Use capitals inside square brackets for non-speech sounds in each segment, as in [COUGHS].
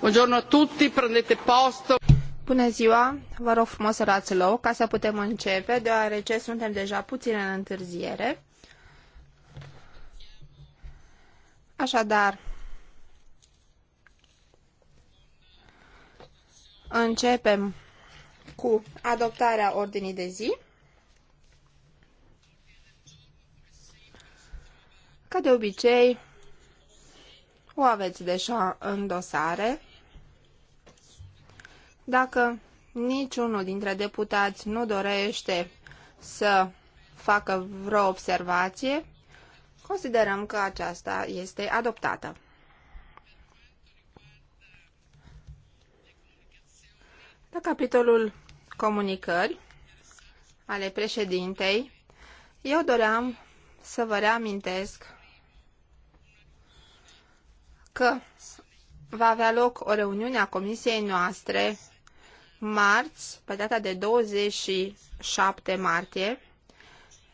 Buongiorno a tutti, prendete posto. Bună ziua, vă rog frumos să luați loc ca să putem începe, deoarece suntem deja puțin în întârziere. Așadar, începem cu adoptarea ordinii de zi. Ca de obicei, o aveți deja în dosare. Dacă niciunul dintre deputați nu dorește să facă vreo observație, considerăm că aceasta este adoptată. La capitolul comunicări ale președintei, eu doream să vă reamintesc că va avea loc o reuniune a comisiei noastre marți, pe data de 27 martie,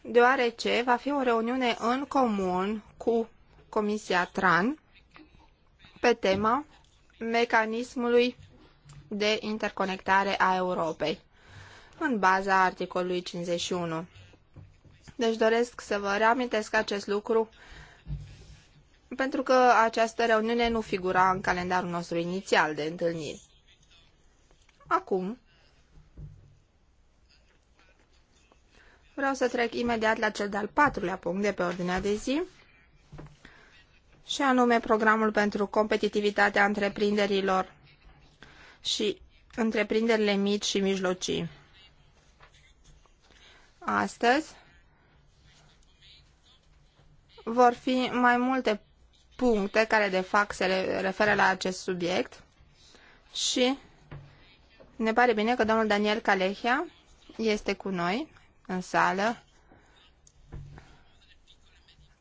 deoarece va fi o reuniune în comun cu Comisia TRAN pe tema mecanismului de interconectare a Europei, în baza articolului 51. Deci doresc să vă reamintesc acest lucru pentru că această reuniune nu figura în calendarul nostru inițial de întâlniri. Acum, vreau să trec imediat la cel de-al patrulea punct de pe ordinea de zi, și anume programul pentru competitivitatea întreprinderilor și întreprinderile mici și mijlocii. Astăzi vor fi mai multe puncte care de fapt se referă la acest subiect și ne pare bine că domnul Daniel Calehia este cu noi în sală,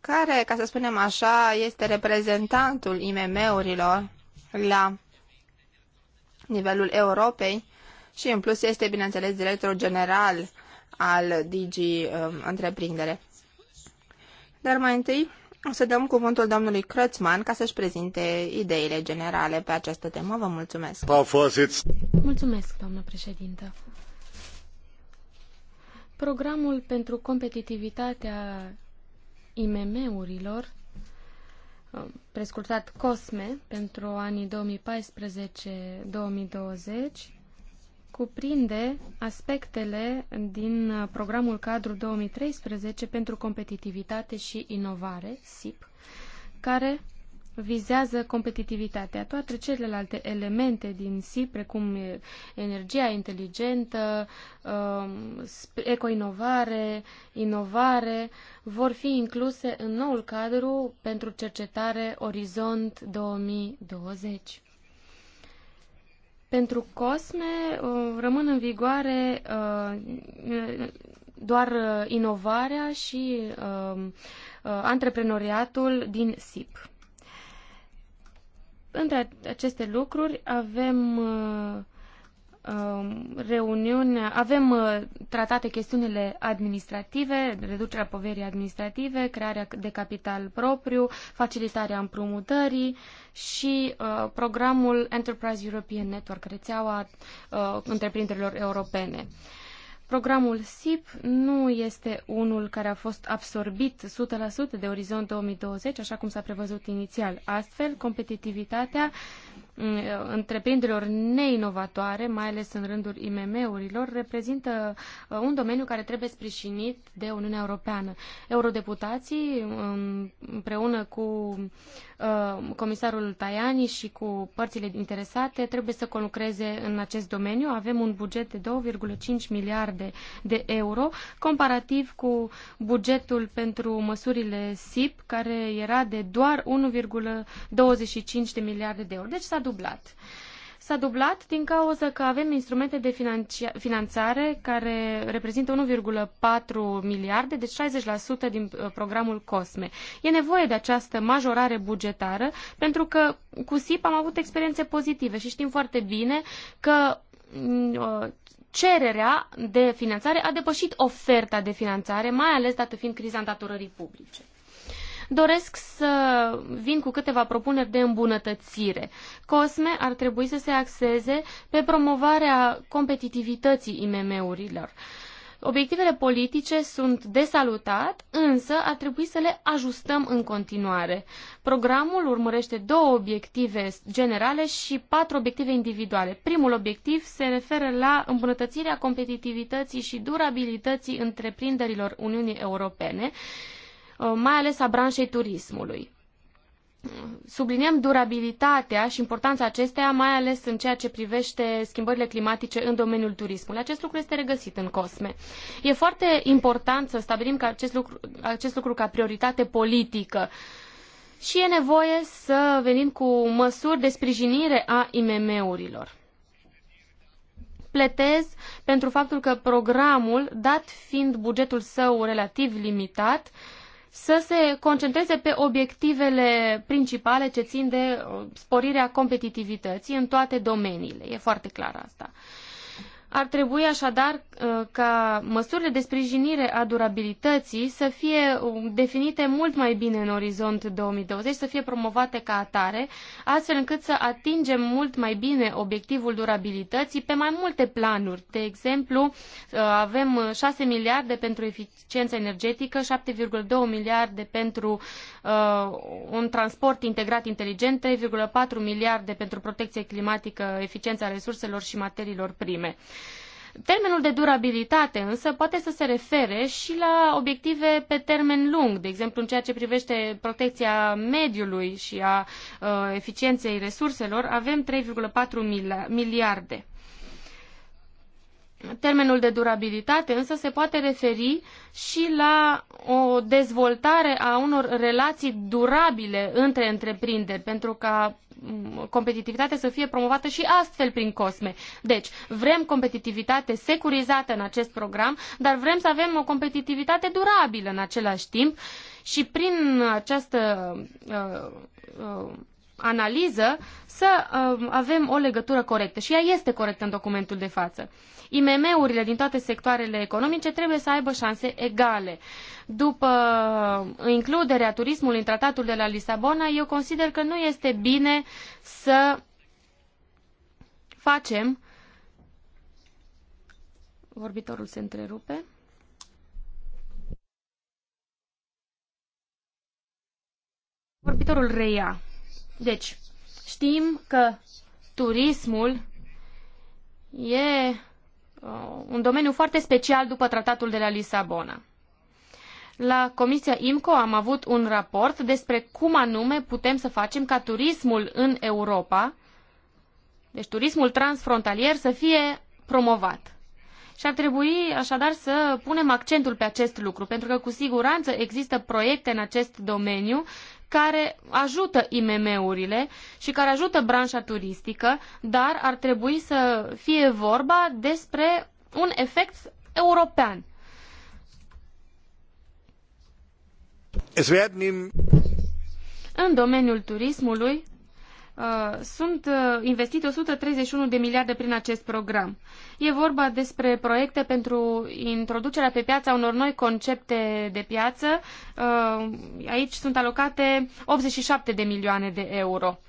care, ca să spunem așa, este reprezentantul IMM-urilor la nivelul Europei și, în plus, este, bineînțeles, directorul general al Digi um, Întreprindere. Dar mai întâi o să dăm cuvântul domnului Crățman ca să-și prezinte ideile generale pe această temă. Vă mulțumesc. Mulțumesc, doamnă președintă. Programul pentru competitivitatea IMM-urilor, uh, prescurtat COSME, pentru anii 2014-2020, cuprinde aspectele din programul cadru 2013 pentru competitivitate și inovare, SIP, care vizează competitivitatea. Toate celelalte elemente din SIP, precum energia inteligentă, um, ecoinovare, inovare, vor fi incluse în noul cadru pentru cercetare Orizont 2020. Pentru COSME uh, rămân în vigoare uh, doar uh, inovarea și antreprenoriatul din SIP. Între aceste lucruri avem Um, reuniuni, avem uh, tratate chestiunile administrative, reducerea poverii administrative, crearea de capital propriu, facilitarea împrumutării și uh, programul Enterprise European Network, rețeaua uh, întreprinderilor europene. Programul SIP nu este unul care a fost absorbit 100% de Orizont 2020, așa cum s-a prevăzut inițial. Astfel, competitivitatea Mm, întreprinderilor neinovatoare, mai ales în rândul IMM-urilor, reprezintă uh, un domeniu care trebuie sprijinit de Uniunea Europeană. Eurodeputații, um, împreună cu uh, comisarul Tajani și cu părțile interesate, trebuie să conlucreze în acest domeniu. Avem un buget de 2,5 miliarde de euro, comparativ cu bugetul pentru măsurile SIP, care era de doar 1,25 de miliarde de euro. Deci s-a dublat. S-a dublat din cauza că avem instrumente de finanțare care reprezintă 1,4 miliarde, deci 60% din uh, programul COSME. E nevoie de această majorare bugetară pentru că cu SIP am avut experiențe pozitive și știm foarte bine că mm, uh, cererea de finanțare a depășit oferta de finanțare, mai ales dată fiind criza îndatorării publice doresc să vin cu câteva propuneri de îmbunătățire. COSME ar trebui să se axeze pe promovarea competitivității IMM-urilor. Obiectivele politice sunt de salutat, însă ar trebui să le ajustăm în continuare. Programul urmărește două obiective generale și patru obiective individuale. Primul obiectiv se referă la îmbunătățirea competitivității și durabilității întreprinderilor Uniunii Europene Uh, mai ales a branșei turismului. Subliniem durabilitatea și importanța acesteia, mai ales în ceea ce privește schimbările climatice în domeniul turismului. Acest lucru este regăsit în COSME. E foarte important să stabilim ca acest, lucru, acest lucru ca prioritate politică și e nevoie să venim cu măsuri de sprijinire a IMM-urilor pletez pentru faptul că programul, dat fiind bugetul său relativ limitat, uh, să se concentreze pe obiectivele principale ce țin de uh, sporirea competitivității în toate domeniile. E foarte clar asta. Uh, ar trebui așadar uh, ca măsurile de sprijinire a durabilității să fie uh, definite mult mai bine în orizont 2020, să fie promovate ca atare, astfel încât să atingem mult mai bine obiectivul durabilității pe mai multe planuri. De exemplu, uh, avem 6 miliarde pentru eficiență energetică, 7,2 miliarde pentru un transport integrat inteligent, 3,4 miliarde pentru protecție climatică, eficiența resurselor și materiilor prime. Termenul de durabilitate însă poate să se refere și la obiective pe termen lung, de exemplu în ceea ce privește protecția mediului și a uh, eficienței resurselor, avem 3,4 miliarde. Termenul de durabilitate însă se poate referi și la o dezvoltare a unor relații durabile între întreprinderi, pentru ca mm, competitivitatea să fie promovată și astfel prin COSME. Deci, vrem competitivitate securizată în acest program, dar vrem să avem o competitivitate durabilă în același timp și prin această uh, uh, analiză să uh, avem o legătură corectă și ea este corectă în documentul de față. IMM-urile din toate sectoarele economice trebuie să aibă șanse egale. După includerea turismului în tratatul de la Lisabona, eu consider că nu este bine să facem Vorbitorul se întrerupe. Vorbitorul reia. Deci, știm că turismul e uh, un domeniu foarte special după tratatul de la Lisabona. La Comisia IMCO am avut un raport despre cum anume putem să facem ca turismul în Europa, deci turismul transfrontalier, să fie promovat. Și ar trebui așadar să punem accentul pe acest lucru, pentru că cu siguranță există proiecte în acest domeniu care ajută IMM-urile și care ajută branșa turistică, dar ar trebui să fie vorba despre un efect european. În domeniul turismului Uh, sunt uh, investite 131 de miliarde prin acest program. E vorba despre proiecte pentru introducerea pe piața unor noi concepte de piață. Uh, aici sunt alocate 87 de milioane de euro.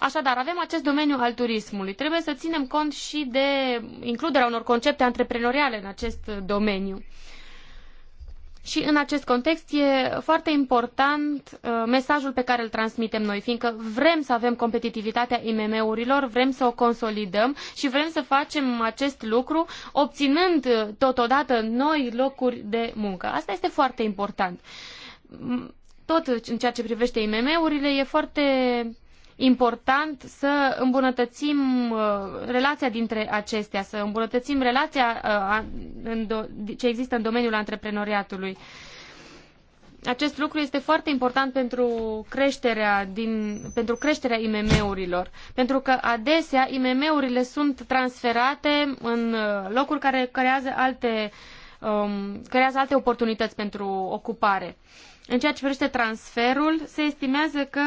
Așadar, avem acest domeniu al turismului. Trebuie să ținem cont și de includerea unor concepte antreprenoriale în acest domeniu. Uh, și în acest context e foarte important uh, mesajul pe care îl transmitem noi, fiindcă vrem să avem competitivitatea IMM-urilor, vrem să o consolidăm și vrem să facem acest lucru obținând totodată noi locuri de muncă. Asta este foarte important. Tot în ceea ce privește IMM-urile e foarte important să îmbunătățim uh, relația dintre acestea, să îmbunătățim relația uh, ce există în domeniul antreprenoriatului. Acest lucru este foarte important pentru creșterea, din, pentru creșterea IMM-urilor, pentru că adesea IMM-urile sunt transferate în uh, locuri care creează alte, um, creează alte oportunități pentru ocupare. În ceea ce privește transferul, se estimează că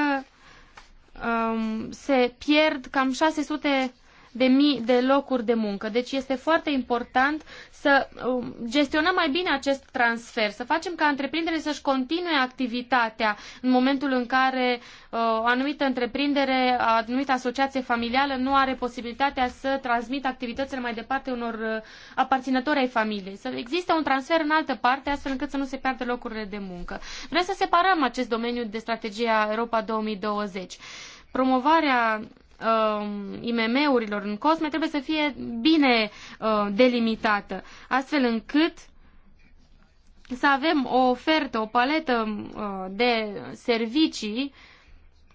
um, se pierd cam 600 de mii de locuri de muncă. Deci este foarte important să um, gestionăm mai bine acest transfer, să facem ca întreprinderile să-și continue activitatea în momentul în care uh, o anumită întreprindere, o anumită asociație familială nu are posibilitatea să transmită activitățile mai departe unor uh, aparținători ai familiei. Să existe un transfer în altă parte, astfel încât să nu se piardă locurile de muncă. Vrem să separăm acest domeniu de strategia Europa 2020. Promovarea uh, IMM-urilor în COSME trebuie să fie bine uh, delimitată, astfel încât să avem o ofertă, o paletă uh, de servicii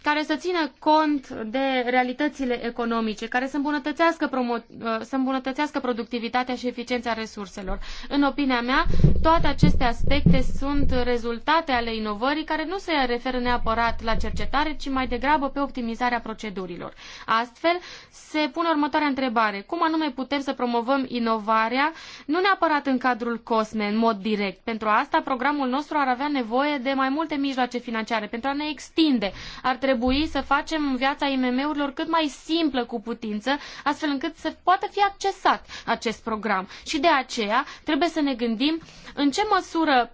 care să țină cont de realitățile economice, care să îmbunătățească, promo, uh, să îmbunătățească productivitatea și eficiența resurselor. În opinia mea, toate aceste aspecte sunt rezultate ale inovării care nu se referă neapărat la cercetare, ci mai degrabă pe optimizarea procedurilor. Astfel, se pune următoarea întrebare. Cum anume putem să promovăm inovarea, nu neapărat în cadrul COSME, în mod direct? Pentru asta, programul nostru ar avea nevoie de mai multe mijloace financiare, pentru a ne extinde. Ar trebui trebui să facem viața IMM-urilor cât mai simplă cu putință, astfel încât să poată fi accesat acest program. Și de aceea trebuie să ne gândim în ce măsură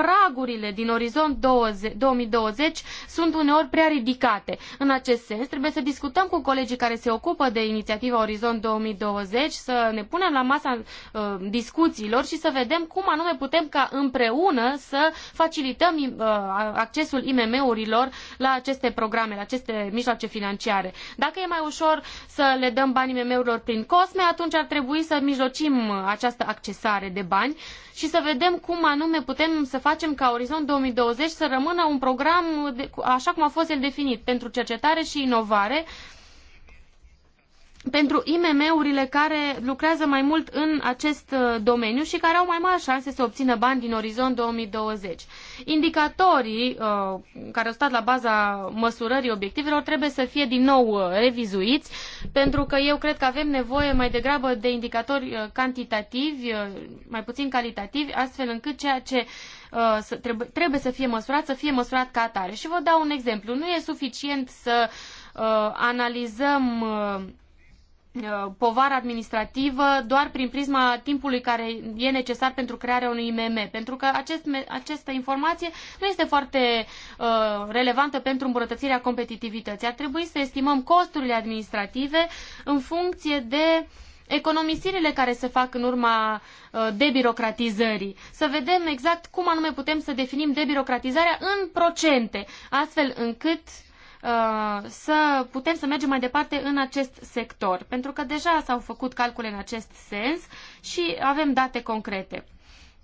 pragurile din orizont 20, 2020 sunt uneori prea ridicate. În acest sens, trebuie să discutăm cu colegii care se ocupă de inițiativa Orizont 2020, să ne punem la masa uh, discuțiilor și să vedem cum anume putem ca împreună să facilităm uh, accesul IMM-urilor la aceste programe, la aceste mijloace financiare. Dacă e mai ușor să le dăm bani IMM-urilor prin COSME, atunci ar trebui să mijlocim această accesare de bani și să vedem cum anume putem să facem facem ca Orizont 2020 să rămână un program de, așa cum a fost el definit, pentru cercetare și inovare, pentru IMM-urile care lucrează mai mult în acest uh, domeniu și care au mai mari șanse să obțină bani din orizont 2020. Indicatorii uh, care au stat la baza măsurării obiectivelor trebuie să fie din nou uh, revizuiți, pentru că eu cred că avem nevoie mai degrabă de indicatori uh, cantitativi, uh, mai puțin calitativi, astfel încât ceea ce uh, să, trebuie, trebuie să fie măsurat, să fie măsurat ca atare. Și vă dau un exemplu. Nu e suficient să uh, analizăm uh, Uh, povară administrativă doar prin prisma timpului care e necesar pentru crearea unui IMM, pentru că acest, această informație nu este foarte uh, relevantă pentru îmbunătățirea competitivității. Ar trebui să estimăm costurile administrative în funcție de economisirile care se fac în urma uh, debirocratizării. Să vedem exact cum anume putem să definim debirocratizarea în procente, astfel încât Uh, să putem să mergem mai departe în acest sector, pentru că deja s-au făcut calcule în acest sens și avem date concrete.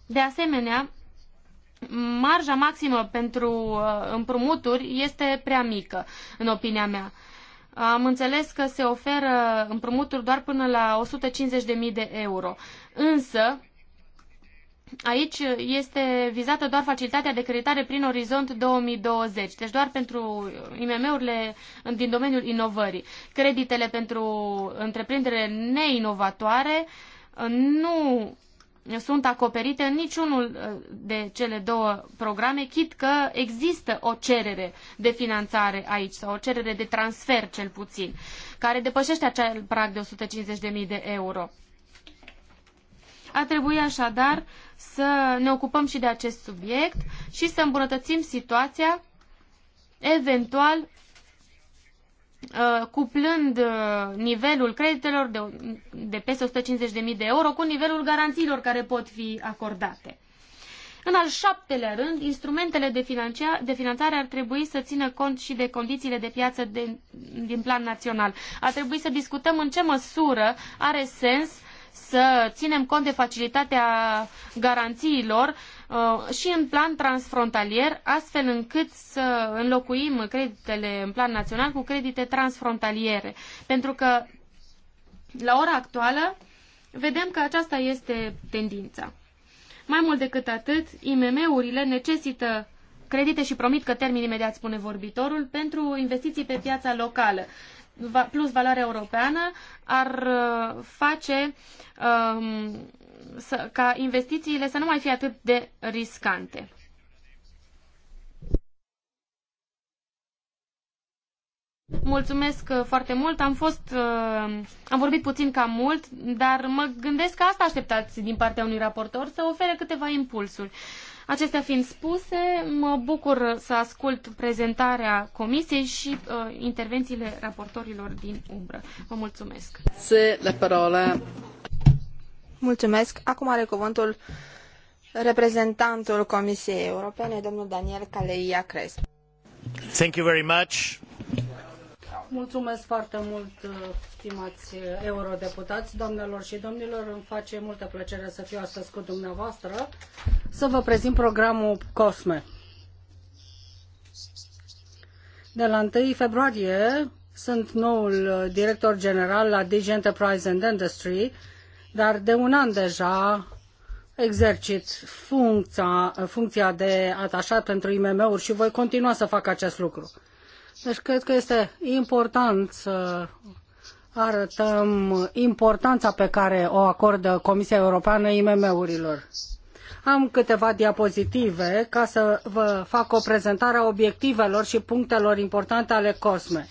De asemenea, marja maximă pentru uh, împrumuturi este prea mică, în opinia mea. Am înțeles că se oferă împrumuturi doar până la 150.000 de euro. Însă, Aici este vizată doar facilitatea de creditare prin orizont 2020, deci doar pentru IMM-urile din domeniul inovării. Creditele pentru întreprindere neinovatoare uh, nu sunt acoperite în niciunul uh, de cele două programe, chit că există o cerere de finanțare aici sau o cerere de transfer cel puțin, care depășește acel prag de 150.000 de euro. A trebui așadar uh, să ne ocupăm și de acest subiect și să îmbunătățim situația, eventual uh, cuplând uh, nivelul creditelor de, de peste 150.000 de euro cu nivelul garanțiilor care pot fi acordate. În al șaptelea rând, instrumentele de, de finanțare ar trebui să țină cont și de condițiile de piață de, din plan național. Ar trebui să discutăm în ce măsură are sens să ținem cont de facilitatea garanțiilor uh, și în plan transfrontalier, astfel încât să înlocuim creditele în plan național cu credite transfrontaliere. Pentru că la ora actuală vedem că aceasta este tendința. Mai mult decât atât, IMM-urile necesită credite și promit că termin imediat spune vorbitorul pentru investiții pe piața locală plus valoare europeană ar uh, face um, să, ca investițiile să nu mai fie atât de riscante. Mulțumesc uh, foarte mult. Am fost, uh, am vorbit puțin cam mult, dar mă gândesc că asta așteptați din partea unui raportor, să ofere câteva impulsuri. Acestea fiind spuse, mă bucur să ascult prezentarea comisiei și uh, intervențiile raportorilor din umbră. Vă mulțumesc. Se le parola. Mulțumesc. Acum are cuvântul reprezentantul Comisiei Europene, domnul Daniel Caleia Crespo. Thank you very much. Mulțumesc foarte mult, uh, stimați uh, eurodeputați, doamnelor și domnilor. Îmi face multă plăcere să fiu astăzi cu dumneavoastră să vă prezint programul COSME. De la 1 februarie sunt noul uh, director general la DG Enterprise and Industry, dar de un an deja exercit funcția, funcția de atașat pentru IMM-uri și voi continua să fac acest lucru. Deci cred că este important să arătăm importanța pe care o acordă Comisia Europeană IMM-urilor. Am câteva diapozitive ca să vă fac o prezentare a obiectivelor și punctelor importante ale COSME.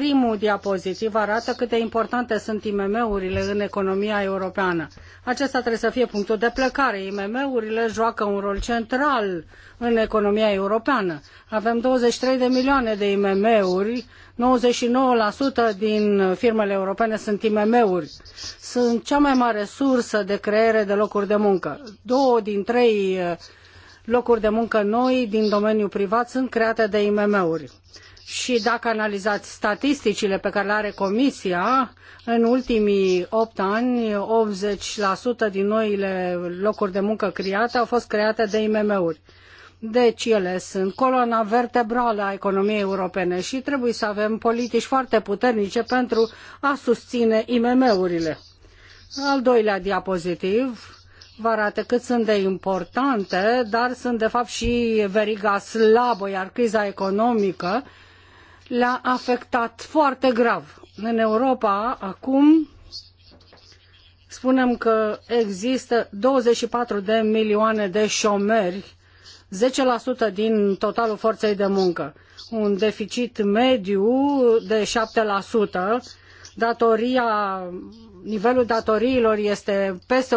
Primul diapozitiv arată cât de importante sunt IMM-urile în economia europeană. Acesta trebuie să fie punctul de plecare. IMM-urile joacă un rol central în economia europeană. Avem 23 de milioane de IMM-uri, 99% din firmele europene sunt IMM-uri. Sunt cea mai mare sursă de creere de locuri de muncă. Două din trei eh, locuri de muncă noi din domeniul privat sunt create de IMM-uri. Și dacă analizați statisticile pe care le are Comisia, în ultimii opt ani, 80% din noile locuri de muncă create au fost create de IMM-uri. Deci ele sunt coloana vertebrală a economiei europene și trebuie să avem politici foarte puternice pentru a susține IMM-urile. Al doilea diapozitiv vă arată cât sunt de importante, dar sunt de fapt și veriga slabă, iar criza economică l-a afectat foarte grav. În Europa, acum, spunem că există 24 de milioane de șomeri, 10% din totalul forței de muncă, un deficit mediu de 7%, datoria nivelul datoriilor este peste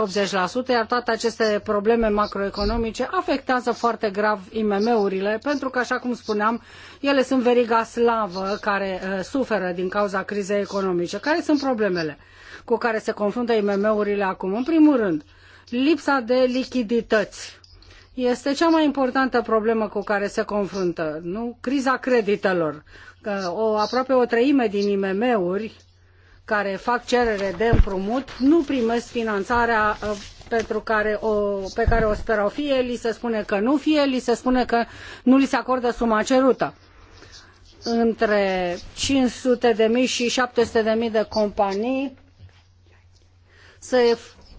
80%, iar toate aceste probleme macroeconomice afectează foarte grav IMM-urile, pentru că, așa cum spuneam, ele sunt veriga slavă care uh, suferă din cauza crizei economice. Care sunt problemele cu care se confruntă IMM-urile acum? În primul rând, lipsa de lichidități este cea mai importantă problemă cu care se confruntă, nu? Criza creditelor. O, aproape o treime din IMM-uri care fac cerere de împrumut nu primesc finanțarea uh, pentru care o, pe care o sperau. Fie li se spune că nu, fie li se spune că nu li se acordă suma cerută. Între 500 de mii și 700 de mii de companii se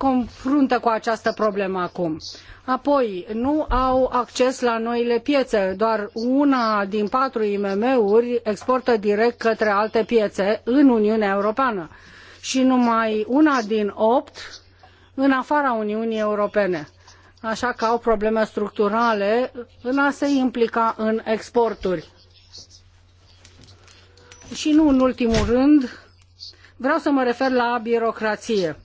confruntă cu această problemă acum. Apoi, nu au acces la noile piețe. Doar una din patru IMM-uri exportă direct către alte piețe în Uniunea Europeană și numai una din opt în afara Uniunii Europene. Așa că au probleme structurale în a se implica în exporturi. Și nu în ultimul rând, vreau să mă refer la birocrație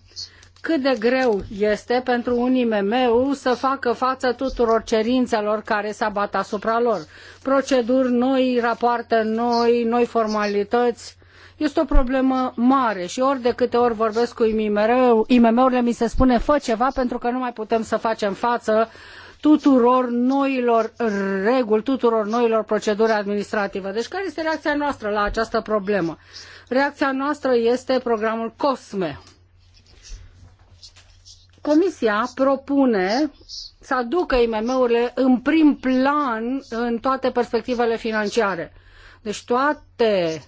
cât de greu este pentru un IMM să facă față tuturor cerințelor care se abat asupra lor. Proceduri noi, rapoarte noi, noi formalități. Este o problemă mare și ori de câte ori vorbesc cu IMM-urile mi se spune fă ceva pentru că nu mai putem să facem față tuturor noilor reguli, tuturor noilor proceduri administrative. Deci care este reacția noastră la această problemă? Reacția noastră este programul COSME, Comisia propune să aducă IMM-urile în prim plan în toate perspectivele financiare. Deci toate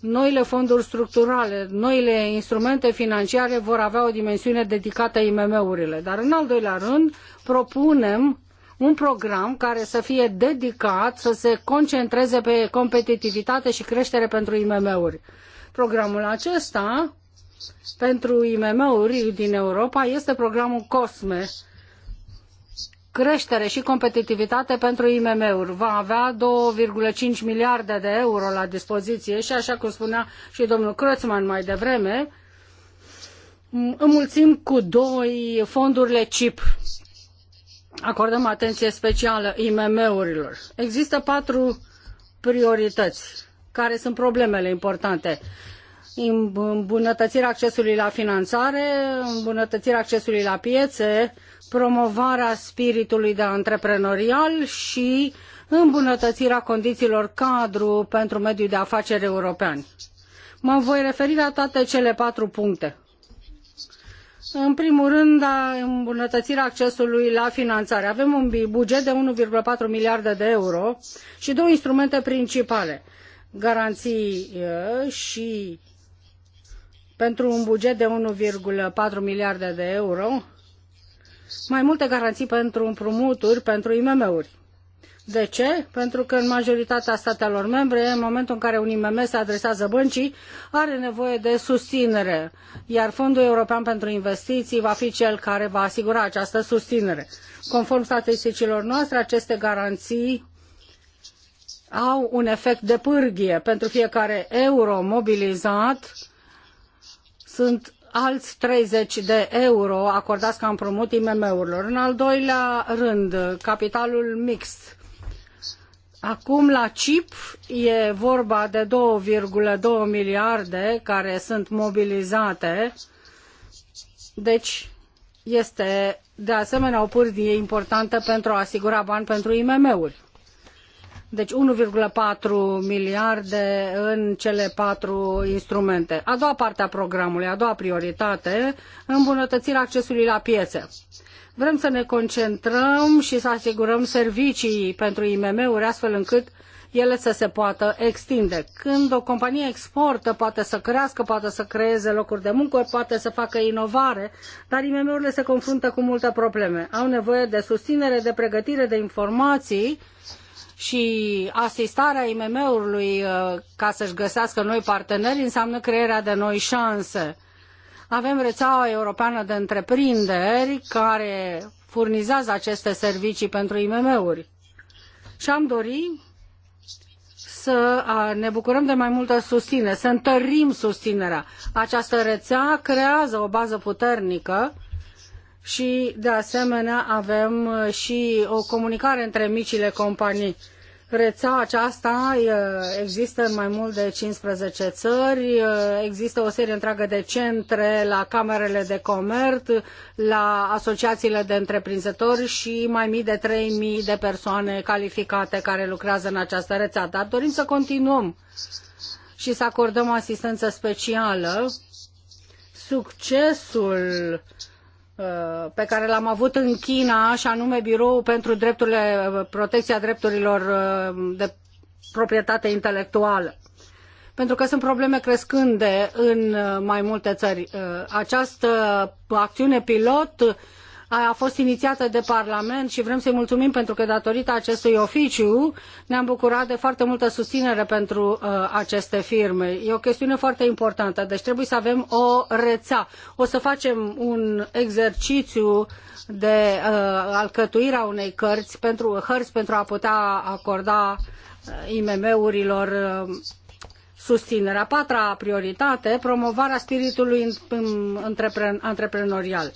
noile fonduri structurale, noile instrumente financiare vor avea o dimensiune dedicată IMM-urile. Dar în al doilea rând propunem un program care să fie dedicat să se concentreze pe competitivitate și creștere pentru IMM-uri. Programul acesta pentru IMM-uri din Europa este programul COSME, creștere și competitivitate pentru IMM-uri. Va avea 2,5 miliarde de euro la dispoziție și, așa cum spunea și domnul Crățman mai devreme, înmulțim cu doi fondurile CIP. Acordăm atenție specială IMM-urilor. Există patru priorități care sunt problemele importante îmbunătățirea accesului la finanțare, îmbunătățirea accesului la piețe, promovarea spiritului de antreprenorial și îmbunătățirea condițiilor cadru pentru mediul de afaceri european. Mă voi referi la toate cele patru puncte. În primul rând, îmbunătățirea accesului la finanțare. Avem un buget de 1,4 miliarde de euro și două instrumente principale, garanții și pentru un buget de 1,4 miliarde de euro, mai multe garanții pentru împrumuturi pentru IMM-uri. De ce? Pentru că în majoritatea statelor membre, în momentul în care un IMM se adresează băncii, are nevoie de susținere, iar Fondul European pentru Investiții va fi cel care va asigura această susținere. Conform statisticilor noastre, aceste garanții au un efect de pârghie pentru fiecare euro mobilizat sunt alți 30 de euro acordați ca împrumut IMM-urilor. În al doilea rând, capitalul mixt. Acum la CIP e vorba de 2,2 miliarde care sunt mobilizate, deci este de asemenea o pârghie importantă pentru a asigura bani pentru IMM-uri deci 1,4 miliarde în cele patru instrumente. A doua parte a programului, a doua prioritate, îmbunătățirea accesului la piețe. Vrem să ne concentrăm și să asigurăm servicii pentru IMM-uri astfel încât ele să se poată extinde. Când o companie exportă, poate să crească, poate să creeze locuri de muncă, poate să facă inovare, dar IMM-urile se confruntă cu multe probleme. Au nevoie de susținere, de pregătire, de informații și asistarea imm urilor uh, ca să-și găsească noi parteneri înseamnă crearea de noi șanse. Avem rețeaua europeană de întreprinderi care furnizează aceste servicii pentru IMM-uri. Și am dori să ne bucurăm de mai multă susținere, să întărim susținerea. Această rețea creează o bază puternică și, de asemenea, avem uh, și o comunicare între micile companii. Rețea aceasta uh, există în mai mult de 15 țări, uh, există o serie întreagă de centre la camerele de comerț, la asociațiile de întreprinzători și mai mii de 3.000 de persoane calificate care lucrează în această rețea. Dar dorim să continuăm și să acordăm asistență specială. Succesul uh, pe care l-am avut în China, și anume Biroul pentru drepturile, protecția drepturilor uh, de proprietate intelectuală. Pentru că sunt probleme crescânde în uh, mai multe țări. Uh, această acțiune pilot a fost inițiată de Parlament și vrem să-i mulțumim pentru că datorită acestui oficiu ne-am bucurat de foarte multă susținere pentru uh, aceste firme. E o chestiune foarte importantă, deci trebuie să avem o rețea. O să facem un exercițiu de uh, alcătuire a unei cărți pentru, hărți pentru a putea acorda uh, IMM-urilor uh, susținere. A patra prioritate, promovarea spiritului antreprenorial.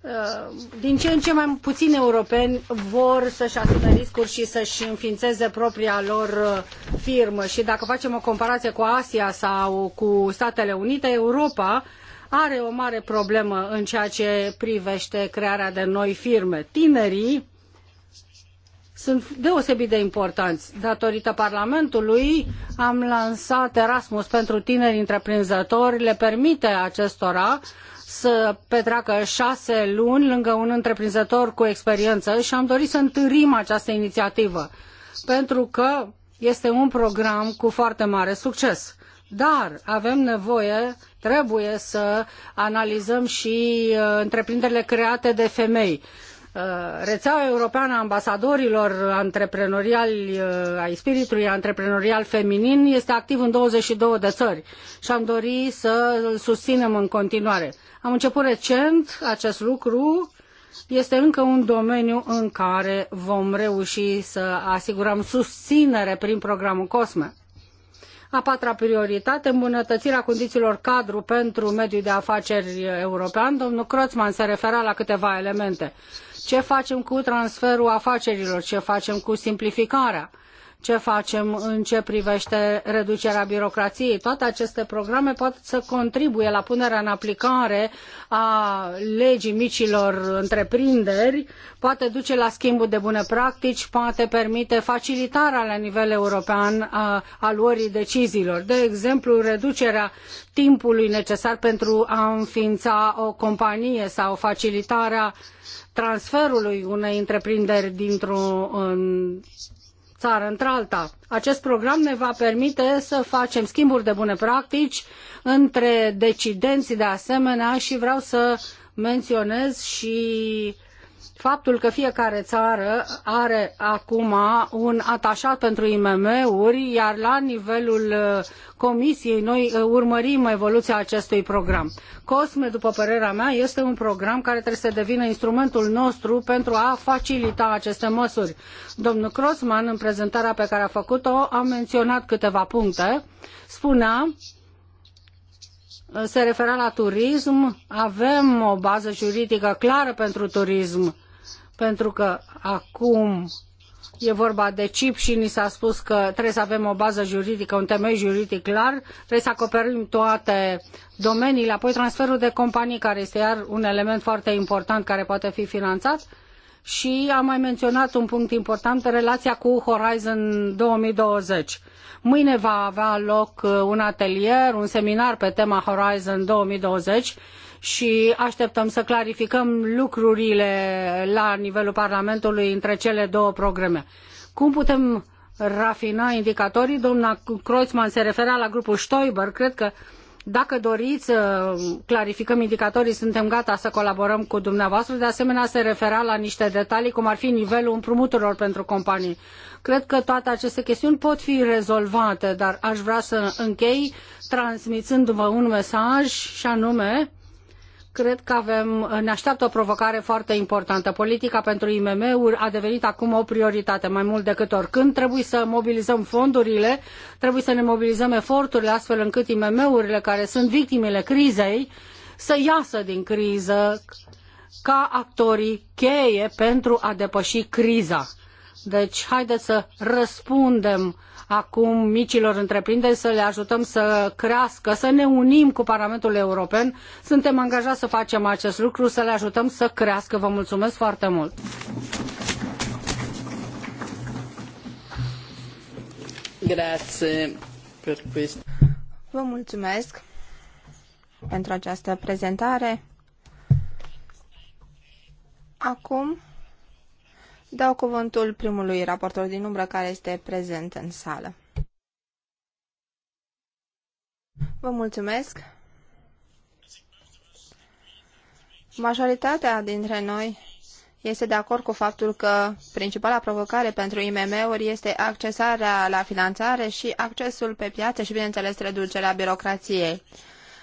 Uh, din ce în ce mai puțini europeni vor să-și asume riscuri și să-și înființeze propria lor uh, firmă. Și dacă facem o comparație cu Asia sau cu Statele Unite, Europa are o mare problemă în ceea ce privește crearea de noi firme. Tinerii sunt deosebit de importanți. Datorită Parlamentului am lansat Erasmus pentru tineri întreprinzători, le permite acestora să petreacă șase luni lângă un întreprinzător cu experiență și am dorit să întărim această inițiativă, pentru că este un program cu foarte mare succes. Dar avem nevoie, trebuie să analizăm și uh, întreprinderile create de femei Uh, rețeaua europeană a ambasadorilor antreprenoriali, uh, ai spiritului antreprenorial feminin este activ în 22 de țări și am dori să îl susținem în continuare. Am început recent acest lucru, este încă un domeniu în care vom reuși să asigurăm susținere prin programul COSME. A patra prioritate, îmbunătățirea condițiilor cadru pentru mediul de afaceri european. Domnul Croțman se refera la câteva elemente. Ce facem cu transferul afacerilor? Ce facem cu simplificarea? ce facem în ce privește reducerea birocrației. Toate aceste programe pot să contribuie la punerea în aplicare a legii micilor întreprinderi, poate duce la schimbul de bune practici, poate permite facilitarea la nivel european a, a luării deciziilor. De exemplu, reducerea timpului necesar pentru a înființa o companie sau facilitarea transferului unei întreprinderi dintr un țară într-alta. Acest program ne va permite să facem schimburi de bune practici între decidenții de asemenea și vreau să menționez și faptul că fiecare țară are acum un atașat pentru IMM-uri, iar la nivelul uh, comisiei noi uh, urmărim evoluția acestui program. COSME, după părerea mea, este un program care trebuie să devină instrumentul nostru pentru a facilita aceste măsuri. Domnul Crossman, în prezentarea pe care a făcut-o, a menționat câteva puncte. Spunea se referea la turism. Avem o bază juridică clară pentru turism, pentru că acum e vorba de CIP și ni s-a spus că trebuie să avem o bază juridică, un temei juridic clar, trebuie să acoperim toate domeniile, apoi transferul de companii, care este iar un element foarte important care poate fi finanțat. Și am mai menționat un punct important, relația cu Horizon 2020. Mâine va avea loc uh, un atelier, un seminar pe tema Horizon 2020 și așteptăm să clarificăm lucrurile la nivelul Parlamentului între cele două programe. Cum putem rafina indicatorii? Doamna Kreuzmann se referea la grupul Stoiber. Cred că uh, dacă doriți să clarificăm indicatorii, suntem gata să colaborăm cu dumneavoastră. De asemenea, se refera la niște detalii, cum ar fi nivelul împrumuturilor pentru companii. Cred că toate aceste chestiuni pot fi rezolvate, dar aș vrea să închei transmițându-vă un mesaj și anume cred că avem, ne așteaptă o provocare foarte importantă. Politica pentru IMM-uri a devenit acum o prioritate mai mult decât oricând. Trebuie să mobilizăm fondurile, trebuie să ne mobilizăm eforturile astfel încât IMM-urile care sunt victimele crizei să iasă din criză ca actorii cheie pentru a depăși criza. Deci, haideți să răspundem acum micilor întreprinderi, să le ajutăm să crească, să ne unim cu Parlamentul European. Suntem angajați să facem acest lucru, să le ajutăm să crească. Vă mulțumesc foarte mult! Grazie per questo. Vă mulțumesc pentru această prezentare. Acum Dau cuvântul primului raportor din umbră care este prezent în sală. Vă mulțumesc. Majoritatea dintre noi este de acord cu faptul că principala provocare pentru IMM-uri este accesarea la finanțare și accesul pe piață și, bineînțeles, reducerea birocrației.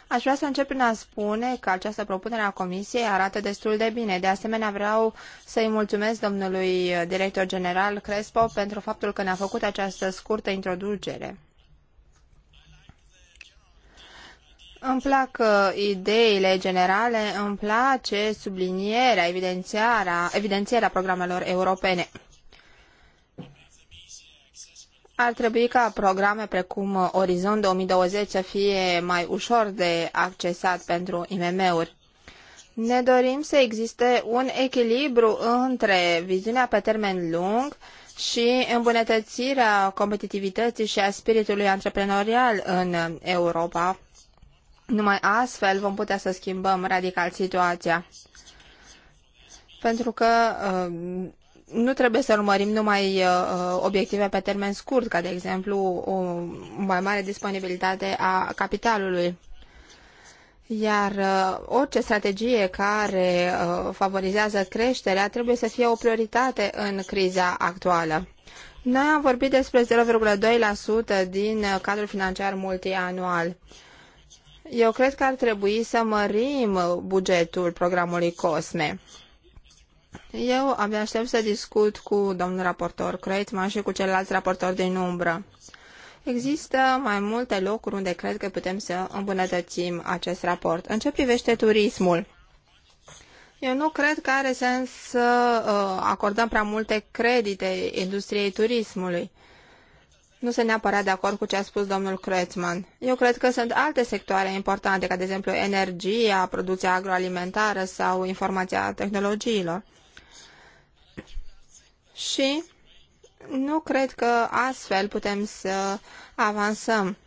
Aș vrea să încep prin a spune că această propunere a Comisiei arată destul de bine. De asemenea, vreau să-i mulțumesc domnului director general Crespo pentru faptul că ne-a făcut această scurtă introducere. Îmi plac uh, ideile generale, îmi place sublinierea, evidențierea, evidențierea programelor europene ar trebui ca programe precum uh, Orizont 2020 să fie mai ușor de accesat pentru IMM-uri. Ne dorim să existe un echilibru între viziunea pe termen lung și îmbunătățirea competitivității și a spiritului antreprenorial în Europa. Numai astfel vom putea să schimbăm radical situația. Pentru că uh, nu trebuie să urmărim numai uh, uh, obiective pe termen scurt, ca de exemplu o mai mare disponibilitate a capitalului. Iar uh, orice strategie care favorizează creșterea trebuie să fie o prioritate în criza actuală. Noi am vorbit despre 0,2% din cadrul financiar multianual. Eu cred că ar trebui să mărim bugetul programului COSME. Eu abia aștept să discut cu domnul raportor Kreitman și cu celălalt raportor din umbră. Există mai multe locuri unde cred că putem să îmbunătățim acest raport. În ce privește turismul? Eu nu cred că are sens să uh, acordăm prea multe credite industriei turismului. Nu sunt neapărat de acord cu ce a spus domnul Kretzmann. Eu cred că sunt alte sectoare importante, ca de exemplu energia, producția agroalimentară sau informația tehnologiilor și nu cred că astfel putem să avansăm.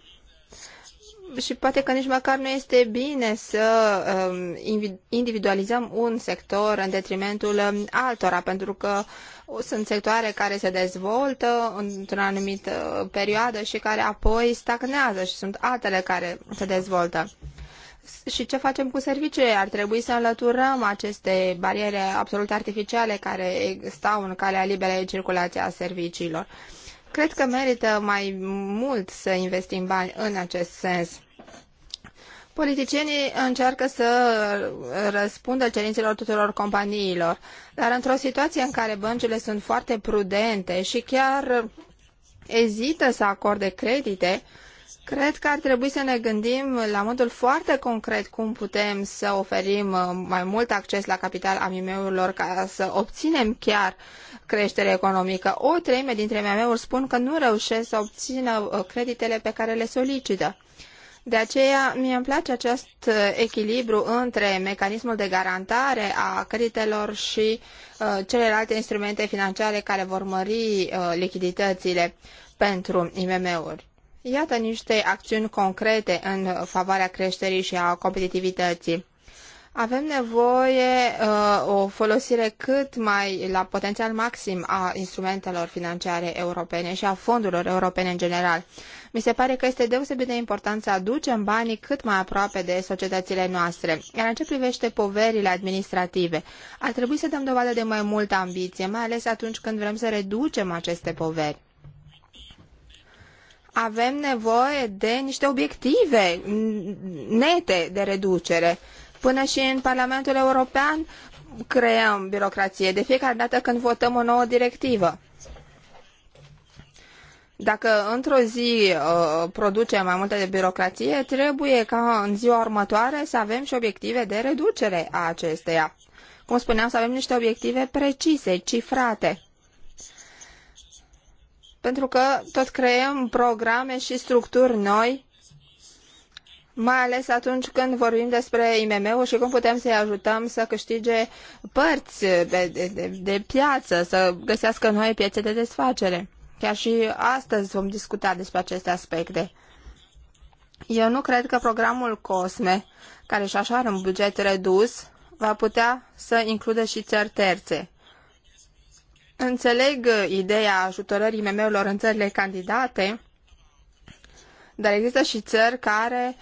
Și poate că nici măcar nu este bine să um, individualizăm un sector în detrimentul um, altora, pentru că sunt sectoare care se dezvoltă într-o anumită uh, perioadă și care apoi stagnează și sunt altele care se dezvoltă și ce facem cu serviciile? Ar trebui să înlăturăm aceste bariere absolut artificiale care stau în calea liberei circulației a serviciilor. Cred că merită mai mult să investim bani în acest sens. Politicienii încearcă să răspundă cerințelor tuturor companiilor, dar într-o situație în care băncile sunt foarte prudente și chiar ezită să acorde credite, Cred că ar trebui să ne gândim la modul foarte concret cum putem să oferim uh, mai mult acces la capital a urilor ca să obținem chiar creștere economică. O treime dintre MIM-uri spun că nu reușesc să obțină uh, creditele pe care le solicită. De aceea, mie îmi place acest uh, echilibru între mecanismul de garantare a creditelor și uh, celelalte instrumente financiare care vor mări uh, lichiditățile pentru IMM-uri. Iată niște acțiuni concrete în favoarea creșterii și a competitivității. Avem nevoie uh, o folosire cât mai la potențial maxim a instrumentelor financiare europene și a fondurilor europene în general. Mi se pare că este deosebit de important să aducem banii cât mai aproape de societățile noastre. Iar în ce privește poverile administrative, ar trebui să dăm dovadă de mai multă ambiție, mai ales atunci când vrem să reducem aceste poveri avem nevoie de niște obiective nete de reducere. Până și în Parlamentul European creăm birocrație de fiecare dată când votăm o nouă directivă. Dacă într-o zi uh, producem mai multe de birocrație, trebuie ca în ziua următoare să avem și obiective de reducere a acesteia. Cum spuneam, să avem niște obiective precise, cifrate pentru că tot creăm programe și structuri noi, mai ales atunci când vorbim despre IMM-uri și cum putem să-i ajutăm să câștige părți de, de, de piață, să găsească noi piețe de desfacere. Chiar și astăzi vom discuta despre aceste aspecte. Eu nu cred că programul COSME, care și așa are un buget redus, va putea să includă și țări terțe. Înțeleg uh, ideea ajutorării IMM-urilor în țările candidate, dar există și țări care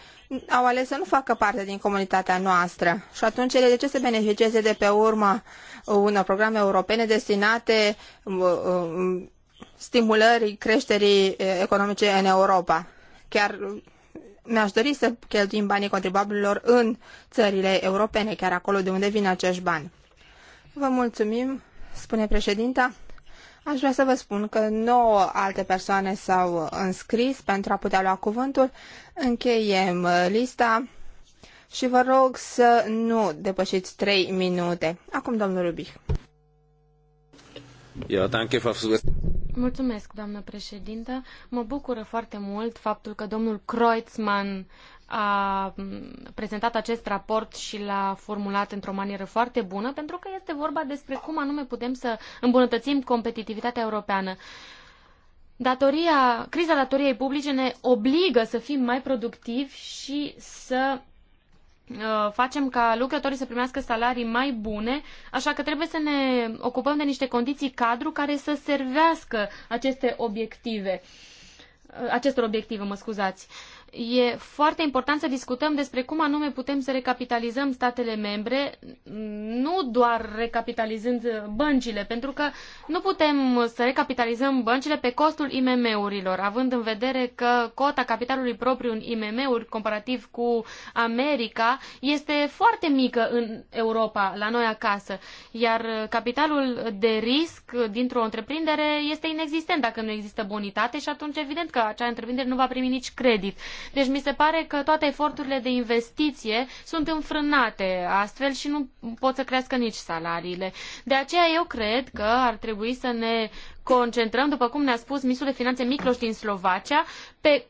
au ales să nu facă parte din comunitatea noastră și atunci ele de ce să beneficieze de pe urmă unor programe europene destinate uh, uh, stimulării creșterii economice în Europa? Chiar mi-aș dori să cheltuim banii contribuabililor în țările europene, chiar acolo de unde vin acești bani. Vă mulțumim spune președinta. Aș vrea să vă spun că nouă alte persoane s-au înscris pentru a putea lua cuvântul. Încheiem uh, lista și vă rog să nu depășiți trei minute. Acum, domnul Rubich. Mulțumesc, doamnă președintă. Mă bucură foarte mult faptul că domnul Kreutzmann a prezentat acest raport și l-a formulat într-o manieră foarte bună, pentru că este vorba despre cum anume putem să îmbunătățim competitivitatea europeană. Datoria, criza datoriei publice ne obligă să fim mai productivi și să uh, facem ca lucrătorii să primească salarii mai bune, așa că trebuie să ne ocupăm de niște condiții cadru care să servească aceste obiective, uh, acestor obiective, mă scuzați. Uh, e foarte important să discutăm despre cum anume putem să recapitalizăm statele membre, nu doar recapitalizând băncile, pentru că nu putem să recapitalizăm băncile pe costul IMM-urilor, având în vedere că cota capitalului propriu în IMM-uri, comparativ cu America, este foarte mică în Europa, la noi acasă, iar capitalul de risc dintr-o întreprindere este inexistent dacă nu există bonitate și atunci evident că acea întreprindere nu va primi nici credit. Deci mi se pare că toate eforturile de investiție sunt înfrânate astfel și nu pot să crească nici salariile. De aceea eu cred că ar trebui să ne concentrăm, după cum ne-a spus ministrul de finanțe Micloș din Slovacia, pe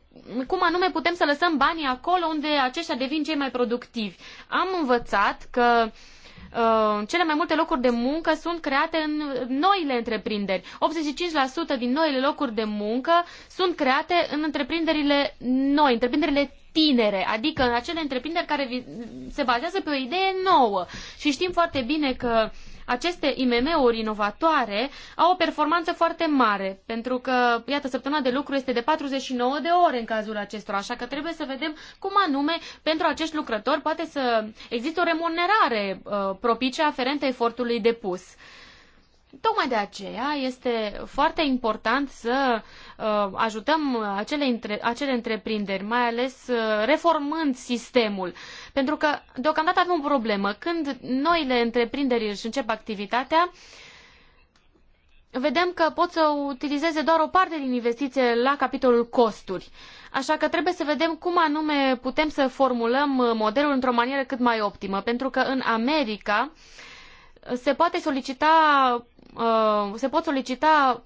cum anume putem să lăsăm banii acolo unde aceștia devin cei mai productivi. Am învățat că uh, Uh, cele mai multe locuri de muncă sunt create în noile întreprinderi. 85% din noile locuri de muncă sunt create în întreprinderile noi, întreprinderile tinere, adică în acele întreprinderi care se bazează pe o idee nouă. Și știm foarte bine că aceste IMM-uri inovatoare au o performanță foarte mare, pentru că, iată, săptămâna de lucru este de 49 de ore în cazul acestora, așa că trebuie să vedem cum anume pentru acești lucrători poate să există o remunerare uh, propice aferentă efortului depus. Uh, Tocmai de aceea este foarte important să uh, ajutăm acele, între, acele întreprinderi, mai ales uh, reformând sistemul. Pentru că deocamdată avem o problemă. Când noile întreprinderi își încep activitatea, vedem că pot să utilizeze doar o parte din investiție la capitolul costuri. Așa că trebuie să vedem cum anume putem să formulăm uh, modelul într-o manieră cât mai optimă, pentru că în America uh, se poate solicita Uh, se pot solicita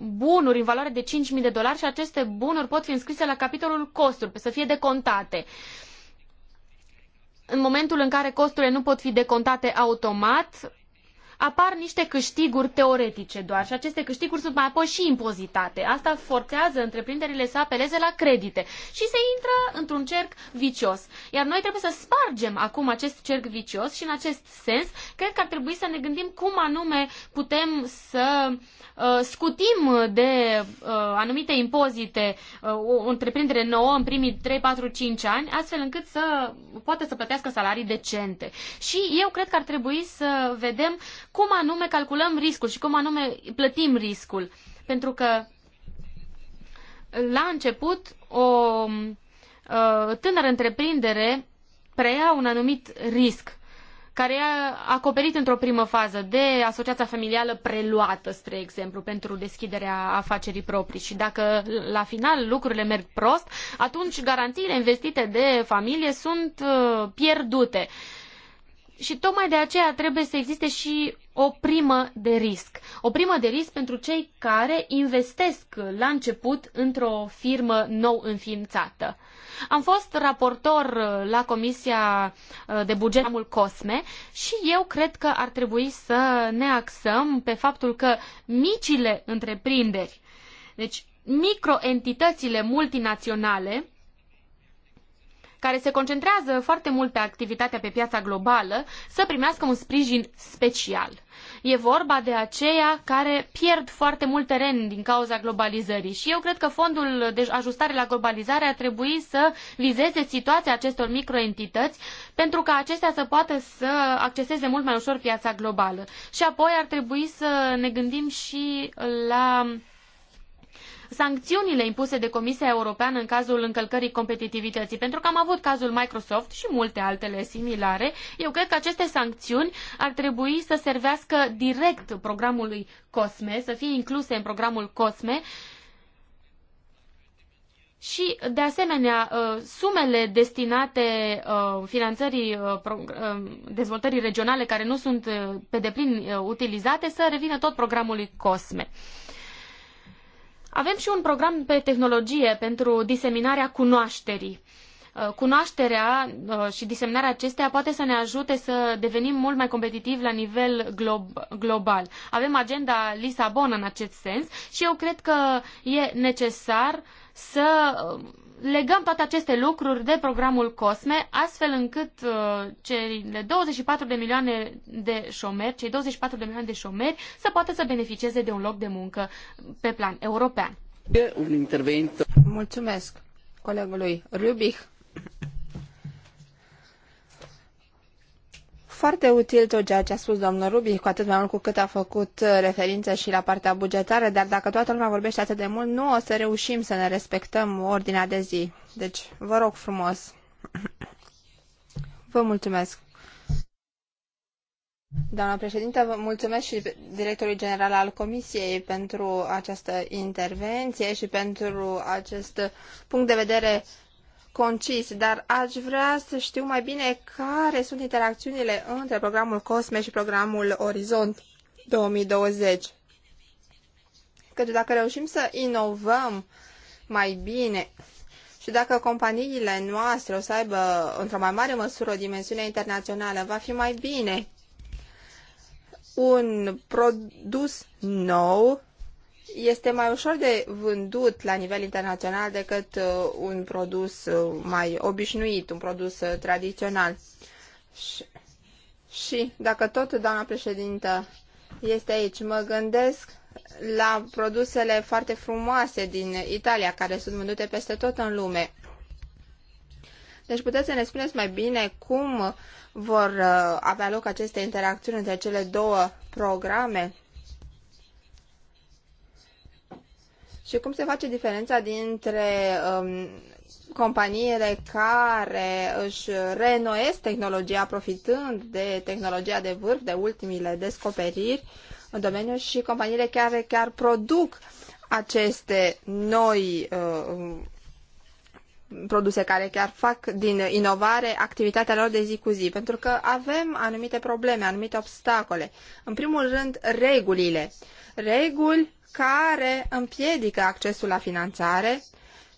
bunuri în valoare de 5.000 de dolari și aceste bunuri pot fi înscrise la capitolul costuri, să fie decontate. În momentul în care costurile nu pot fi decontate automat, apar niște câștiguri teoretice doar și aceste câștiguri sunt mai apoi și impozitate. Asta forțează întreprinderile să apeleze la credite și se intră într-un cerc vicios. Iar noi trebuie să spargem acum acest cerc vicios și în acest sens cred că ar trebui să ne gândim cum anume putem să uh, scutim de uh, anumite impozite uh, o întreprindere nouă în primii 3, 4, 5 ani, astfel încât să poată să plătească salarii decente. Și eu cred că ar trebui să vedem cum anume calculăm riscul și cum anume plătim riscul. Pentru că la început o ă, tânără întreprindere preia un anumit risc care a acoperit într-o primă fază de asociația familială preluată, spre exemplu, pentru deschiderea afacerii proprii. Și dacă la final lucrurile merg prost, atunci garanțiile investite de familie sunt ă, pierdute. Uh, și tocmai de aceea trebuie să existe și o primă de risc. O primă de risc pentru cei care investesc la început într-o firmă nou înființată. Am fost raportor uh, la Comisia uh, de Buget COSME și eu cred că ar trebui să ne axăm pe faptul că micile întreprinderi, deci microentitățile multinaționale, care se concentrează foarte mult pe activitatea pe piața globală, să primească un sprijin special. E vorba de aceia care pierd foarte mult teren din cauza globalizării și eu cred că fondul de ajustare la globalizare ar trebui să vizeze situația acestor microentități pentru ca acestea să poată să acceseze mult mai ușor piața globală. Și apoi ar trebui să ne gândim și la sancțiunile impuse de Comisia Europeană în cazul încălcării competitivității, pentru că am avut cazul Microsoft și multe altele similare. Eu cred că aceste sancțiuni ar trebui să servească direct programului COSME, să fie incluse în programul COSME și, de asemenea, uh, sumele destinate uh, finanțării uh, dezvoltării regionale care nu sunt pe deplin utilizate să revină tot programului COSME. Avem și un program pe tehnologie pentru diseminarea cunoașterii. Uh, cunoașterea uh, și diseminarea acesteia poate să ne ajute să devenim mult mai competitivi la nivel global. Avem agenda Lisabona în acest sens și eu cred că e necesar să uh, legăm toate aceste lucruri de programul COSME, astfel încât uh, cele 24 de milioane de șomeri, cei 24 de milioane de șomeri, să poată să beneficieze de un loc de muncă pe plan european. Un intervent. Mulțumesc colegului Rubich. foarte util tot ceea ce a spus domnul Rubi, cu atât mai mult cu cât a făcut uh, referință și la partea bugetară, dar dacă toată lumea vorbește atât de mult, nu o să reușim să ne respectăm ordinea de zi. Deci, vă rog frumos. Vă mulțumesc. Doamna președintă, vă mulțumesc și directorului general al Comisiei pentru această intervenție și pentru acest punct de vedere concis, dar aș vrea să știu mai bine care sunt interacțiunile între programul COSME și programul Orizont 2020. Căci dacă reușim să inovăm mai bine și dacă companiile noastre o să aibă într-o mai mare măsură o dimensiune internațională, va fi mai bine. Un produs nou este mai ușor de vândut la nivel internațional decât uh, un produs uh, mai obișnuit, un produs uh, tradițional. Și, și dacă tot, doamna președintă, este aici, mă gândesc la produsele foarte frumoase din Italia, care sunt vândute peste tot în lume. Deci puteți să ne spuneți mai bine cum vor avea loc aceste interacțiuni între cele două programe? Și cum se face diferența dintre um, companiile care își reînnoiesc tehnologia profitând de tehnologia de vârf, de ultimile descoperiri în domeniu și companiile care chiar produc aceste noi uh, produse care chiar fac din inovare activitatea lor de zi cu zi, pentru că avem anumite probleme, anumite obstacole. În primul rând, regulile. Reguli care împiedică accesul la finanțare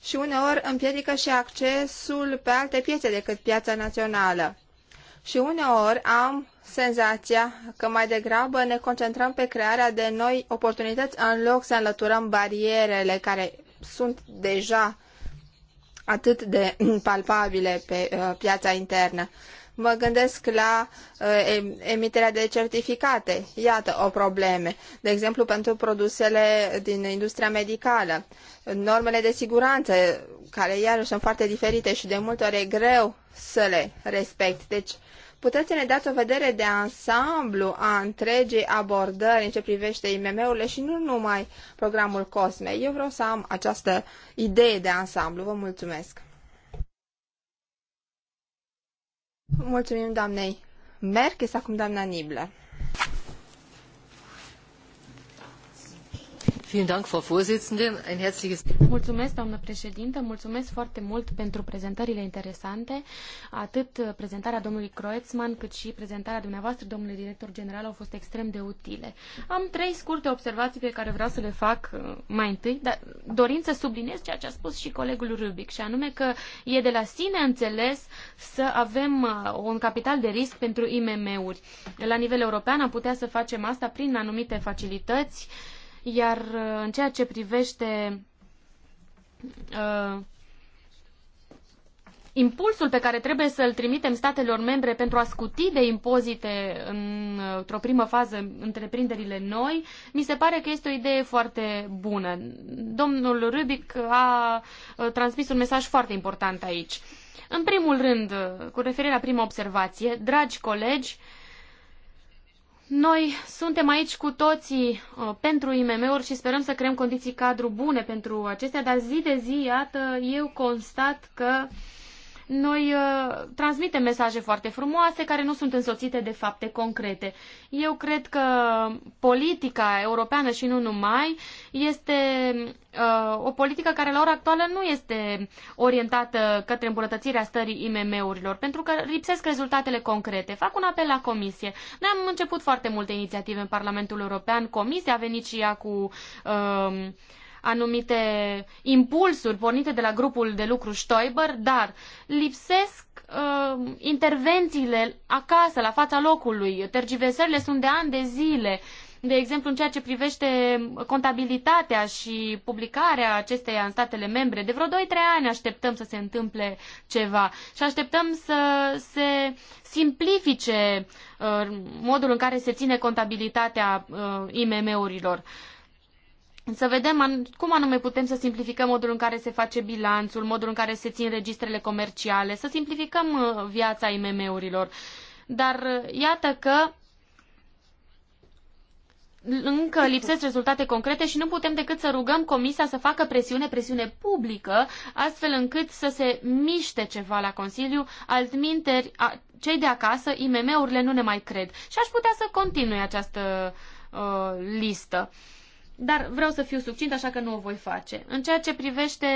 și uneori împiedică și accesul pe alte piețe decât piața națională. Și uneori am senzația că mai degrabă ne concentrăm pe crearea de noi oportunități în loc să înlăturăm barierele care sunt deja atât de [CLEARS THROAT] palpabile pe uh, piața internă. Mă gândesc la uh, emiterea de certificate. Iată o probleme. De exemplu, pentru produsele din industria medicală. Normele de siguranță, care iarăși sunt foarte diferite și de multe ori e greu să le respect. Deci, puteți să ne dați o vedere de ansamblu a întregii abordări în ce privește IMM-urile și nu numai programul COSME. Eu vreau să am această idee de ansamblu. Vă mulțumesc! Mulțumim doamnei Merkis, acum doamna Nibler. Mulțumesc, mulțumesc foarte mult pentru prezentările interesante. Atât prezentarea domnului creutzmann cât și prezentarea dumneavoastră, domnule director general, au fost extrem de utile. Am trei scurte observații pe care vreau să le fac uh, mai întâi, dar dorind să subliniez ceea ce a spus și colegul Rubic, și anume că e de la sine înțeles să avem uh, un capital de risc pentru IMM-uri. La nivel european am putea să facem asta prin anumite facilități, uh, iar uh, în ceea ce privește uh, impulsul pe care trebuie să-l trimitem statelor membre pentru a scuti de impozite uh, într-o primă fază întreprinderile noi, mi se pare că este o idee foarte bună. Domnul Rubic a uh, transmis un mesaj foarte important aici. În primul rând, cu referire la prima observație, dragi colegi, uh, noi suntem aici cu toții uh, pentru IMM-uri și sperăm să creăm condiții cadru bune pentru acestea, dar zi de zi, iată, eu constat că uh, noi uh, transmitem mesaje foarte frumoase care nu sunt însoțite de fapte concrete. Eu cred că politica europeană și nu numai este uh, o politică care la ora actuală nu este orientată către îmbunătățirea stării IMM-urilor, pentru că lipsesc rezultatele concrete. Fac un apel la Comisie. Noi am început foarte multe inițiative în Parlamentul European. Comisia a venit și ea cu uh, anumite impulsuri pornite de la grupul de lucru Stoiber, dar lipsesc uh, intervențiile acasă, la fața locului. Tergiversările sunt de ani de zile. De exemplu, în ceea ce privește contabilitatea și publicarea acesteia în statele membre, de vreo 2-3 ani așteptăm să se întâmple ceva și așteptăm să se simplifice uh, modul în care se ține contabilitatea uh, IMM-urilor. Uh, să vedem cum anume putem să simplificăm modul în care se face bilanțul, modul în care se țin registrele comerciale, să simplificăm uh, viața IMM-urilor. Dar uh, iată că încă lipsesc rezultate concrete și nu putem decât să rugăm Comisia să facă presiune, presiune publică, astfel încât să se miște ceva la Consiliu, altminteri cei de acasă, IMM-urile nu ne mai cred. Și aș putea să continui această uh, listă. Uh, dar vreau să fiu succint, așa că nu o voi face. În ceea ce privește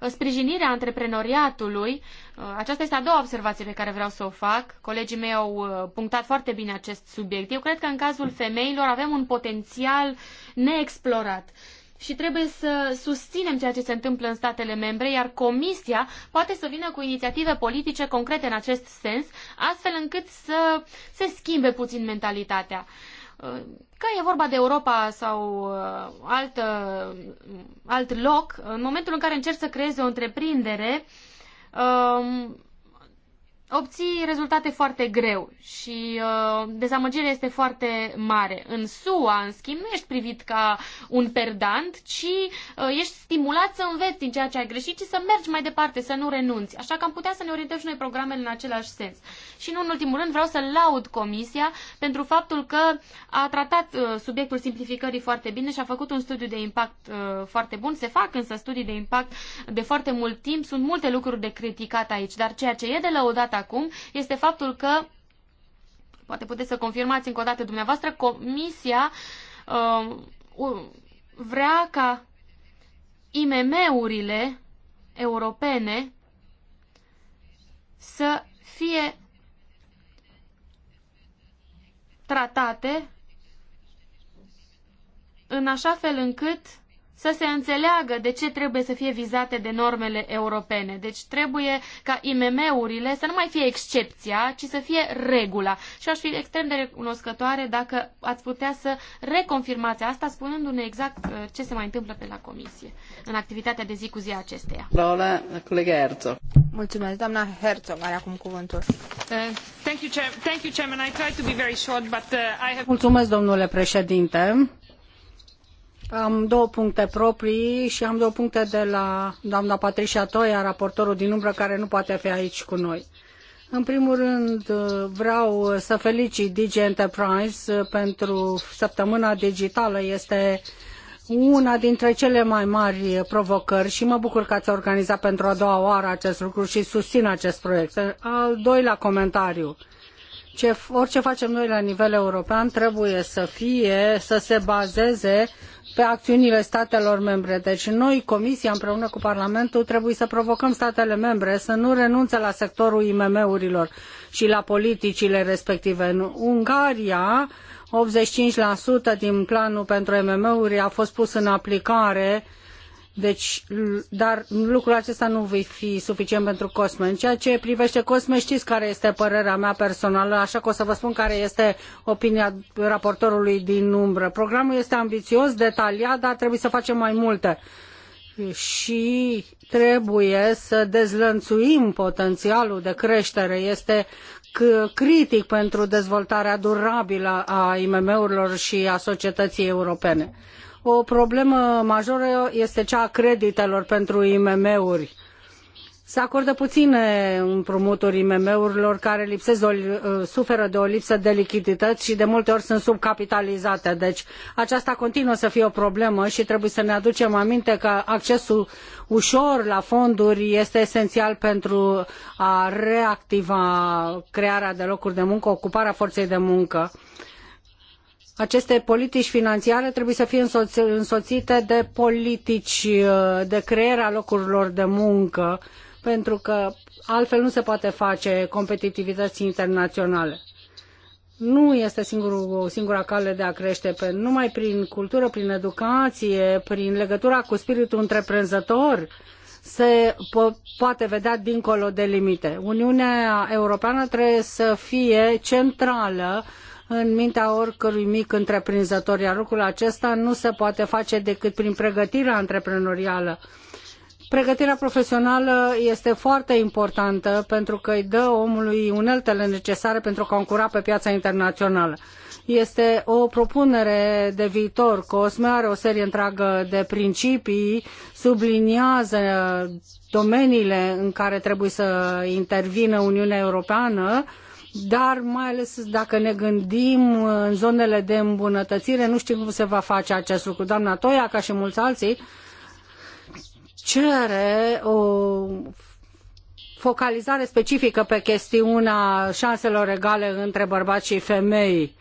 uh, sprijinirea antreprenoriatului, uh, aceasta este a doua observație pe care vreau să o fac. Colegii mei au uh, punctat foarte bine acest subiect. Eu cred că în cazul femeilor avem un potențial neexplorat și trebuie să susținem ceea ce se întâmplă în statele membre, iar Comisia poate să vină cu inițiative politice concrete în acest sens, astfel încât să se schimbe puțin mentalitatea. Uh, că e vorba de Europa sau uh, alt, uh, alt loc, în momentul în care încerci să creezi o întreprindere, um, obții rezultate foarte greu și uh, dezamăgirea este foarte mare. În SUA, în schimb, nu ești privit ca un perdant, ci uh, ești stimulat să înveți din ceea ce ai greșit și să mergi mai departe, să nu renunți. Așa că am putea să ne orientăm și noi programele în același sens. Și nu în ultimul rând vreau să laud Comisia pentru faptul că a tratat uh, subiectul simplificării foarte bine și a făcut un studiu de impact uh, foarte bun. Se fac însă studii de impact de foarte mult timp. Sunt multe lucruri de criticat aici, dar ceea ce e de laudat acum este faptul că, poate puteți să confirmați încă o dată dumneavoastră, Comisia uh, vrea ca IMM-urile europene să fie tratate în așa fel încât să se înțeleagă de ce trebuie să fie vizate de normele europene. Deci trebuie ca IMM-urile să nu mai fie excepția, ci să fie regula. Și aș fi extrem de recunoscătoare dacă ați putea să reconfirmați asta, spunându-ne exact uh, ce se mai întâmplă pe la comisie, în activitatea de zi cu zi acesteia. Doamna colega Herzog. Mulțumesc, doamna Herzog are acum cuvântul. Mulțumesc, domnule președinte. Am două puncte proprii și am două puncte de la doamna Patricia Toia, raportorul din umbră, care nu poate fi aici cu noi. În primul rând, uh, vreau să felicit Digi Enterprise uh, pentru săptămâna digitală. Este una dintre cele mai mari provocări și mă bucur că ați organizat pentru a doua oară acest lucru și susțin acest proiect. Al doilea comentariu. Uh, ce, orice facem noi la nivel european trebuie să fie, să se bazeze pe acțiunile statelor membre. Deci noi, Comisia, împreună cu Parlamentul, trebuie să provocăm statele membre să nu renunțe la sectorul IMM-urilor și la politicile respective. În Ungaria, 85% din planul pentru IMM-uri a fost pus în aplicare uh, deci, dar lucrul acesta nu va fi suficient pentru Cosme. În ceea ce privește Cosme, știți care este părerea mea personală, așa că o să vă spun care este opinia raportorului din umbră. Programul este ambițios, detaliat, dar trebuie să facem mai multe. Și trebuie să dezlănțuim potențialul de creștere. Este critic pentru dezvoltarea durabilă a IMM-urilor și a societății europene. O problemă majoră este cea a creditelor pentru IMM-uri. Se acordă puține împrumuturi IMM-urilor care lipsesc o, uh, suferă de o lipsă de lichidități și de multe ori sunt subcapitalizate. Deci aceasta continuă să fie o problemă și trebuie să ne aducem aminte că accesul ușor la fonduri este esențial pentru a reactiva crearea de locuri de muncă, ocuparea forței de muncă. Uh, aceste politici financiare trebuie să fie însoțite de politici uh, de creare a locurilor de muncă, pentru că altfel nu se poate face competitivității internaționale. Nu este singurul, singura cale de a crește, pe, numai prin cultură, prin educație, prin legătura cu spiritul întreprinzător, se po- poate vedea dincolo de limite. Uniunea Europeană trebuie să fie centrală uh, în mintea oricărui mic întreprinzător, iar lucrul acesta nu se poate face decât prin pregătirea antreprenorială. Pregătirea profesională este foarte importantă pentru că îi dă omului uneltele necesare pentru a concura pe piața internațională. Este o propunere de viitor. COSME are o serie întreagă de principii, subliniază domeniile în care trebuie să intervină Uniunea Europeană uh, dar mai ales dacă ne gândim uh, în zonele de îmbunătățire, nu știu cum se va face acest lucru. Doamna Toia, ca și mulți alții, cere o focalizare specifică pe chestiunea șanselor egale între bărbați și femei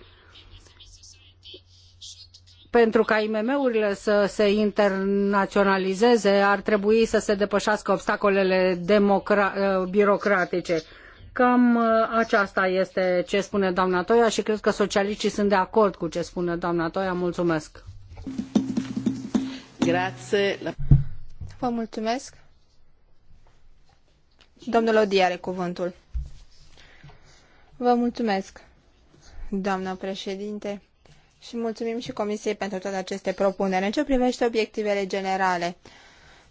pentru ca IMM-urile să se internaționalizeze, ar trebui să se depășească obstacolele uh, birocratice. Cam uh, aceasta este ce spune doamna Toia și cred că socialiștii sunt de acord cu ce spune doamna Toia. Mulțumesc! Grazie. Vă mulțumesc. Domnul Odi are cuvântul. Vă mulțumesc, doamnă președinte, și mulțumim și Comisiei pentru toate aceste propuneri. În ce privește obiectivele generale,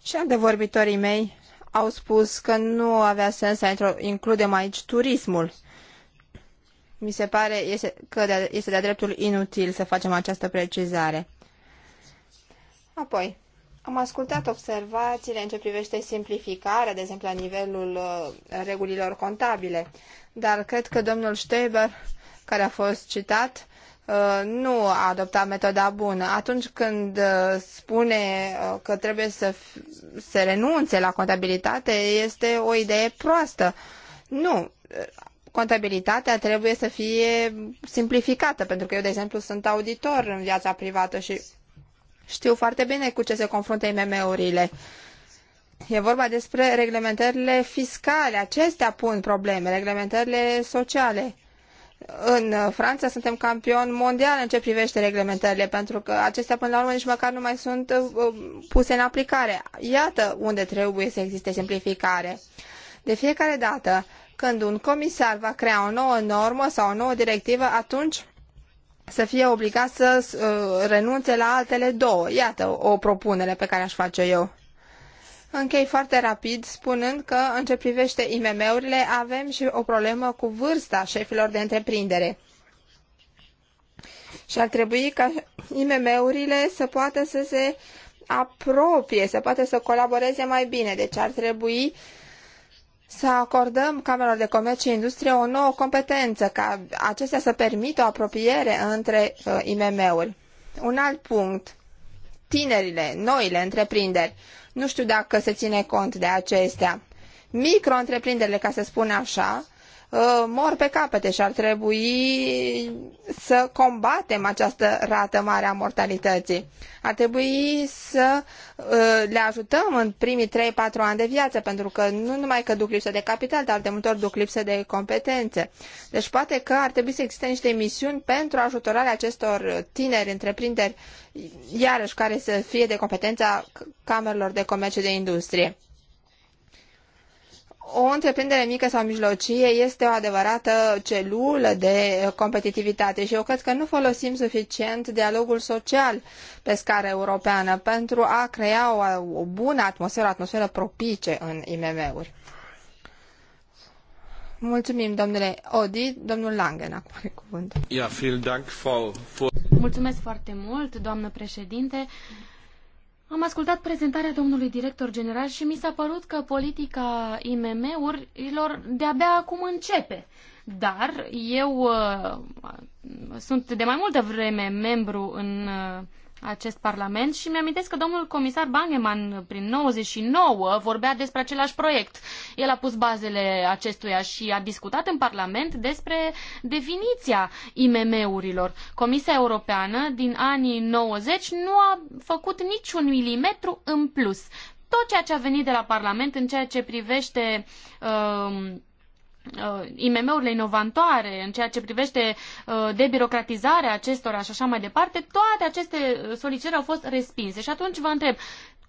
și de vorbitorii mei au spus că nu avea sens să includem aici turismul. Mi se pare este, că de, este de-a dreptul inutil să facem această precizare. Apoi, am ascultat observațiile în ce privește simplificarea, de exemplu, la nivelul uh, regulilor contabile, dar cred că domnul Steber, care a fost citat, Uh, nu a adoptat metoda bună. Atunci când uh, spune uh, că trebuie să se renunțe la contabilitate, este o idee proastă. Nu, contabilitatea trebuie să fie simplificată, pentru că eu, de exemplu, sunt auditor în viața privată și știu foarte bine cu ce se confruntă IMM-urile. E vorba despre reglementările fiscale, acestea pun probleme, reglementările sociale în Franța suntem campion mondial în ce privește reglementările, pentru că acestea până la urmă nici măcar nu mai sunt uh, puse în aplicare. Iată unde trebuie să existe simplificare. De fiecare dată când un comisar va crea o nouă normă sau o nouă directivă, atunci să fie obligat să uh, renunțe la altele două. Iată o propunere pe care aș face eu. Închei foarte rapid spunând că în ce privește IMM-urile avem și o problemă cu vârsta șefilor de întreprindere. Și ar trebui ca IMM-urile să poată să se apropie, să poată să colaboreze mai bine. Deci ar trebui să acordăm Camerelor de Comerț și Industrie o nouă competență, ca acestea să permită o apropiere între uh, IMM-uri. Un alt punct, tinerile, noile întreprinderi nu știu dacă se ține cont de acestea. Micro-întreprinderile, ca să spun așa, Uh, mor pe capete și ar trebui să combatem această rată mare a mortalității. Ar trebui să uh, le ajutăm în primii trei patru ani de viață, pentru că nu numai că duc lipsă de capital, dar de multe ori duc lipsă de competențe. Deci poate că ar trebui să existe niște misiuni pentru ajutorarea acestor tineri întreprinderi, iarăși care să fie de competența camerelor de comerț și de industrie o întreprindere mică sau mijlocie este o adevărată celulă de competitivitate și eu cred că nu folosim suficient dialogul social pe scară europeană pentru a crea o, o bună atmosferă, o atmosferă propice în IMM-uri. Mulțumim, domnule Odi. Domnul Langen, acum cuvânt. Mulțumesc foarte mult, doamnă președinte. Am ascultat prezentarea domnului director general și mi s-a părut că politica IMM-urilor de-abia acum începe. Dar eu uh, sunt de mai multă vreme membru în uh, acest Parlament și mi-amintesc că domnul comisar Bangeman prin 99 vorbea despre același proiect. El a pus bazele acestuia și a discutat în Parlament despre definiția IMM-urilor. Comisia Europeană din anii 90 nu a făcut niciun milimetru în plus. Tot ceea ce a venit de la Parlament în ceea ce privește uh, Uh, IMM-urile inovatoare, în ceea ce privește uh, debirocratizarea acestora și așa mai departe, toate aceste uh, solicitări au fost respinse. Și atunci vă întreb,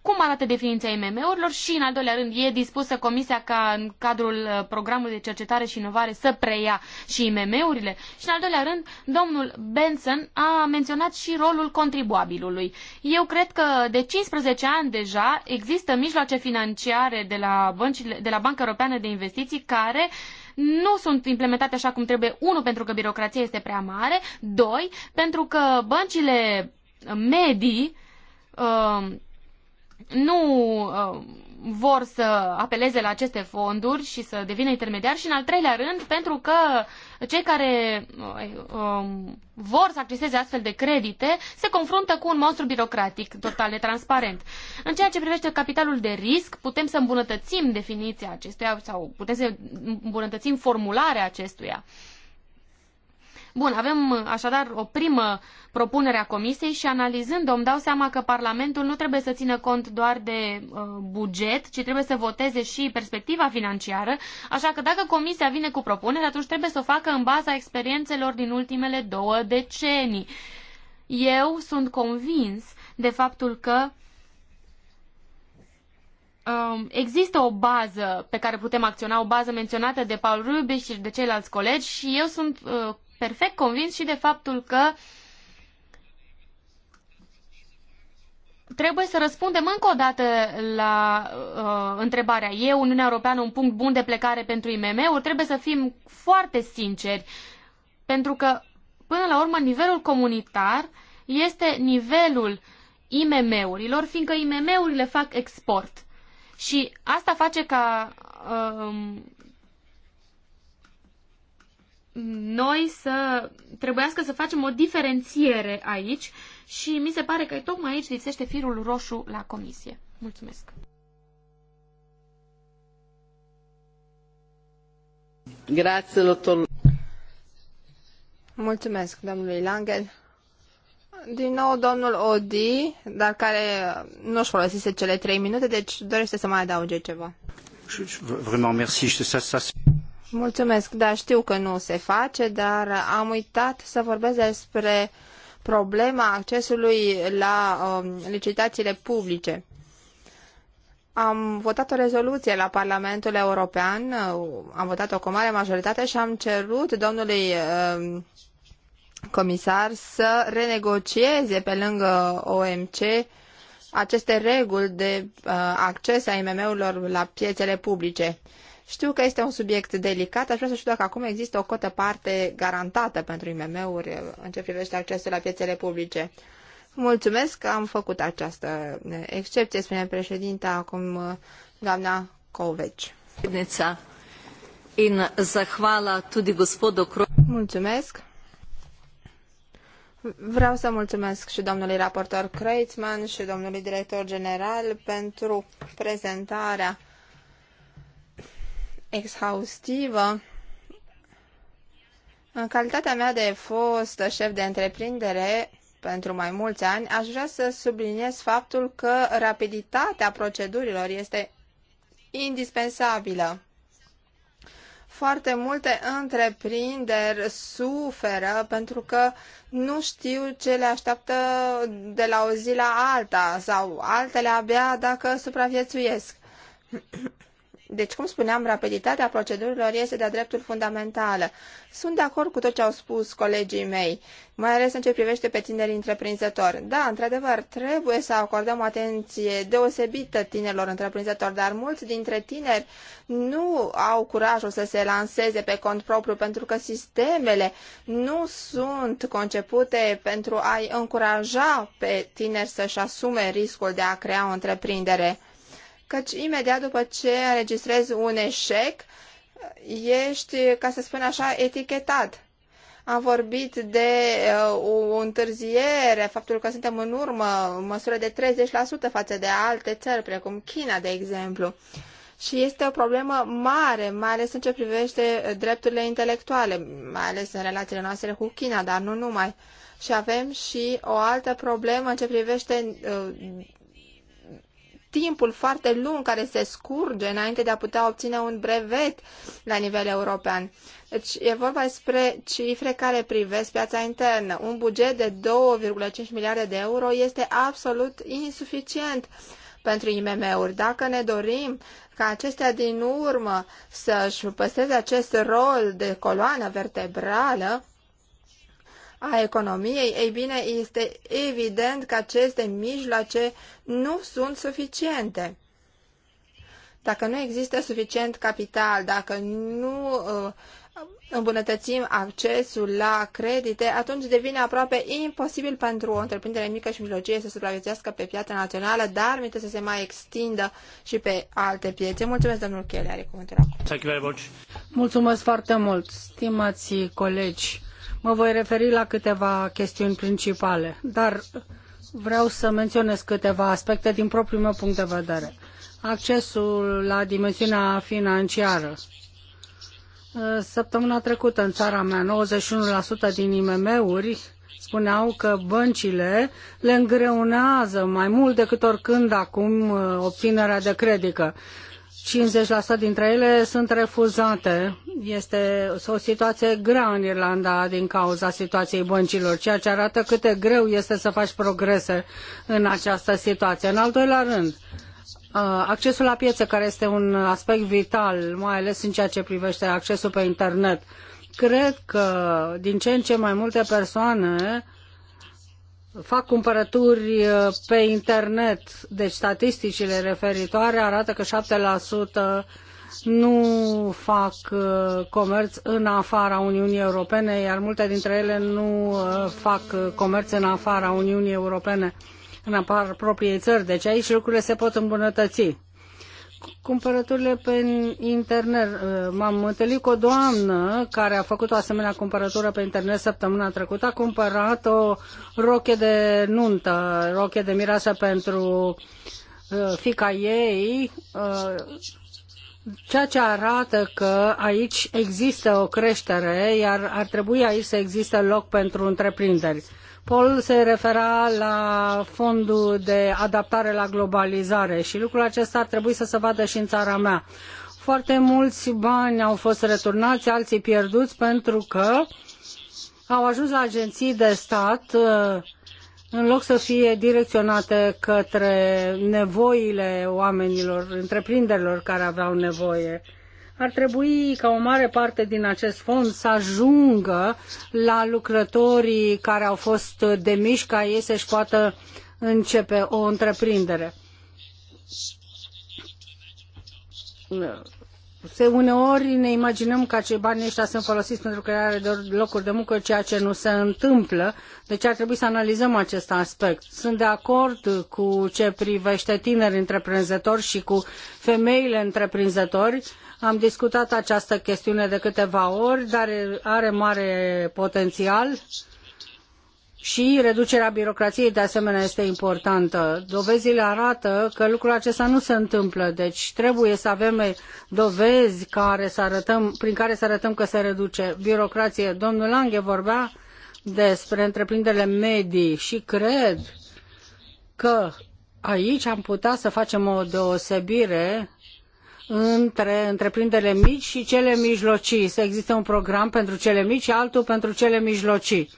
cum arată definiția IMM-urilor și, în al doilea rând, e dispusă Comisia ca în cadrul programului de cercetare și inovare să preia și IMM-urile? Și, în al doilea rând, domnul Benson a menționat și rolul contribuabilului. Eu cred că de 15 ani deja există mijloace financiare de la, băncile, de la Banca Europeană de Investiții care nu sunt implementate așa cum trebuie. Unu, pentru că birocrația este prea mare. Doi, pentru că băncile medii uh, nu uh, vor să apeleze la aceste fonduri și să devină intermediari și în al treilea rând pentru că cei care uh, um, vor să acceseze astfel de credite se confruntă cu un monstru birocratic total netransparent. În ceea ce privește capitalul de risc, putem să îmbunătățim definiția acestuia sau putem să îmbunătățim formularea acestuia. Uh, Bun, avem uh, așadar o primă propunere a Comisiei și analizând-o îmi dau seama că Parlamentul nu trebuie să țină cont doar de uh, buget, ci trebuie să voteze și perspectiva financiară, așa că dacă Comisia vine cu propunere, atunci trebuie să o facă în baza experiențelor din ultimele două decenii. Eu sunt convins de faptul că um, există o bază pe care putem acționa, o bază menționată de Paul Rubic și de ceilalți colegi și eu sunt uh, perfect convins și de faptul că trebuie să răspundem încă o dată la uh, întrebarea e Uniunea Europeană un punct bun de plecare pentru IMM-uri? Trebuie să fim foarte sinceri, pentru că până la urmă nivelul comunitar este nivelul IMM-urilor, fiindcă IMM-urile fac export. Și asta face ca uh, noi să trebuiască să facem o diferențiere aici și mi se pare că tocmai aici lipsește firul roșu la comisie. Mulțumesc! Grazie, doctor. Mulțumesc, domnului Langel. Din nou, domnul Odi, dar care nu-și folosise cele trei minute, deci dorește să mai adauge ceva. Vraiment, merci. Ça, Mulțumesc, da, știu că nu se face, dar am uitat să vorbesc despre problema accesului la um, licitațiile publice. Am votat o rezoluție la Parlamentul European, uh, am votat-o cu mare majoritate și am cerut domnului um, comisar să renegocieze pe lângă OMC aceste reguli de uh, acces a IMM-urilor la piețele publice. Știu că este un subiect delicat, aș vrea să știu dacă acum există o cotă parte garantată pentru IMM-uri uh, în ce privește accesul la piețele publice. Mulțumesc că am făcut această uh, excepție, spune președinta, acum uh, doamna Coveci. În zahvala tudi gospodu Mulțumesc. Vreau să mulțumesc și domnului raportor Kreitzman și domnului director general pentru prezentarea exhaustivă. În calitatea mea de fost șef de întreprindere pentru mai mulți ani, aș vrea să subliniez faptul că rapiditatea procedurilor este indispensabilă. Foarte multe întreprinderi suferă pentru că nu știu ce le așteaptă de la o zi la alta sau altele abia dacă supraviețuiesc. [CLEARS THROAT] Deci, cum spuneam, rapiditatea procedurilor este de-a dreptul fundamentală. Sunt de acord cu tot ce au spus colegii mei, mai ales în ce privește pe tinerii întreprinzători. Da, într-adevăr, trebuie să acordăm atenție deosebită tinerilor întreprinzători, dar mulți dintre tineri nu au curajul să se lanseze pe cont propriu pentru că sistemele nu sunt concepute pentru a-i încuraja pe tineri să-și asume riscul de a crea o întreprindere căci imediat după ce înregistrezi un eșec, ești, ca să spun așa, etichetat. Am vorbit de uh, o întârziere, faptul că suntem în urmă, în măsură de 30% față de alte țări, precum China, de exemplu. Și este o problemă mare, mai ales în ce privește drepturile intelectuale, mai ales în relațiile noastre cu China, dar nu numai. Și avem și o altă problemă în ce privește uh, timpul foarte lung care se scurge înainte de a putea obține un brevet la nivel european. Deci e vorba despre cifre care privesc piața internă. Un buget de 2,5 miliarde de euro este absolut insuficient pentru IMM-uri. Dacă ne dorim ca acestea din urmă să-și păstreze acest rol de coloană vertebrală, a economiei, ei bine, este evident că aceste mijloace nu sunt suficiente. Dacă nu există suficient capital, dacă nu uh, îmbunătățim accesul la credite, atunci devine aproape imposibil pentru o întreprindere mică și mijlocie să supraviețuiască pe piața națională, dar minte să se mai extindă și pe alte piețe. Mulțumesc, domnul Chele, are cuvântul acum. Mulțumesc foarte mult, stimați colegi. Mă voi referi la câteva chestiuni principale, dar vreau să menționez câteva aspecte din propriul meu punct de vedere. Accesul la dimensiunea financiară. Săptămâna trecută în țara mea, 91% din IMM-uri spuneau că băncile le îngreunează mai mult decât oricând acum uh, obținerea de credică. 50% dintre ele sunt refuzate. Este o situație grea în Irlanda din cauza situației băncilor, ceea ce arată cât de greu este să faci progrese în această situație. În al doilea rând, accesul la piețe, care este un aspect vital, mai ales în ceea ce privește accesul pe internet. Cred că din ce în ce mai multe persoane fac cumpărături uh, pe internet, deci statisticile referitoare arată că 7% nu fac uh, comerț în afara Uniunii Europene, iar multe dintre ele nu uh, fac comerț în afara Uniunii Europene, în afara propriei țări. Deci aici lucrurile se pot îmbunătăți cumpărăturile pe internet. Uh, M-am întâlnit cu o doamnă care a făcut o asemenea cumpărătură pe internet săptămâna trecută. A cumpărat o roche de nuntă, roche de mireasă pentru uh, fica ei, uh, ceea ce arată că aici există o creștere, iar ar trebui aici să existe loc pentru întreprinderi. Paul se refera la fondul de adaptare la globalizare și lucrul acesta ar trebui să se vadă și în țara mea. Foarte mulți bani au fost returnați, alții pierduți pentru că au ajuns la agenții de stat în loc să fie direcționate către nevoile oamenilor, întreprinderilor care aveau nevoie ar trebui ca o mare parte din acest fond să ajungă la lucrătorii care au fost demiși ca ei să-și poată începe o întreprindere. Se uneori ne imaginăm că acei bani ăștia sunt folosiți pentru crearea de locuri de muncă, ceea ce nu se întâmplă, deci ar trebui să analizăm acest aspect. Sunt de acord cu ce privește tineri întreprinzători și cu femeile întreprinzători am discutat această chestiune de câteva ori, dar are mare potențial și reducerea birocrației de asemenea este importantă. Dovezile arată că lucrul acesta nu se întâmplă, deci trebuie să avem dovezi care să arătăm, prin care să arătăm că se reduce birocrație. Domnul Lange vorbea despre întreprinderile medii și cred că aici am putea să facem o deosebire între întreprinderile mici și cele mijlocii. Să existe un program pentru cele mici și altul pentru cele mijlocii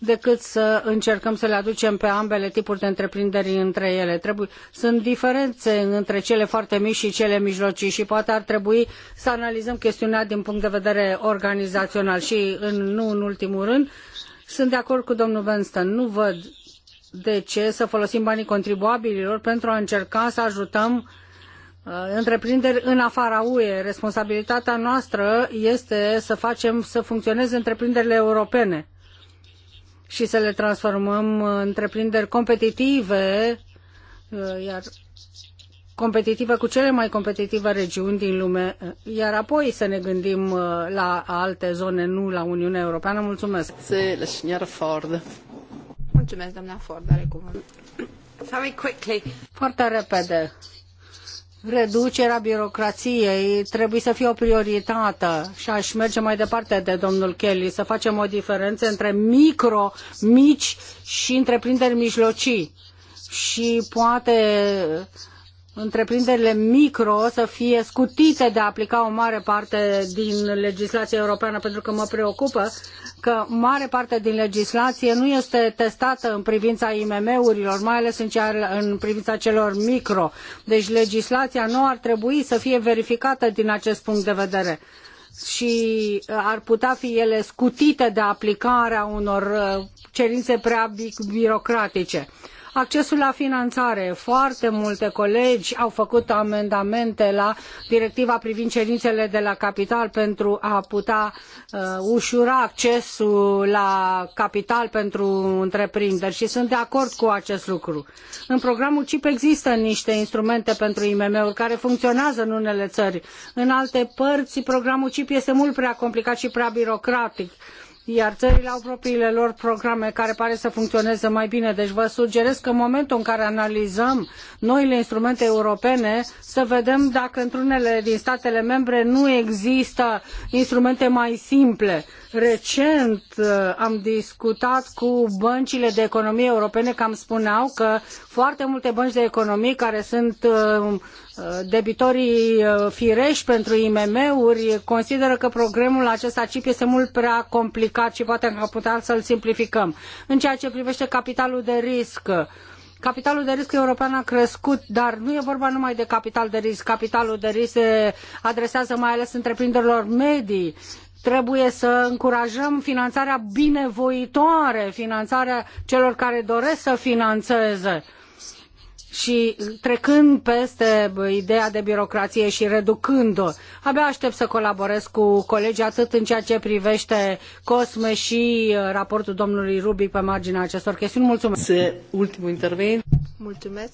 decât să încercăm să le aducem pe ambele tipuri de întreprinderi între ele. Trebuie, sunt diferențe între cele foarte mici și cele mijlocii și poate ar trebui să analizăm chestiunea din punct de vedere organizațional și în, nu în ultimul rând. Sunt de acord cu domnul Benston. Nu văd de ce să folosim banii contribuabililor pentru a încerca să ajutăm Uh, întreprinderi în afara UE. Responsabilitatea noastră este să facem să funcționeze întreprinderile europene și să le transformăm în întreprinderi competitive, uh, iar competitive cu cele mai competitive regiuni din lume, uh, iar apoi să ne gândim la alte zone, nu la Uniunea Europeană. Mulțumesc! Ford. Mulțumesc, doamna Ford, are cuvânt. Very quickly. Foarte repede reducerea birocrației trebuie să fie o prioritate și aș merge mai departe de domnul Kelly, să facem o diferență între micro, mici și întreprinderi mijlocii. Și poate întreprinderile micro să fie scutite de a aplica o mare parte din legislația europeană, pentru că mă preocupă că mare parte din legislație nu este testată în privința IMM-urilor, mai ales în, cea, în privința celor micro. Deci legislația nu ar trebui să fie verificată din acest punct de vedere și ar putea fi ele scutite de aplicarea unor uh, cerințe prea birocratice. Accesul la finanțare. Foarte multe colegi au făcut amendamente la directiva privind cerințele de la capital pentru a putea uh, ușura accesul la capital pentru întreprinderi și sunt de acord cu acest lucru. În programul CIP există niște instrumente pentru IMM-uri care funcționează în unele țări. În alte părți, programul CIP este mult prea complicat și prea birocratic iar țările au propriile lor programe care pare să funcționeze mai bine. Deci vă sugerez că în momentul în care analizăm noile instrumente europene, să vedem dacă într-unele din statele membre nu există instrumente mai simple. Recent uh, am discutat cu băncile de economie europene, cam spuneau că foarte multe bănci de economie care sunt uh, Uh, debitorii uh, firești pentru IMM-uri consideră că programul acesta CIP este mult prea complicat și poate am putea să-l simplificăm. În ceea ce privește capitalul de risc, Capitalul de risc european a crescut, dar nu e vorba numai de capital de risc. Capitalul de risc se adresează mai ales întreprinderilor medii. Trebuie să încurajăm finanțarea binevoitoare, finanțarea celor care doresc să finanțeze. Uh, și trecând peste ideea de birocrație și reducând-o. Abia aștept să colaborez cu colegii atât în ceea ce privește COSME și uh, raportul domnului Rubic pe marginea acestor chestiuni. Mulțumesc! Ultimul intervenit. Mulțumesc!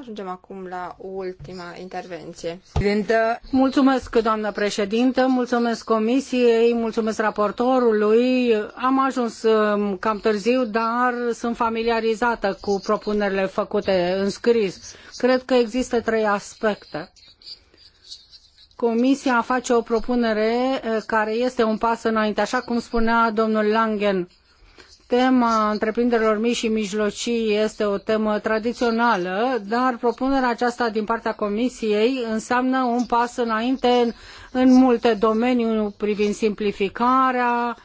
Ajungem acum la ultima intervenție. Mulțumesc, doamnă președintă, mulțumesc comisiei, mulțumesc raportorului. Am ajuns um, cam târziu, dar sunt familiarizată cu propunerile făcute în scris. Cred că există trei aspecte. Comisia face o propunere uh, care este un pas înainte, așa cum spunea domnul Langen tema întreprinderilor mici și mijlocii este o temă tradițională, dar propunerea aceasta din partea Comisiei înseamnă un pas înainte în, în multe domenii privind simplificarea,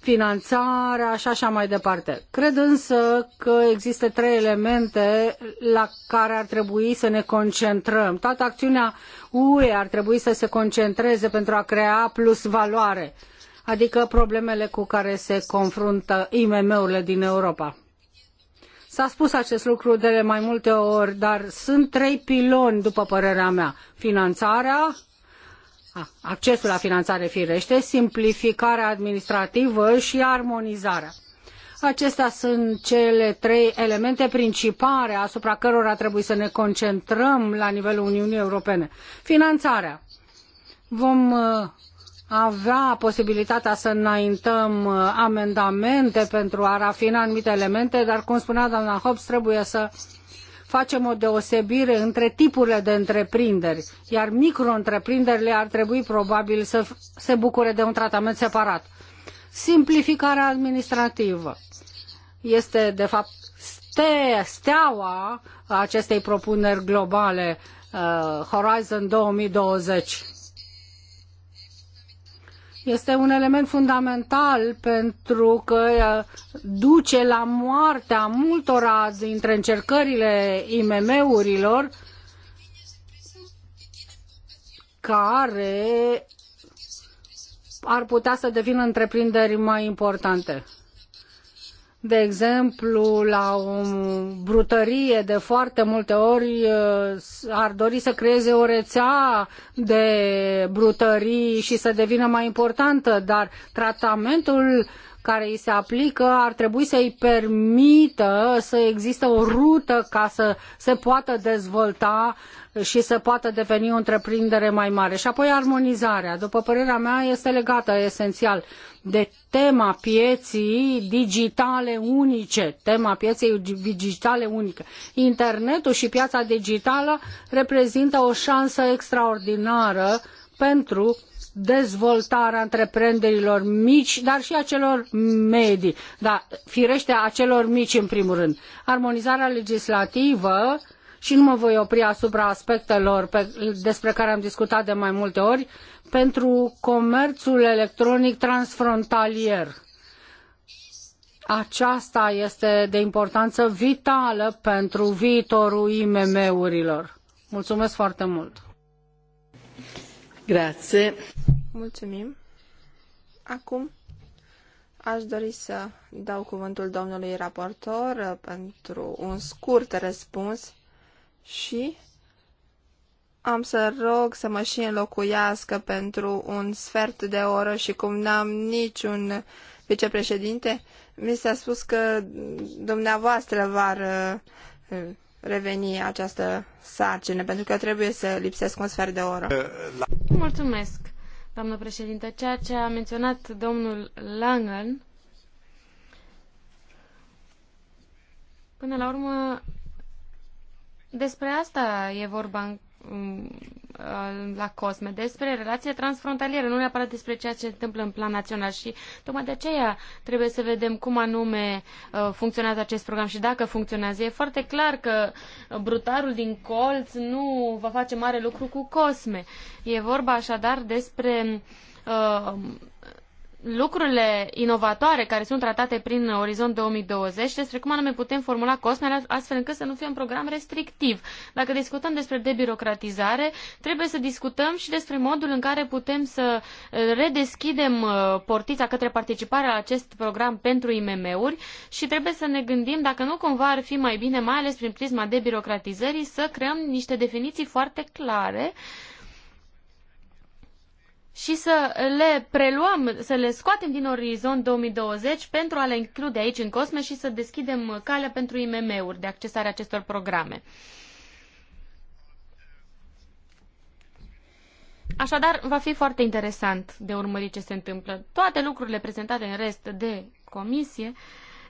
finanțarea și așa mai departe. Cred însă că există trei elemente la care ar trebui să ne concentrăm. Toată acțiunea UE ar trebui să se concentreze pentru a crea plus valoare adică problemele cu care se confruntă IMM-urile din Europa. S-a spus acest lucru de mai multe ori, dar sunt trei piloni, după părerea mea. Finanțarea, accesul la finanțare firește, simplificarea administrativă și armonizarea. Acestea sunt cele trei elemente principale asupra cărora trebuie să ne concentrăm la nivelul Uniunii Europene. Finanțarea. Vom uh, avea posibilitatea să înaintăm uh, amendamente pentru a rafina anumite elemente, dar, cum spunea doamna Hobbs, trebuie să facem o deosebire între tipurile de întreprinderi, iar micro-întreprinderile ar trebui probabil să se bucure de un tratament separat. Simplificarea administrativă este, de fapt, ste steaua acestei propuneri globale uh, Horizon 2020 este un element fundamental pentru că uh, duce la moartea multora dintre încercările IMM-urilor care ar putea să devină întreprinderi mai importante de exemplu, la o brutărie de foarte multe ori uh, ar dori să creeze o rețea de brutării și să devină mai importantă, dar tratamentul care îi se aplică ar trebui să îi permită să existe o rută ca să se poată dezvolta și să poată deveni o întreprindere mai mare. Și apoi armonizarea, după părerea mea, este legată esențial de tema pieții digitale unice, tema pieței digitale unice. Internetul și piața digitală reprezintă o șansă extraordinară pentru dezvoltarea întreprinderilor mici, dar și a celor medii, dar firește a celor mici în primul rând. Armonizarea legislativă și nu mă voi opri asupra aspectelor pe, despre care am discutat de mai multe ori, pentru comerțul electronic transfrontalier. Aceasta este de importanță vitală pentru viitorul IMM-urilor. Mulțumesc foarte mult! Grazie! Mulțumim! Acum aș dori să dau cuvântul domnului raportor pentru un scurt răspuns și am să rog să mă și înlocuiască pentru un sfert de oră și cum n-am niciun vicepreședinte, mi s-a spus că dumneavoastră va uh, reveni această sarcină, pentru că trebuie să lipsesc un sfert de oră. Mulțumesc, doamnă președinte. Ceea ce a menționat domnul Langen, până la urmă, despre asta e vorba în Mm, la COSME, despre relația transfrontalieră, nu neapărat despre ceea ce se întâmplă în plan național și tocmai de aceea trebuie să vedem cum anume uh, funcționează acest program și dacă funcționează. E foarte clar că uh, brutarul din colț nu va face mare lucru cu COSME. E vorba așadar despre uh, lucrurile inovatoare care sunt tratate prin Orizont 2020, despre cum anume putem formula costurile, astfel încât să nu fie un program restrictiv. Dacă discutăm despre debirocratizare, trebuie să discutăm și despre modul în care putem să eh, redeschidem eh, portița către participarea la acest program pentru IMM-uri și trebuie să ne gândim dacă nu cumva ar fi mai bine, mai ales prin prisma debirocratizării, să creăm niște definiții foarte clare și să le preluăm, să le scoatem din orizont 2020 pentru a le include aici în COSME și să deschidem calea pentru IMM-uri de accesare acestor programe. Așadar, va fi foarte interesant de urmărit ce se întâmplă. Toate lucrurile prezentate în rest de comisie uh,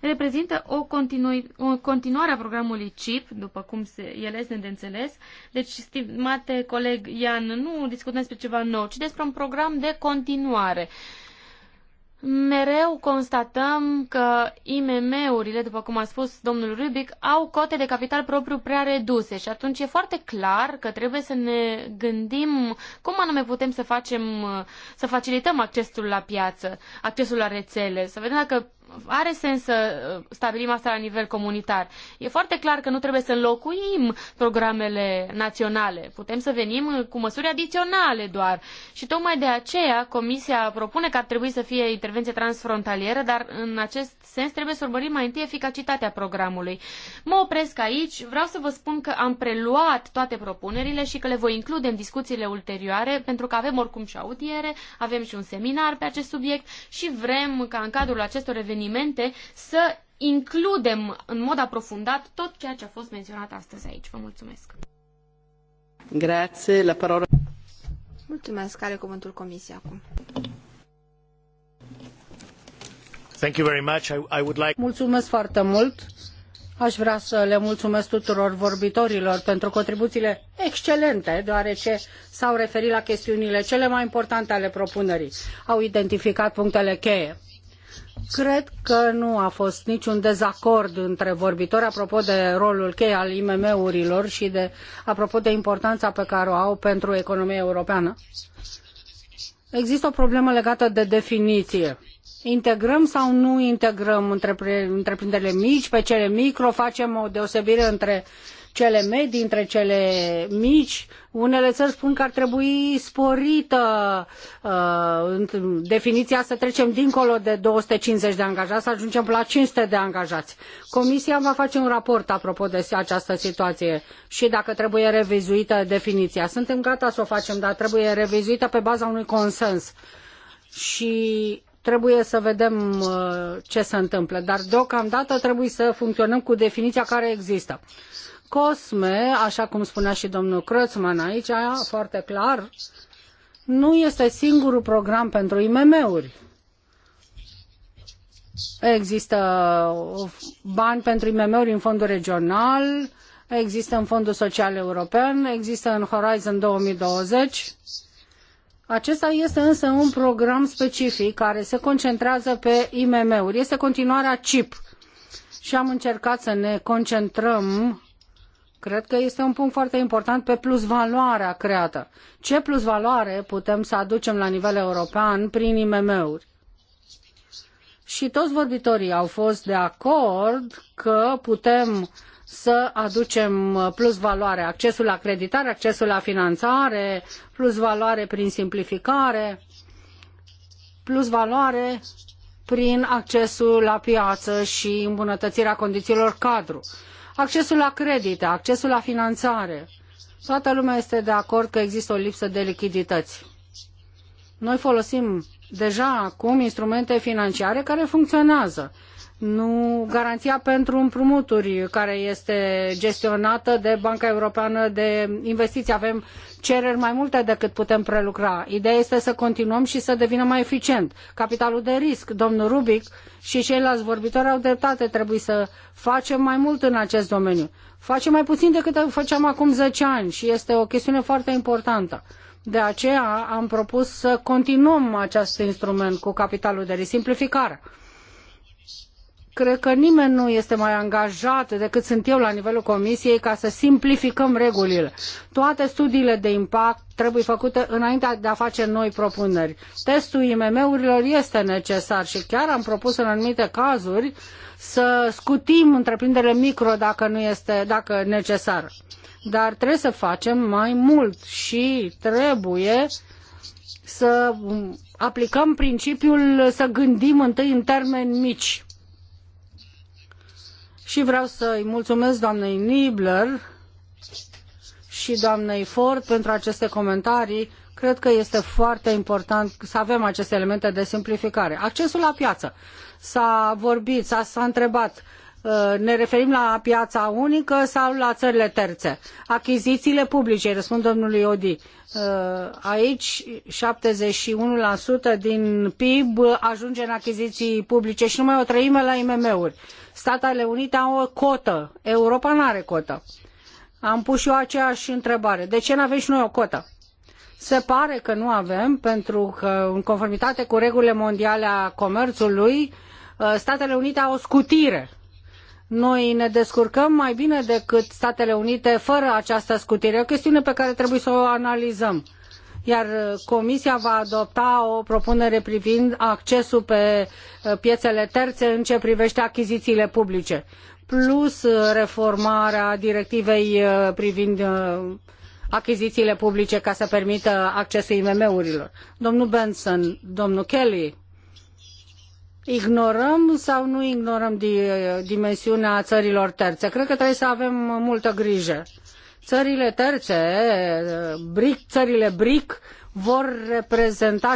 reprezintă o, continui, o continuare a programului CIP, după cum se, ele sunt de înțeles. Deci, stimate coleg Ian, nu discutăm despre ceva nou, ci despre un program de continuare. Mereu constatăm că IMM-urile, după cum a spus domnul Rubic, au cote de capital propriu prea reduse și atunci e foarte clar că trebuie să ne gândim cum anume putem să facem, să facilităm accesul la piață, accesul la rețele, să vedem dacă are sens să uh, stabilim asta la nivel comunitar. E foarte clar că nu trebuie să înlocuim programele naționale. Putem să venim uh, cu măsuri adiționale doar. Și tocmai de aceea Comisia propune că ar trebui să fie intervenție transfrontalieră, dar în acest sens trebuie să urmărim mai întâi eficacitatea programului. Mă opresc aici. Vreau să vă spun că am preluat toate propunerile și că le voi include în discuțiile ulterioare, pentru că avem oricum și audiere, avem și un seminar pe acest subiect și vrem ca în cadrul acestor reveniri evenimente să includem în mod aprofundat tot ceea ce a fost menționat astăzi aici. Vă mulțumesc! Grazie, la parola. Mulțumesc, are cuvântul comisia acum. Thank you very much. I, I would like... Mulțumesc foarte mult. Aș vrea să le mulțumesc tuturor vorbitorilor pentru contribuțiile excelente, deoarece s-au referit la chestiunile cele mai importante ale propunerii. Au identificat punctele cheie Cred că nu a fost niciun dezacord între vorbitori apropo de rolul chei al IMM-urilor și de apropo de importanța pe care o au pentru economia europeană. Există o problemă legată de definiție. Integrăm sau nu integrăm întreprinderile mici pe cele micro? Facem o deosebire între uh, cele medii, între cele mici. Unele țări spun că ar trebui sporită uh, definiția să trecem dincolo de 250 de angajați, să ajungem la 500 de angajați. Comisia va face un raport apropo de această situație și dacă trebuie revizuită definiția. Suntem gata să o facem, dar trebuie revizuită pe baza unui consens. Și trebuie să vedem uh, ce se întâmplă. Dar deocamdată trebuie să funcționăm cu definiția care există. COSME, așa cum spunea și domnul Crățman aici, foarte clar, nu este singurul program pentru IMM-uri. Există bani pentru IMM-uri în fondul regional, există în Fondul Social European, există în Horizon 2020. Acesta este însă un program specific care se concentrează pe IMM-uri. Este continuarea CIP și am încercat să ne concentrăm Cred că este un punct foarte important pe plus valoarea creată. Ce plus valoare putem să aducem la nivel european prin IMM-uri? Și toți vorbitorii au fost de acord că putem să aducem plus valoare, accesul la creditare, accesul la finanțare, plus valoare prin simplificare, plus valoare prin accesul la piață și îmbunătățirea condițiilor cadru. Accesul la credit, accesul la finanțare. Toată lumea este de acord că există o lipsă de lichidități. Noi folosim deja acum instrumente financiare care funcționează nu garanția pentru împrumuturi care este gestionată de Banca Europeană de Investiții. Avem cereri mai multe decât putem prelucra. Ideea este să continuăm și să devină mai eficient. Capitalul de risc, domnul Rubic și ceilalți vorbitori au dreptate, trebuie să facem mai mult în acest domeniu. Facem mai puțin decât făceam acum zece ani și este o chestiune foarte importantă. De aceea am propus să continuăm acest instrument cu capitalul de risc, simplificarea. Cred că nimeni nu este mai angajat decât sunt eu la nivelul comisiei ca să simplificăm regulile. Toate studiile de impact trebuie făcute înainte de a face noi propuneri. Testul IMM-urilor este necesar și chiar am propus în anumite cazuri să scutim întreprinderile micro dacă nu este dacă necesar. Dar trebuie să facem mai mult și trebuie să aplicăm principiul să gândim întâi în termeni mici și vreau să-i mulțumesc doamnei Nibler și doamnei Ford pentru aceste comentarii. Cred că este foarte important să avem aceste elemente de simplificare. Accesul la piață. S-a vorbit, s-a, întrebat Uh, ne referim la piața unică sau la țările terțe. Achizițiile publice, răspund domnului Odi. Uh, aici 71% din PIB ajunge în achiziții publice și numai o treime la IMM-uri. Statele Unite au o cotă, Europa nu are cotă. Am pus și eu aceeași întrebare. De ce nu avem și noi o cotă? Se pare că nu avem, pentru că, în conformitate cu regulile mondiale a comerțului, uh, Statele Unite au o scutire. Noi ne descurcăm mai bine decât Statele Unite fără această scutire. E o chestiune pe care trebuie să o analizăm. Iar uh, Comisia va adopta o propunere privind accesul pe uh, piețele terțe în ce privește achizițiile publice, plus uh, reformarea directivei privind achizițiile publice ca să permită accesul IMM urilor. Domnul Benson, domnul Kelly, ignorăm sau nu ignorăm dimensiunea țărilor terțe. Cred că trebuie să avem multă grijă. Țările terțe, BRIC, țările BRIC, vor reprezenta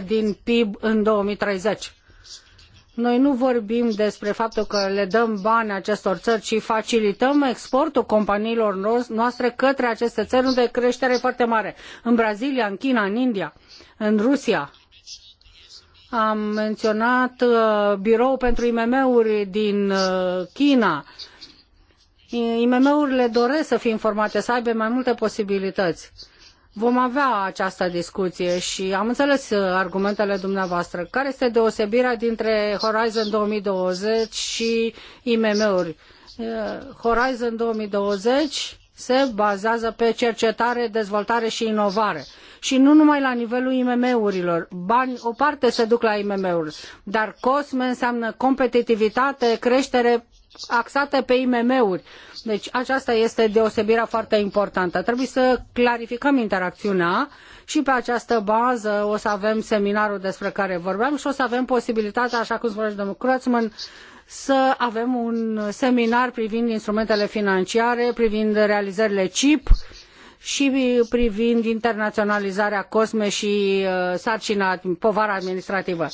70% din PIB în 2030. Noi nu vorbim despre faptul că le dăm bani acestor țări, ci facilităm exportul companiilor noastre către aceste țări unde creștere foarte mare. În Brazilia, în China, în India, în Rusia. Am menționat uh, birou pentru IMM-uri din uh, China. IMM-urile doresc să fie informate, să aibă mai multe posibilități. Vom avea această discuție și am înțeles uh, argumentele dumneavoastră. Care este deosebirea dintre Horizon 2020 și IMM-uri? Uh, Horizon 2020 se bazează pe cercetare, dezvoltare și inovare. Și nu numai la nivelul IMM-urilor. Bani, o parte se duc la IMM-uri, dar COSME înseamnă competitivitate, creștere axată pe IMM-uri. Deci aceasta este deosebirea foarte importantă. Trebuie să clarificăm interacțiunea și pe această bază o să avem seminarul despre care vorbeam și o să avem posibilitatea, așa cum spunea și domnul Kreutzmann, să avem un seminar privind instrumentele financiare, privind realizările CIP și privind internaționalizarea COSME și uh, sarcina, povara administrativă.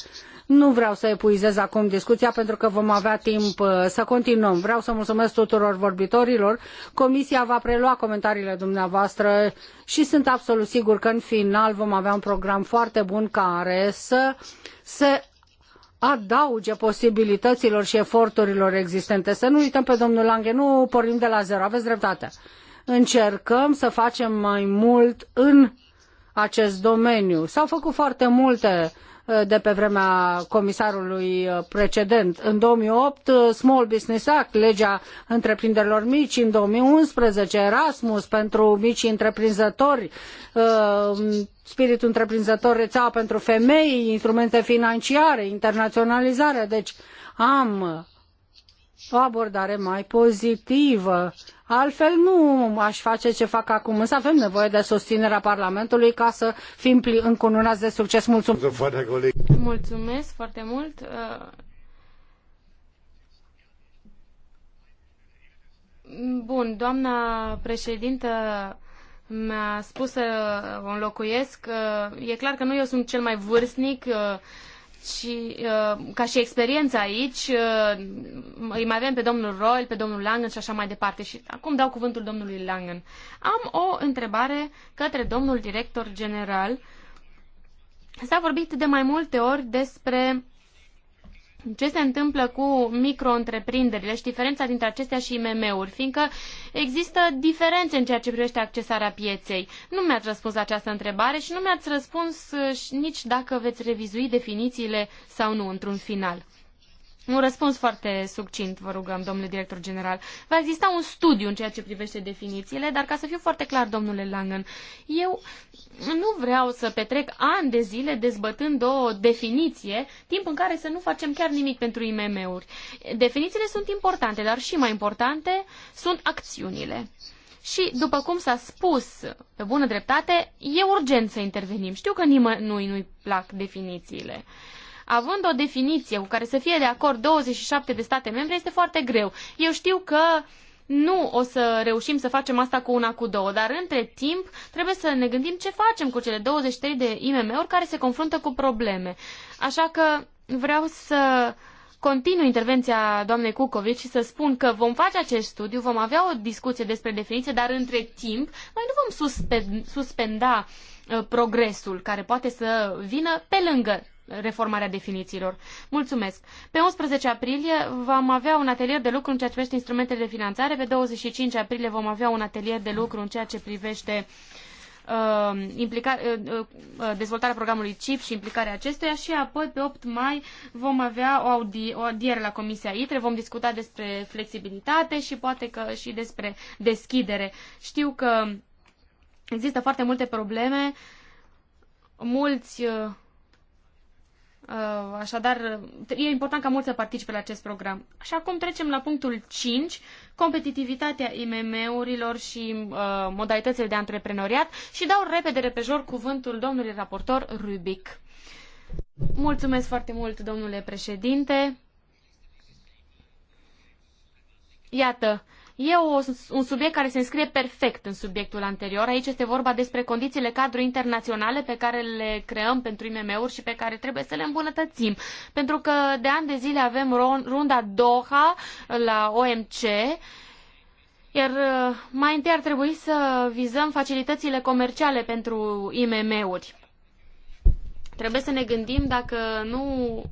Nu vreau să epuizez acum discuția pentru că vom avea timp uh, să continuăm. Vreau să mulțumesc tuturor vorbitorilor. Comisia va prelua comentariile dumneavoastră și sunt absolut sigur că în final vom avea un program foarte bun care să se adauge posibilităților și eforturilor existente. Să nu uităm pe domnul Lange, nu pornim de la zero, aveți dreptate. Încercăm să facem mai mult în acest domeniu. S-au făcut foarte multe Eh, de pe vremea comisarului eh, precedent. În 2008, eh, Small Business Act, legea întreprinderilor mici, în 2011, Erasmus pentru micii întreprinzători, spiritul întreprinzător, rețeaua pentru femei, instrumente financiare, internaționalizare. Deci am o abordare mai pozitivă Altfel nu aș face ce fac acum, însă avem nevoie de susținerea Parlamentului ca să fim încununați de succes. Mulțumesc! Mulțumesc foarte mult! Uh, bun, doamna președintă mi-a spus să o înlocuiesc. Uh, e clar că nu eu sunt cel mai vârstnic, uh, și uh, ca și experiență aici, uh, îi mai avem pe domnul Royal, pe domnul Langen și așa mai departe. Și acum dau cuvântul domnului Langen. Am o întrebare către domnul director general. S-a vorbit de mai multe ori despre ce se întâmplă cu micro-întreprinderile și diferența dintre acestea și IMM-uri, fiindcă există diferențe în ceea ce privește accesarea pieței. Nu mi-ați răspuns această întrebare și nu mi-ați răspuns uh, nici dacă veți revizui definițiile sau nu într-un final. Un răspuns foarte succint, vă rugăm, domnule director general. Va exista un studiu în ceea ce privește definițiile, dar ca să fiu foarte clar, domnule Langen, eu nu vreau să petrec ani de zile dezbătând o definiție, timp în care să nu facem chiar nimic pentru IMM-uri. Definițiile sunt importante, dar și mai importante sunt acțiunile. Și, după cum s-a spus, pe bună dreptate, e urgent să intervenim. Știu că nimănui nu-i plac definițiile. Uh, Având o definiție cu care să fie de acord 27 de state membre, este foarte greu. Eu știu că nu o să reușim să facem asta cu una, cu două, dar între timp trebuie să ne gândim ce facem cu cele 23 de IMM-uri care se confruntă cu probleme. Așa că vreau să continui intervenția doamnei Cucovici și să spun că vom face acest studiu, vom avea o discuție despre definiție, dar între timp noi nu vom suspend, suspenda uh, progresul care poate să vină pe lângă reformarea definițiilor. Mulțumesc! Pe 11 aprilie vom avea un atelier de lucru în ceea ce privește instrumentele de finanțare, pe 25 aprilie vom avea un atelier de lucru în ceea ce privește uh, implica, uh, uh, uh dezvoltarea programului CIP și implicarea acestuia și apoi pe 8 mai vom avea o, audi, o audiere la Comisia ITRE, vom discuta despre flexibilitate și poate că și despre deschidere. Știu că există foarte multe probleme, mulți uh, Uh, așadar, e important ca mulți să participe la acest program. Și acum trecem la punctul 5, competitivitatea IMM-urilor și uh, modalitățile de antreprenoriat și dau repede repejor cuvântul domnului raportor Rubic. Mulțumesc foarte mult, domnule președinte. Iată, E o, un subiect care se înscrie perfect în subiectul anterior. Aici este vorba despre condițiile cadru internaționale pe care le creăm pentru IMM-uri și pe care trebuie să le îmbunătățim. Pentru că de ani de zile avem runda Doha la OMC iar uh, mai întâi ar trebui să vizăm facilitățile comerciale pentru IMM-uri. Trebuie să ne gândim dacă nu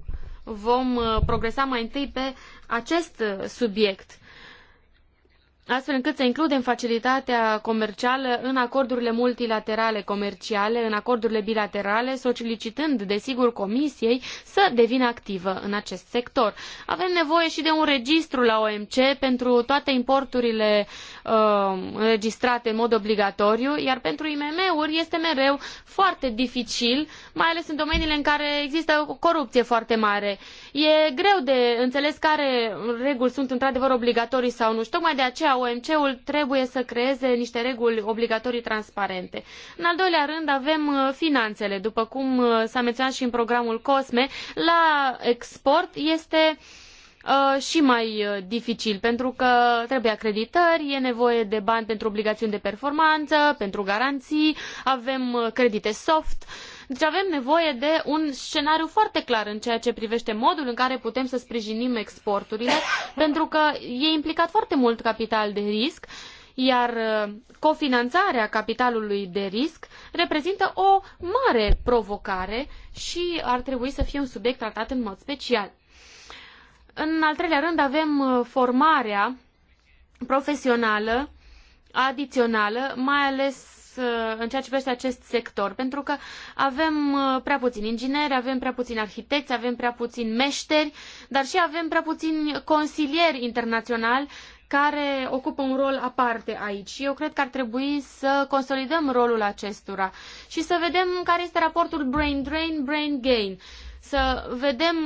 vom uh, progresa mai întâi pe acest uh, subiect astfel încât să includem facilitatea comercială în acordurile multilaterale comerciale, în acordurile bilaterale, solicitând, desigur, Comisiei să devină activă în acest sector. Avem nevoie și de un registru la OMC pentru toate importurile Uh, înregistrate în mod obligatoriu, iar pentru IMM-uri este mereu foarte dificil, mai ales în domeniile în care există o corupție foarte mare. E greu de înțeles care reguli sunt într-adevăr obligatorii sau nu și tocmai de aceea OMC-ul trebuie să creeze niște reguli obligatorii transparente. În al doilea rând avem uh, finanțele, după cum uh, s-a menționat și în programul COSME, la export este uh, Uh, și mai uh, dificil, pentru că trebuie acreditări, e nevoie de bani pentru obligațiuni de performanță, pentru garanții, avem uh, credite soft. Deci avem nevoie de un scenariu foarte clar în ceea ce privește modul în care putem să sprijinim exporturile, [COUGHS] pentru că e implicat foarte mult capital de risc, iar cofinanțarea capitalului de risc reprezintă o mare provocare și ar trebui să fie un subiect tratat în mod special. În al treilea rând avem uh, formarea profesională, adițională, mai ales uh, în ceea ce privește acest sector, pentru că avem uh, prea puțini ingineri, avem prea puțini arhitecți, avem prea puțini meșteri, dar și avem prea puțini consilieri internaționali care ocupă un rol aparte aici. Eu cred că ar trebui să consolidăm rolul acestora și să vedem care este raportul brain drain, brain gain. Uh, să vedem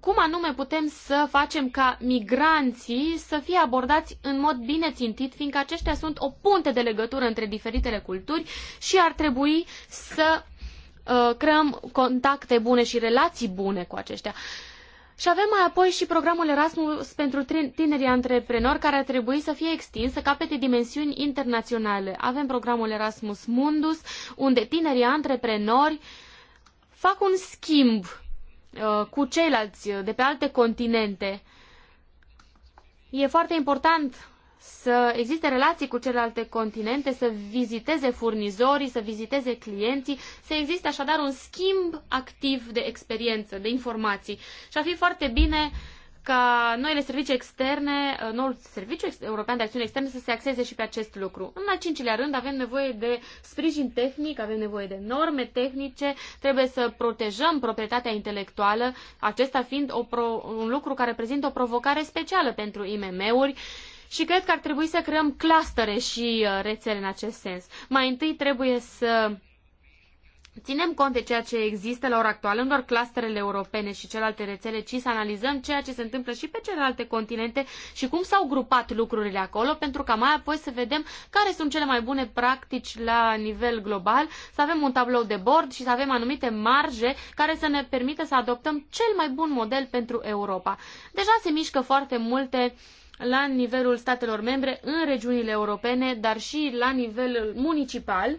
cum anume putem să facem ca migranții să fie abordați în mod bine țintit, fiindcă aceștia sunt o punte de legătură între diferitele culturi și ar trebui să uh, creăm contacte bune și relații bune cu aceștia. Și avem mai apoi și programul Erasmus pentru tinerii antreprenori, care ar trebui să fie extins, să capete dimensiuni internaționale. Avem programul Erasmus Mundus, unde tinerii antreprenori fac un schimb Uh, cu ceilalți uh, de pe alte continente. E foarte important să existe relații cu celelalte continente, să viziteze furnizorii, să viziteze clienții, să existe așadar un schimb activ de experiență, de informații. Și ar fi foarte bine uh, ca noile servicii externe, uh, noul serviciu european de acțiune externe să se axeze și pe acest lucru. În al cincilea rând, avem nevoie de sprijin tehnic, avem nevoie de norme tehnice, trebuie să protejăm proprietatea intelectuală, acesta fiind o pro, un lucru care prezintă o provocare specială pentru IMM-uri și cred că ar trebui să creăm clustere și uh, rețele în acest sens. Mai întâi trebuie să ținem cont de ceea ce există la ora actuală, în doar clusterele europene și celelalte rețele, ci să analizăm ceea ce se întâmplă și pe celelalte continente și cum s-au grupat lucrurile acolo, pentru ca mai apoi să vedem care sunt cele mai bune practici la nivel global, să avem un tablou de bord și să avem anumite marje care să ne permită să adoptăm cel mai bun model pentru Europa. Deja se mișcă foarte multe la nivelul statelor membre, în regiunile europene, dar și la nivel municipal. Uh,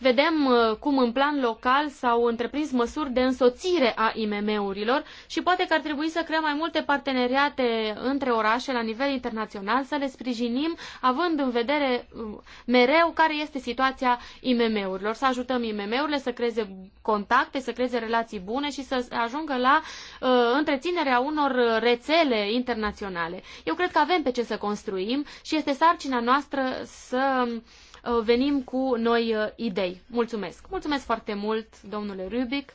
Vedem uh, cum în plan local s-au întreprins măsuri de însoțire a IMM-urilor și poate că ar trebui să creăm mai multe parteneriate între orașe la nivel internațional, să le sprijinim, având în vedere uh, mereu care este situația IMM-urilor. Să ajutăm IMM-urile să creeze contacte, să creeze relații bune și să ajungă la uh, întreținerea unor rețele internaționale. Eu cred că avem pe ce să construim și este sarcina noastră să uh, Uh, venim cu noi uh, idei. Mulțumesc! Mulțumesc foarte mult, domnule Rubic!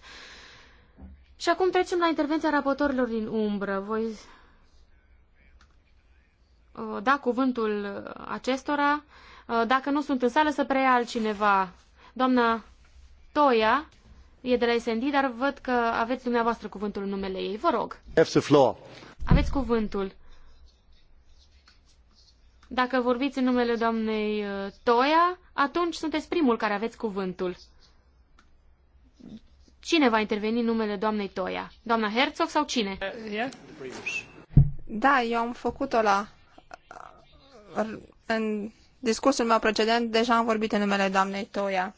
Și acum trecem la intervenția raportorilor din umbră. Voi uh, da cuvântul acestora. Dacă nu sunt în sală, să preia altcineva. Doamna Toia e de la SND, dar văd că aveți dumneavoastră cuvântul în numele ei. Vă rog. Aveți cuvântul. Dacă vorbiți în numele doamnei uh, Toia, atunci sunteți primul care aveți cuvântul. Cine va interveni în numele doamnei Toia? Doamna Herzog sau cine? Da, eu am făcut-o la... Uh, în discursul meu precedent deja am vorbit în numele doamnei Toia.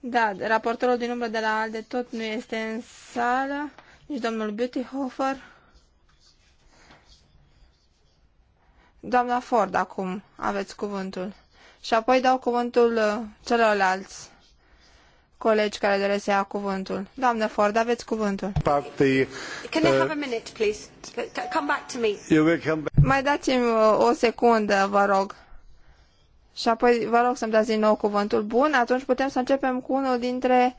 Da, raportorul din umbră de la ALDE tot nu este în sală, nici domnul Beautyhofer. Doamna Ford, acum aveți cuvântul. Și apoi dau cuvântul uh, celorlalți colegi care doresc să ia cuvântul. Doamnă Ford, aveți cuvântul. Mai dați-mi uh, o secundă, vă rog. Și apoi vă rog să-mi dați din nou cuvântul. Bun, atunci putem să începem cu unul dintre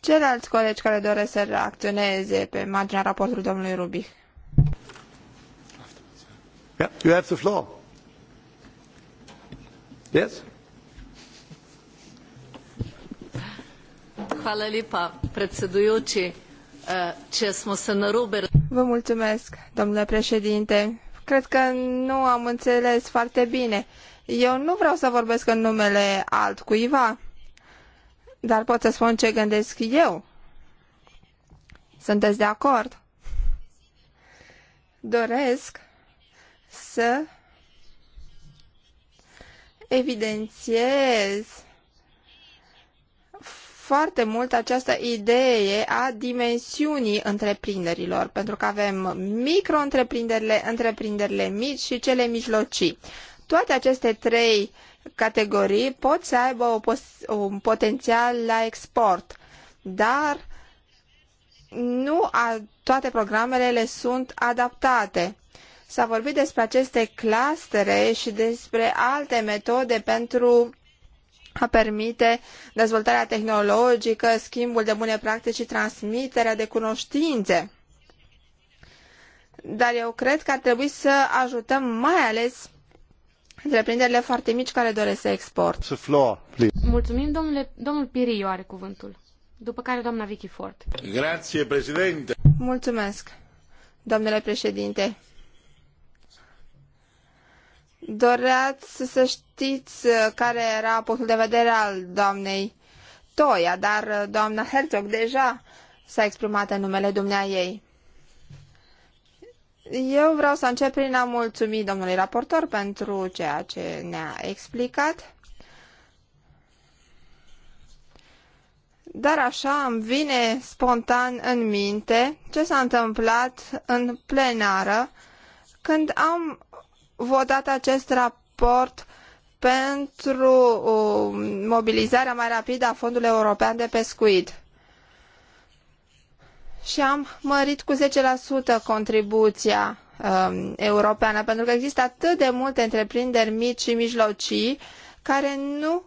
ceilalți colegi care doresc să reacționeze pe marginea raportului domnului Rubich. Yeah, you have the floor. Yes? Hvala lepa, predsedujoči. Eh, če smo se narobe... Vă mulțumesc, domnule președinte. Cred că nu am înțeles foarte bine. Eu nu vreau să vorbesc în numele altcuiva, dar pot să spun ce gândesc eu. Sunteți de acord? Doresc să evidențiez foarte mult această idee a dimensiunii întreprinderilor, pentru că avem micro-întreprinderile, întreprinderile mici și cele mijlocii. Toate aceste trei categorii pot să aibă un potențial la export, dar nu toate programele le sunt adaptate. S-a vorbit despre aceste clastere și despre alte metode pentru a permite dezvoltarea tehnologică, schimbul de bune practici și transmiterea de cunoștințe. Dar eu cred că ar trebui să ajutăm mai ales întreprinderile foarte mici care doresc să export. Floor, Mulțumim, domnule, domnul Piriu are cuvântul. După care doamna Vicky Ford. Grazie, președinte. Mulțumesc, domnule președinte. Doreați să știți uh, care era punctul de vedere al doamnei Toia, dar uh, doamna Herzog deja s-a exprimat în numele dumnea ei. Eu vreau să încep prin a mulțumi domnului raportor pentru ceea ce ne-a explicat. Dar așa îmi vine spontan în minte ce s-a întâmplat în plenară când am votat acest raport pentru um, mobilizarea mai rapidă a Fondului European de Pescuit. Și am mărit cu 10% contribuția um, europeană, pentru că există atât de multe întreprinderi mici și mijlocii care nu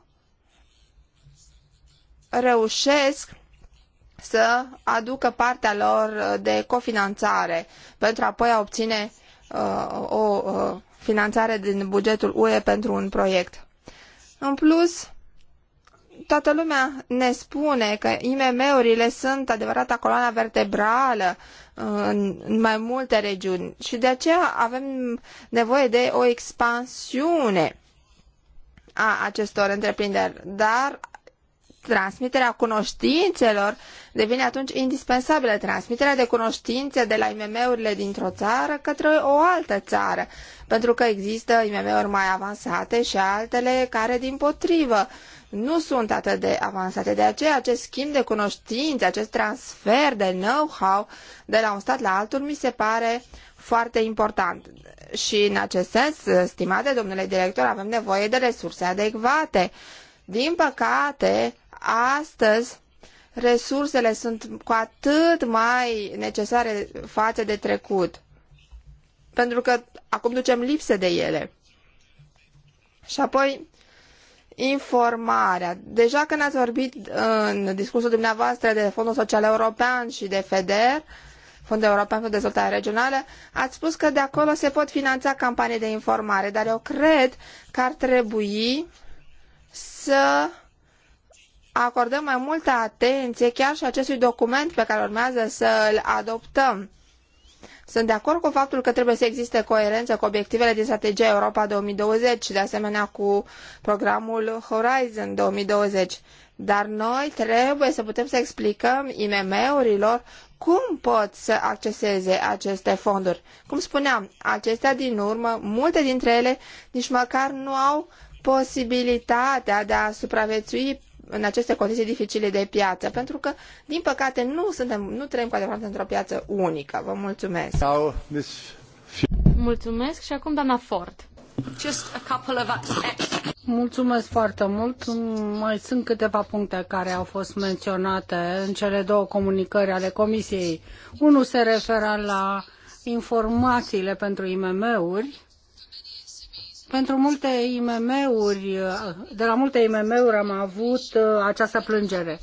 reușesc să aducă partea lor de cofinanțare pentru a apoi a obține uh, o uh, finanțare din bugetul UE pentru un proiect. În plus, toată lumea ne spune că IMM-urile sunt adevărata coloana vertebrală uh, în mai multe regiuni și de aceea avem nevoie de o expansiune a acestor întreprinderi, dar transmiterea cunoștințelor devine atunci indispensabilă. Transmiterea de cunoștințe de la IMM-urile dintr-o țară către o altă țară, pentru că există IMM-uri mai avansate și altele care, din potrivă, nu sunt atât de avansate. De aceea, acest schimb de cunoștințe, acest transfer de know-how de la un stat la altul mi se pare foarte important. Și în acest sens, stimate domnule director, avem nevoie de resurse adecvate. Din păcate, astăzi resursele sunt cu atât mai necesare față de trecut, pentru că acum ducem lipsă de ele. Și apoi, informarea. Deja când ați vorbit în discursul dumneavoastră de Fondul Social European și de FEDER, Fondul European pentru Dezvoltare Regională, ați spus că de acolo se pot finanța campanii de informare, dar eu cred că ar trebui să acordăm mai multă atenție chiar și acestui document pe care urmează să-l adoptăm. Sunt de acord cu faptul că trebuie să existe coerență cu obiectivele din strategia Europa 2020 și de asemenea cu programul Horizon 2020. Dar noi trebuie să putem să explicăm IMM-urilor cum pot să acceseze aceste fonduri. Cum spuneam, acestea din urmă, multe dintre ele nici măcar nu au posibilitatea de a supraviețui în aceste condiții dificile de piață, pentru că, din păcate, nu, suntem, nu trăim cu adevărat într-o piață unică. Vă mulțumesc! Mulțumesc și acum doamna Ford. Just a couple of Mulțumesc foarte mult. Mai sunt câteva puncte care au fost menționate în cele două comunicări ale Comisiei. Unul se referă la informațiile pentru IMM-uri pentru multe IMM-uri, de la multe IMM-uri am avut uh, această plângere.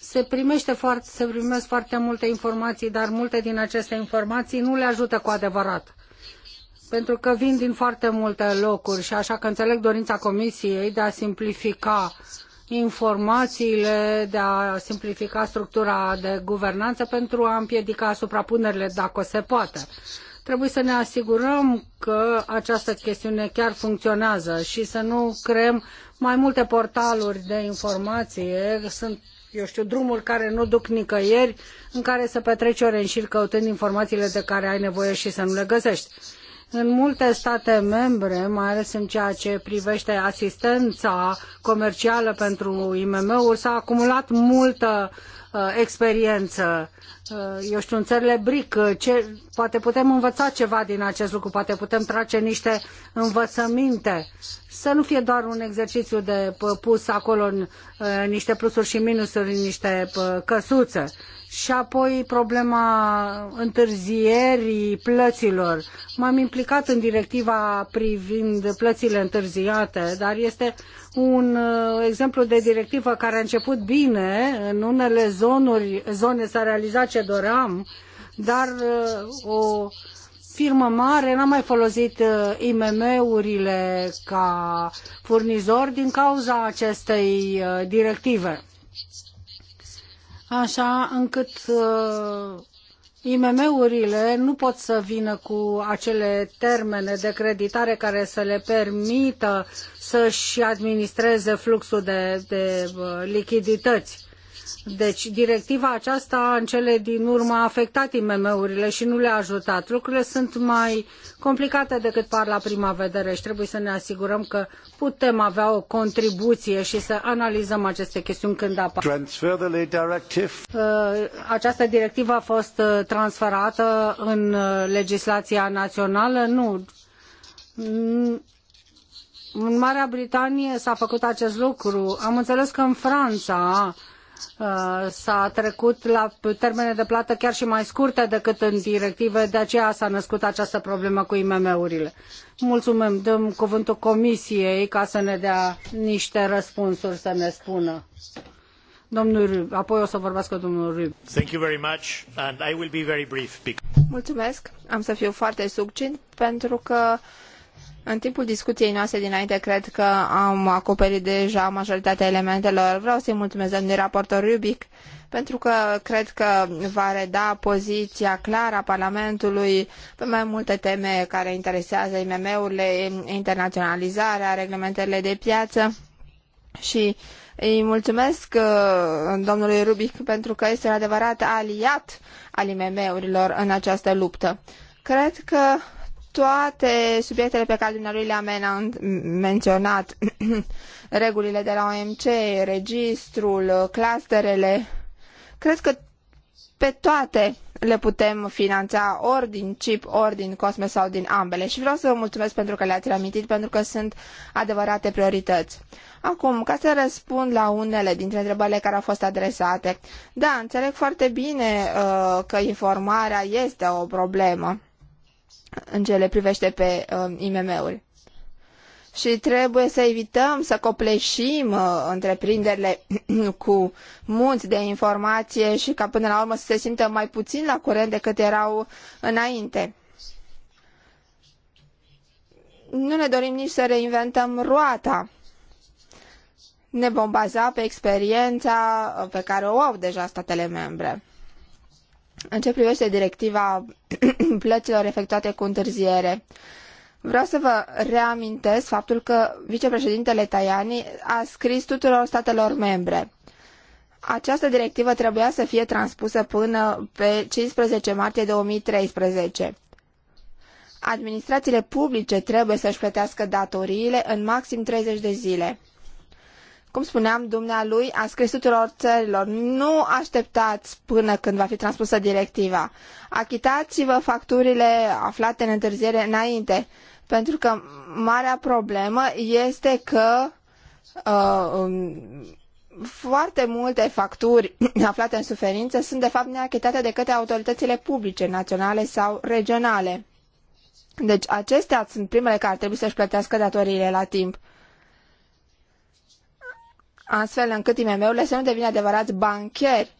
Se, primește foarte, se primesc foarte multe informații, dar multe din aceste informații nu le ajută cu adevărat pentru că vin din foarte multe locuri și așa că înțeleg dorința Comisiei de a simplifica informațiile, de a simplifica structura de guvernanță pentru a împiedica suprapunerile dacă se poate. Trebuie să ne asigurăm că această chestiune chiar funcționează și să nu creăm mai multe portaluri de informație. Sunt, eu știu, drumuri care nu duc nicăieri, în care să petreci ore în șir căutând informațiile de care ai nevoie și să nu le găsești. În multe state membre, mai ales în ceea ce privește asistența comercială pentru IMM-uri, s-a acumulat multă uh, Uh, experiență. Uh, eu știu, în țările BRIC, uh, ce, poate putem învăța ceva din acest lucru, poate putem trage niște învățăminte. Să nu fie doar un exercițiu de pus acolo niște plusuri și minusuri, niște căsuțe și apoi problema întârzierii plăților. M-am implicat în directiva privind plățile întârziate, dar este un uh, exemplu de directivă care a început bine. În unele zonuri, zone s-a realizat ce doream, dar uh, o firmă mare n-a mai folosit uh, IMM-urile ca furnizor din cauza acestei directive așa încât uh, IMM-urile nu pot să vină cu acele termene de creditare care să le permită să-și administreze fluxul de, de uh, lichidități deci directiva aceasta în cele din urmă a afectat IMM-urile și nu le-a ajutat. Lucrurile sunt mai complicate decât par la prima vedere și trebuie să ne asigurăm că putem avea o contribuție și să analizăm aceste chestiuni când apar. Uh, această directivă a fost uh, transferată în uh, legislația națională? Nu. În Marea Britanie s-a făcut acest lucru. Am înțeles că în Franța Uh, s-a trecut la termene de plată chiar și mai scurte decât în directivă, de aceea s-a născut această problemă cu IMM-urile. Mulțumim, dăm cuvântul comisiei ca să ne dea niște răspunsuri, să ne spună. Domnul apoi o să vorbească domnul Rub. Thank you very much and I will be very brief. Mulțumesc, am să fiu foarte succint pentru că în timpul discuției noastre dinainte, cred că am acoperit deja majoritatea elementelor. Vreau să-i mulțumesc domnului raportor Rubic, pentru că cred că va reda poziția clară a Parlamentului pe mai multe teme care interesează IMM-urile, internaționalizarea, reglementările de piață și îi mulțumesc uh, domnului Rubic pentru că este un adevărat aliat al IMM-urilor în această luptă. Cred că toate subiectele pe care dumnealui le-a menționat, [CLEARS THROAT] regulile de la OMC, registrul, clusterele, cred că pe toate le putem finanța ori din CIP, ori din COSME sau din ambele. Și vreau să vă mulțumesc pentru că le-ați reamintit, pentru că sunt adevărate priorități. Acum, ca să răspund la unele dintre întrebările care au fost adresate, da, înțeleg foarte bine uh, că informarea este o problemă în ce le privește pe uh, um, IMM-uri. Și trebuie să evităm să copleșim uh, întreprinderile [CLEARS THROAT] cu munți de informație și ca până la urmă să se simtă mai puțin la curent decât erau înainte. Nu ne dorim nici să reinventăm roata. Ne vom baza pe experiența pe care o au deja statele membre. În ce privește directiva [CLEARS THROAT] plăților efectuate cu întârziere, vreau să vă reamintesc faptul că vicepreședintele Tajani a scris tuturor statelor membre. Această directivă trebuia să fie transpusă până pe 15 martie 2013. Administrațiile publice trebuie să-și plătească datoriile în maxim 30 de zile cum spuneam, dumnealui a scris tuturor țărilor, nu așteptați până când va fi transpusă directiva. Achitați-vă facturile aflate în întârziere înainte, pentru că marea problemă este că uh, um, foarte multe facturi [CLEARS THROAT] aflate în suferință sunt de fapt neachitate de către autoritățile publice, naționale sau regionale. Deci acestea sunt primele care ar trebui să-și plătească datoriile la timp astfel încât IMM-urile să nu devină adevărați bancheri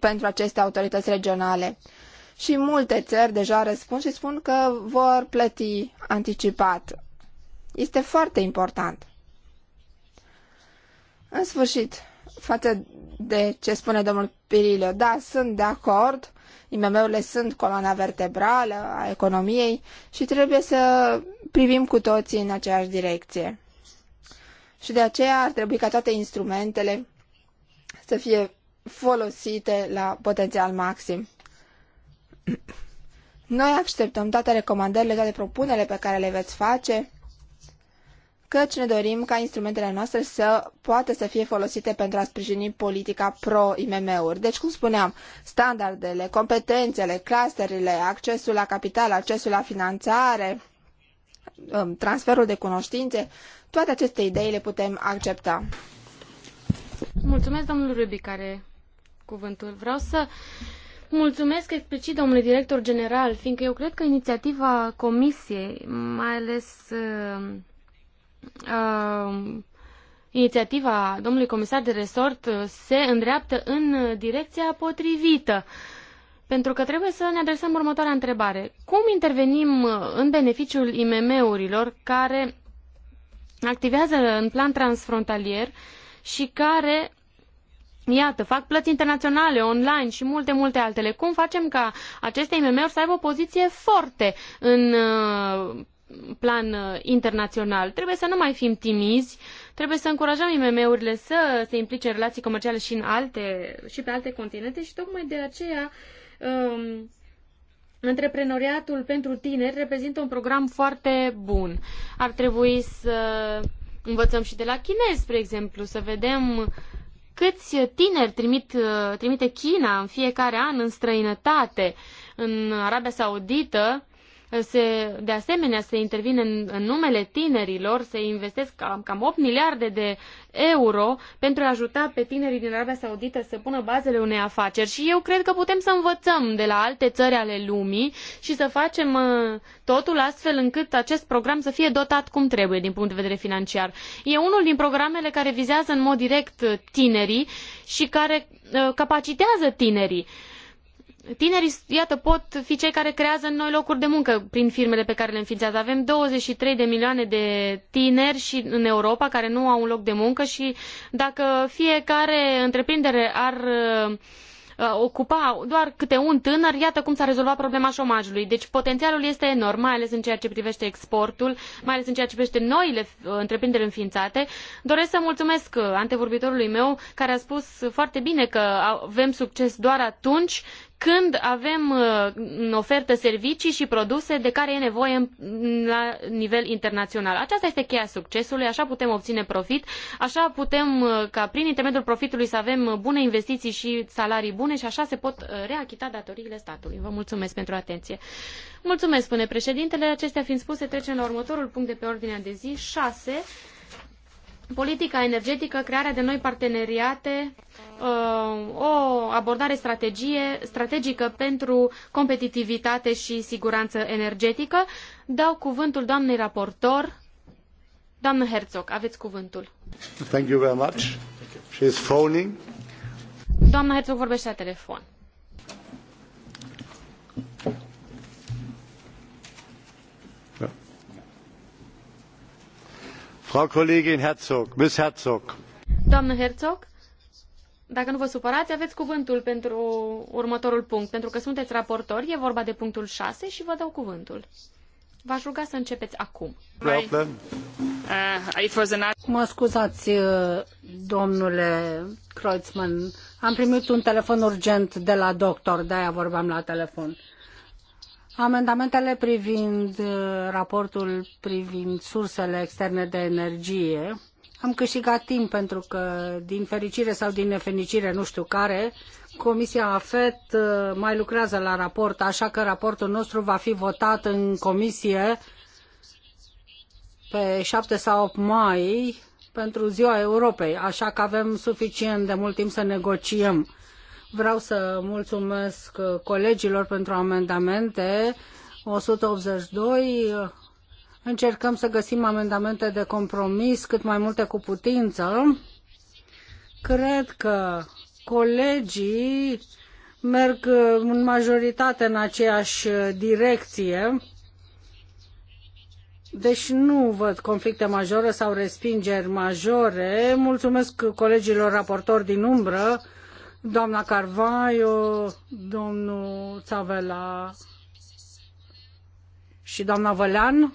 pentru aceste autorități regionale. Și multe țări deja răspund și spun că vor plăti anticipat. Este foarte important. În sfârșit, față de ce spune domnul Pirilio, da, sunt de acord, IMM-urile sunt coloana vertebrală a economiei și trebuie să privim cu toții în aceeași direcție și de aceea ar trebui ca toate instrumentele să fie folosite la potențial maxim. Noi așteptăm toate recomandările, toate propunerile pe care le veți face, căci ne dorim ca instrumentele noastre să poată să fie folosite pentru a sprijini politica pro-IMM-uri. Deci, cum spuneam, standardele, competențele, clusterile, accesul la capital, accesul la finanțare, um, transferul de cunoștințe, toate aceste idei le putem accepta. Mulțumesc, domnul Rubi, care cuvântul. Vreau să mulțumesc explicit, domnule director general, fiindcă eu cred că inițiativa comisiei, mai ales uh, uh, inițiativa domnului comisar de resort, uh, se îndreaptă în direcția potrivită. Pentru că trebuie să ne adresăm următoarea întrebare. Cum intervenim în beneficiul IMM-urilor care activează în plan transfrontalier și care Iată, fac plăți internaționale, online și multe, multe altele. Cum facem ca aceste IMM-uri să aibă o poziție forte în uh, plan uh, internațional? Trebuie să nu mai fim timizi, trebuie să încurajăm IMM-urile să se implice în relații comerciale și, în alte, și pe alte continente și tocmai de aceea um, Antreprenoriatul pentru tineri reprezintă un program foarte bun. Ar trebui să învățăm și de la chinezi, spre exemplu, să vedem câți tineri trimit, trimite China în fiecare an în străinătate. În Arabia Saudită se, de asemenea se intervine în, în numele tinerilor, se investesc cam, cam 8 miliarde de euro pentru a ajuta pe tinerii din Arabia Saudită să pună bazele unei afaceri și eu cred că putem să învățăm de la alte țări ale lumii și să facem uh, totul astfel încât acest program să fie dotat cum trebuie din punct de vedere financiar. E unul din programele care vizează în mod direct uh, tinerii și care uh, capacitează tinerii tinerii, iată, pot fi cei care creează noi locuri de muncă prin firmele pe care le înființează. Avem 23 de milioane de tineri și în Europa care nu au un loc de muncă și dacă fiecare întreprindere ar uh, ocupa doar câte un tânăr, iată cum s-a rezolvat problema șomajului. Deci potențialul este enorm, mai ales în ceea ce privește exportul, mai ales în ceea ce privește noile uh, întreprinderi înființate. Doresc să mulțumesc antevorbitorului meu care a spus foarte bine că avem succes doar atunci când avem uh, în ofertă servicii și produse de care e nevoie la nivel internațional. Aceasta este cheia succesului, așa putem obține profit, așa putem uh, ca prin intermediul profitului să avem bune investiții și salarii bune și așa se pot uh, reachita datoriile statului. Vă mulțumesc pentru atenție. Mulțumesc, spune președintele. Acestea fiind spuse, trecem la următorul punct de pe ordinea de zi, 6 politica energetică, crearea de noi parteneriate, uh, o abordare strategie, strategică pentru competitivitate și siguranță energetică. Dau cuvântul doamnei raportor. Doamnă Herzog, aveți cuvântul. Thank you very much. She is phoning. Doamna Herzog vorbește la telefon. Herzog, Doamnă herczog dacă nu vă supărați, aveți cuvântul pentru următorul punct, pentru că sunteți raportor, e vorba de punctul 6 și vă dau cuvântul. V-aș ruga să începeți acum. Uh, mă scuzați, uh, domnule Kreutzmann, am primit un telefon urgent de la doctor, de-aia vorbeam la telefon. Amendamentele privind uh, raportul privind sursele externe de energie. Am câștigat timp pentru că, din fericire sau din nefericire, nu știu care, Comisia AFET uh, mai lucrează la raport, așa că raportul nostru va fi votat în comisie pe 7 sau 8 mai pentru Ziua Europei, așa că avem suficient de mult timp să negociem Vreau să mulțumesc colegilor pentru amendamente 182. Încercăm să găsim amendamente de compromis cât mai multe cu putință. Cred că colegii merg în majoritate în aceeași direcție. Deci nu văd conflicte majore sau respingeri majore. Mulțumesc colegilor raportori din umbră doamna Carvaio, domnul Țavela și doamna Vălean.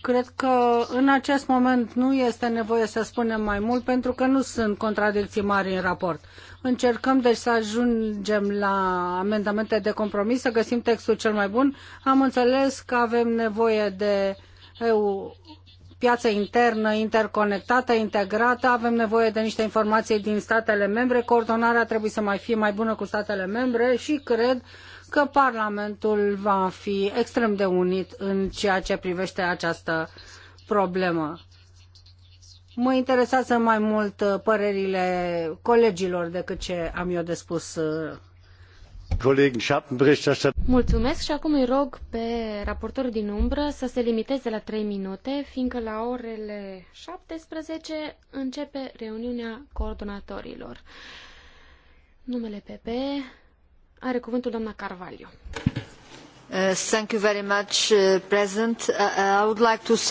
Cred că în acest moment nu este nevoie să spunem mai mult pentru că nu sunt contradicții mari în raport. Încercăm deci să ajungem la amendamente de compromis, să găsim textul cel mai bun. Am înțeles că avem nevoie de piață internă interconectată, integrată, avem nevoie de niște informații din statele membre, coordonarea trebuie să mai fie mai bună cu statele membre și cred că Parlamentul va fi extrem de unit în ceea ce privește această problemă. Mă interesează mai mult părerile colegilor decât ce am eu de spus Mulțumesc și acum îi rog pe raportor din umbră să se limiteze la 3 minute, fiindcă la orele 17 începe reuniunea coordonatorilor. Numele PP are cuvântul doamna Carvalho.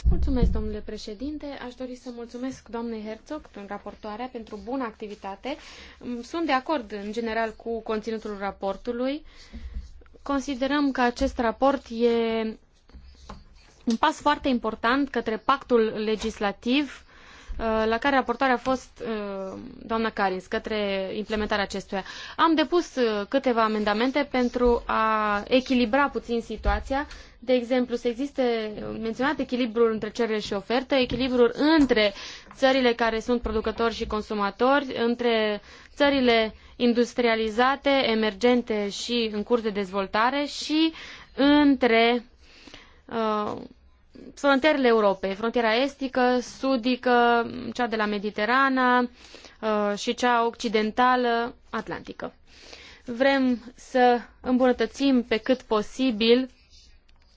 Mulțumesc, domnule președinte. Aș dori să mulțumesc doamnei Herzog, raportoarea, pentru bună activitate. Mm, sunt de acord, în general, cu conținutul raportului. Considerăm că acest raport e un pas foarte important către pactul legislativ Uh, la care raportarea a fost uh, doamna Carins către implementarea acestuia. Am depus uh, câteva amendamente pentru a echilibra puțin situația. De exemplu, să existe menționat echilibrul între cerere și ofertă, echilibrul între țările care sunt producători și consumatori, între țările industrializate, emergente și în curs de dezvoltare și între uh, frontierele Europei, frontiera estică, sudică, cea de la Mediterana uh, și cea occidentală, atlantică. Vrem să îmbunătățim pe cât posibil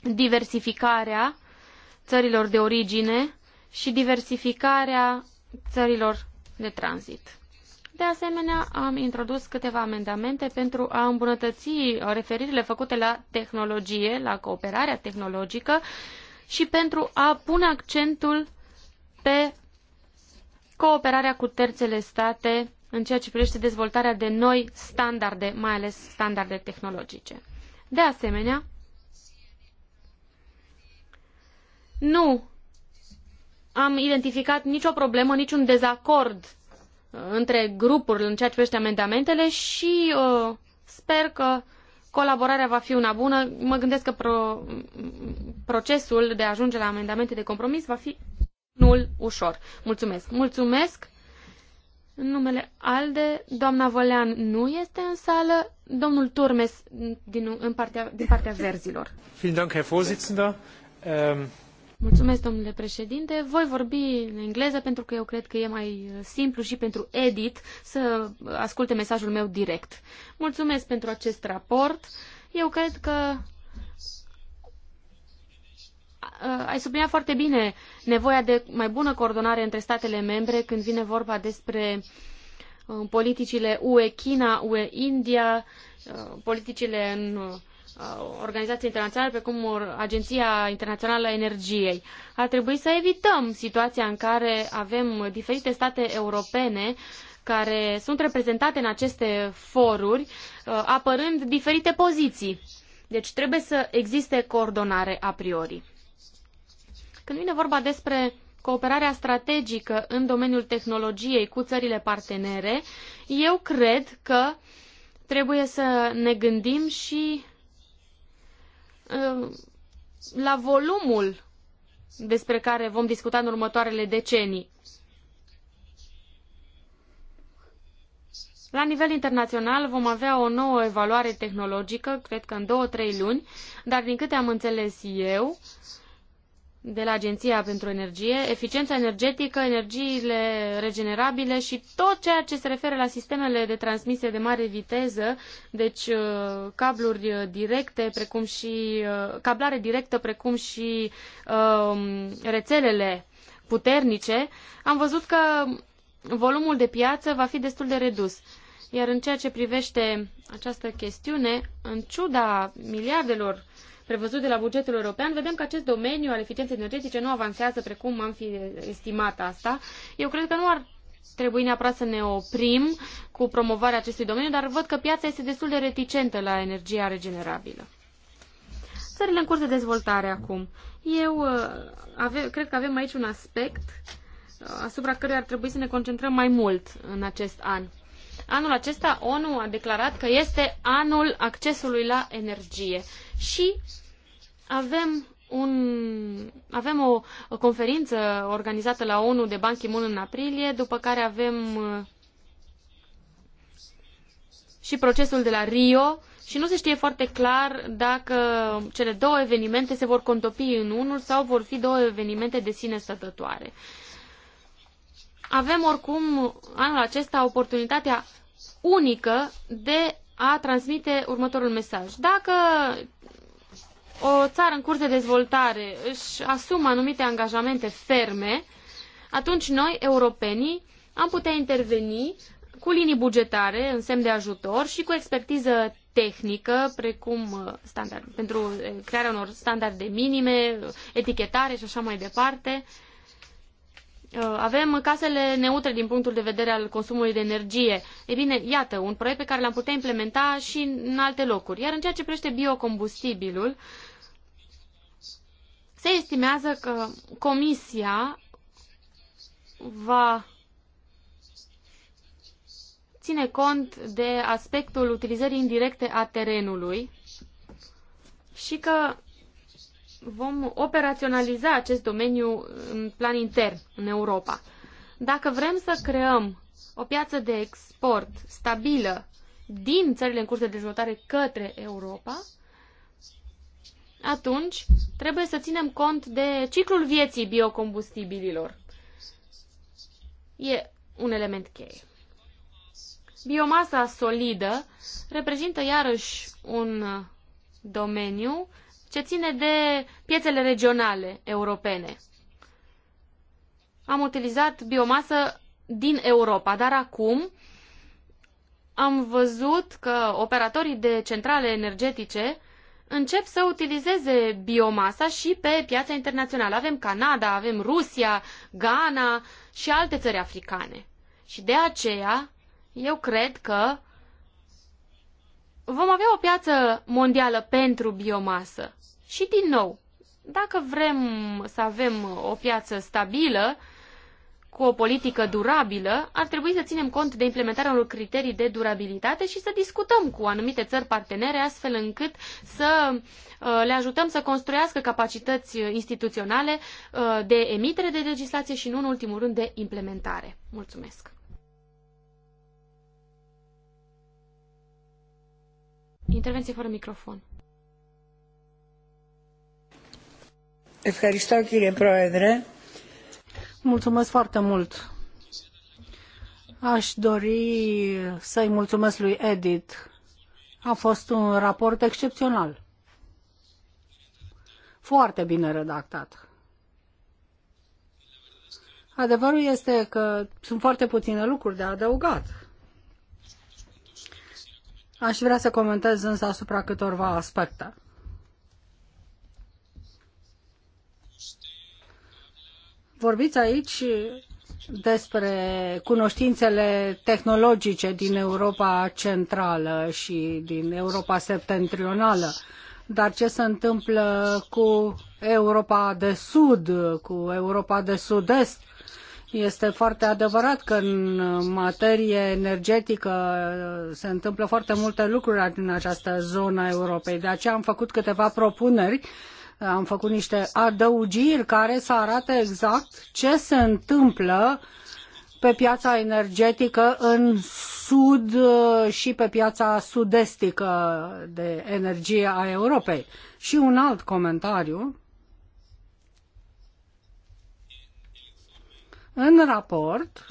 diversificarea țărilor de origine și diversificarea țărilor de tranzit. De asemenea, am introdus câteva amendamente pentru a îmbunătăți referirile făcute la tehnologie, la cooperarea tehnologică, uh, și pentru a pune accentul pe cooperarea cu terțele state în ceea ce privește dezvoltarea de noi standarde, mai ales standarde tehnologice. De asemenea, nu am identificat nicio problemă, niciun dezacord uh, între grupuri în ceea ce privește amendamentele și uh, sper că colaborarea va fi una bună. Mă gândesc că pro, procesul de a ajunge la amendamente de compromis va fi unul ușor. Mulțumesc. Mulțumesc. În numele ALDE, doamna Vălean nu este în sală, domnul Turmes din, în partea, din partea verzilor. Vielen Dank, Herr Vorsitzender. Ähm, Mulțumesc, domnule președinte. Voi vorbi în engleză pentru că eu cred că e mai simplu și pentru edit să asculte mesajul meu direct. Mulțumesc pentru acest raport. Eu cred că uh, ai subliniat foarte bine nevoia de mai bună coordonare între statele membre când vine vorba despre uh, politicile UE-China, UE-India, uh, politicile în Uh, organizații internaționale, precum Agenția Internațională a Energiei. Ar trebui să evităm situația în care avem diferite state europene care sunt reprezentate în aceste foruri, uh, apărând diferite poziții. Deci trebuie să existe coordonare a priori. Când vine vorba despre cooperarea strategică în domeniul tehnologiei cu țările partenere, eu cred că trebuie să ne gândim și Ehm, la volumul despre care vom discuta în următoarele decenii. La nivel internațional vom avea o nouă evaluare tehnologică, cred că în două-trei luni, dar din câte am înțeles eu, uh, de la Agenția pentru Energie, eficiența energetică, energiile regenerabile și tot ceea ce se referă la sistemele de transmisie de mare viteză, deci uh, cabluri uh, directe, precum și uh, cablare directă, precum și um, rețelele puternice, am văzut că volumul de piață va fi destul de redus. Iar în ceea ce privește această chestiune, în ciuda miliardelor uh, prevăzut de la bugetul european, vedem că acest domeniu al eficienței energetice nu avansează precum am fi estimat asta. Eu cred că nu ar trebui neapărat să ne oprim cu promovarea acestui domeniu, dar văd că piața este destul de reticentă la energia regenerabilă. Țările în curs de dezvoltare acum. Eu uh, ave, cred că avem aici un aspect uh, asupra căruia ar trebui să ne concentrăm mai mult în acest an. Anul acesta ONU a declarat că este anul accesului la energie și avem un, avem o, o conferință organizată la ONU de Ban Ki-moon în aprilie, după care avem uh, și procesul de la Rio și nu se știe foarte clar dacă cele două evenimente se vor contopi în unul sau vor fi două evenimente de sine stătătoare. Avem oricum anul acesta oportunitatea unică de a transmite următorul mesaj. Dacă o țară în curs de dezvoltare își asumă anumite angajamente ferme, atunci noi, europenii, am putea interveni cu linii bugetare în semn de ajutor și cu expertiză tehnică, precum uh, standard, pentru uh, crearea unor standarde minime, etichetare și așa mai departe. Uh, avem casele neutre din punctul de vedere al consumului de energie. E bine, iată, un proiect pe care l-am putea implementa și în alte locuri. Iar în ceea ce privește biocombustibilul, uh, se estimează că Comisia va ține cont de aspectul utilizării indirecte a terenului și că vom operaționaliza acest domeniu în plan intern în Europa. Dacă vrem să creăm o piață de export stabilă din țările în curs de dezvoltare către Europa, atunci trebuie să ținem cont de ciclul vieții biocombustibililor. E un element cheie. Biomasa solidă reprezintă iarăși un domeniu ce ține de piețele regionale europene. Am utilizat biomasă din Europa, dar acum am văzut că operatorii de centrale energetice încep să utilizeze biomasa și pe piața internațională. Avem Canada, avem Rusia, Ghana și alte țări africane. Și de aceea, eu cred că vom avea o piață mondială pentru biomasă. Și din nou, dacă vrem să avem o piață stabilă, cu o politică durabilă, ar trebui să ținem cont de implementarea unor criterii de durabilitate și să discutăm cu anumite țări partenere, astfel încât să uh, le ajutăm să construiască capacități instituționale uh, de emitere de legislație și, nu în ultimul rând, de implementare. Mulțumesc! Intervenție fără microfon. Ευχαριστώ κύριε Πρόεδρε. Mulțumesc foarte mult. Aș dori să-i mulțumesc lui Edit. A fost un raport excepțional. Foarte bine redactat. Adevărul este că sunt foarte puține lucruri de adăugat. Aș vrea să comentez însă asupra câtorva aspecte. Vorbiți aici despre cunoștințele tehnologice din Europa Centrală și din Europa Septentrională, dar ce se întâmplă cu Europa de Sud, cu Europa de Sud-Est? Este foarte adevărat că în materie energetică se întâmplă foarte multe lucruri în această zonă a Europei. De aceea am făcut câteva propuneri uh, am făcut niște adăugiri care să arate exact ce se întâmplă pe piața energetică în sud uh, și pe piața sudestică de energie a Europei. Și un alt comentariu. În raport,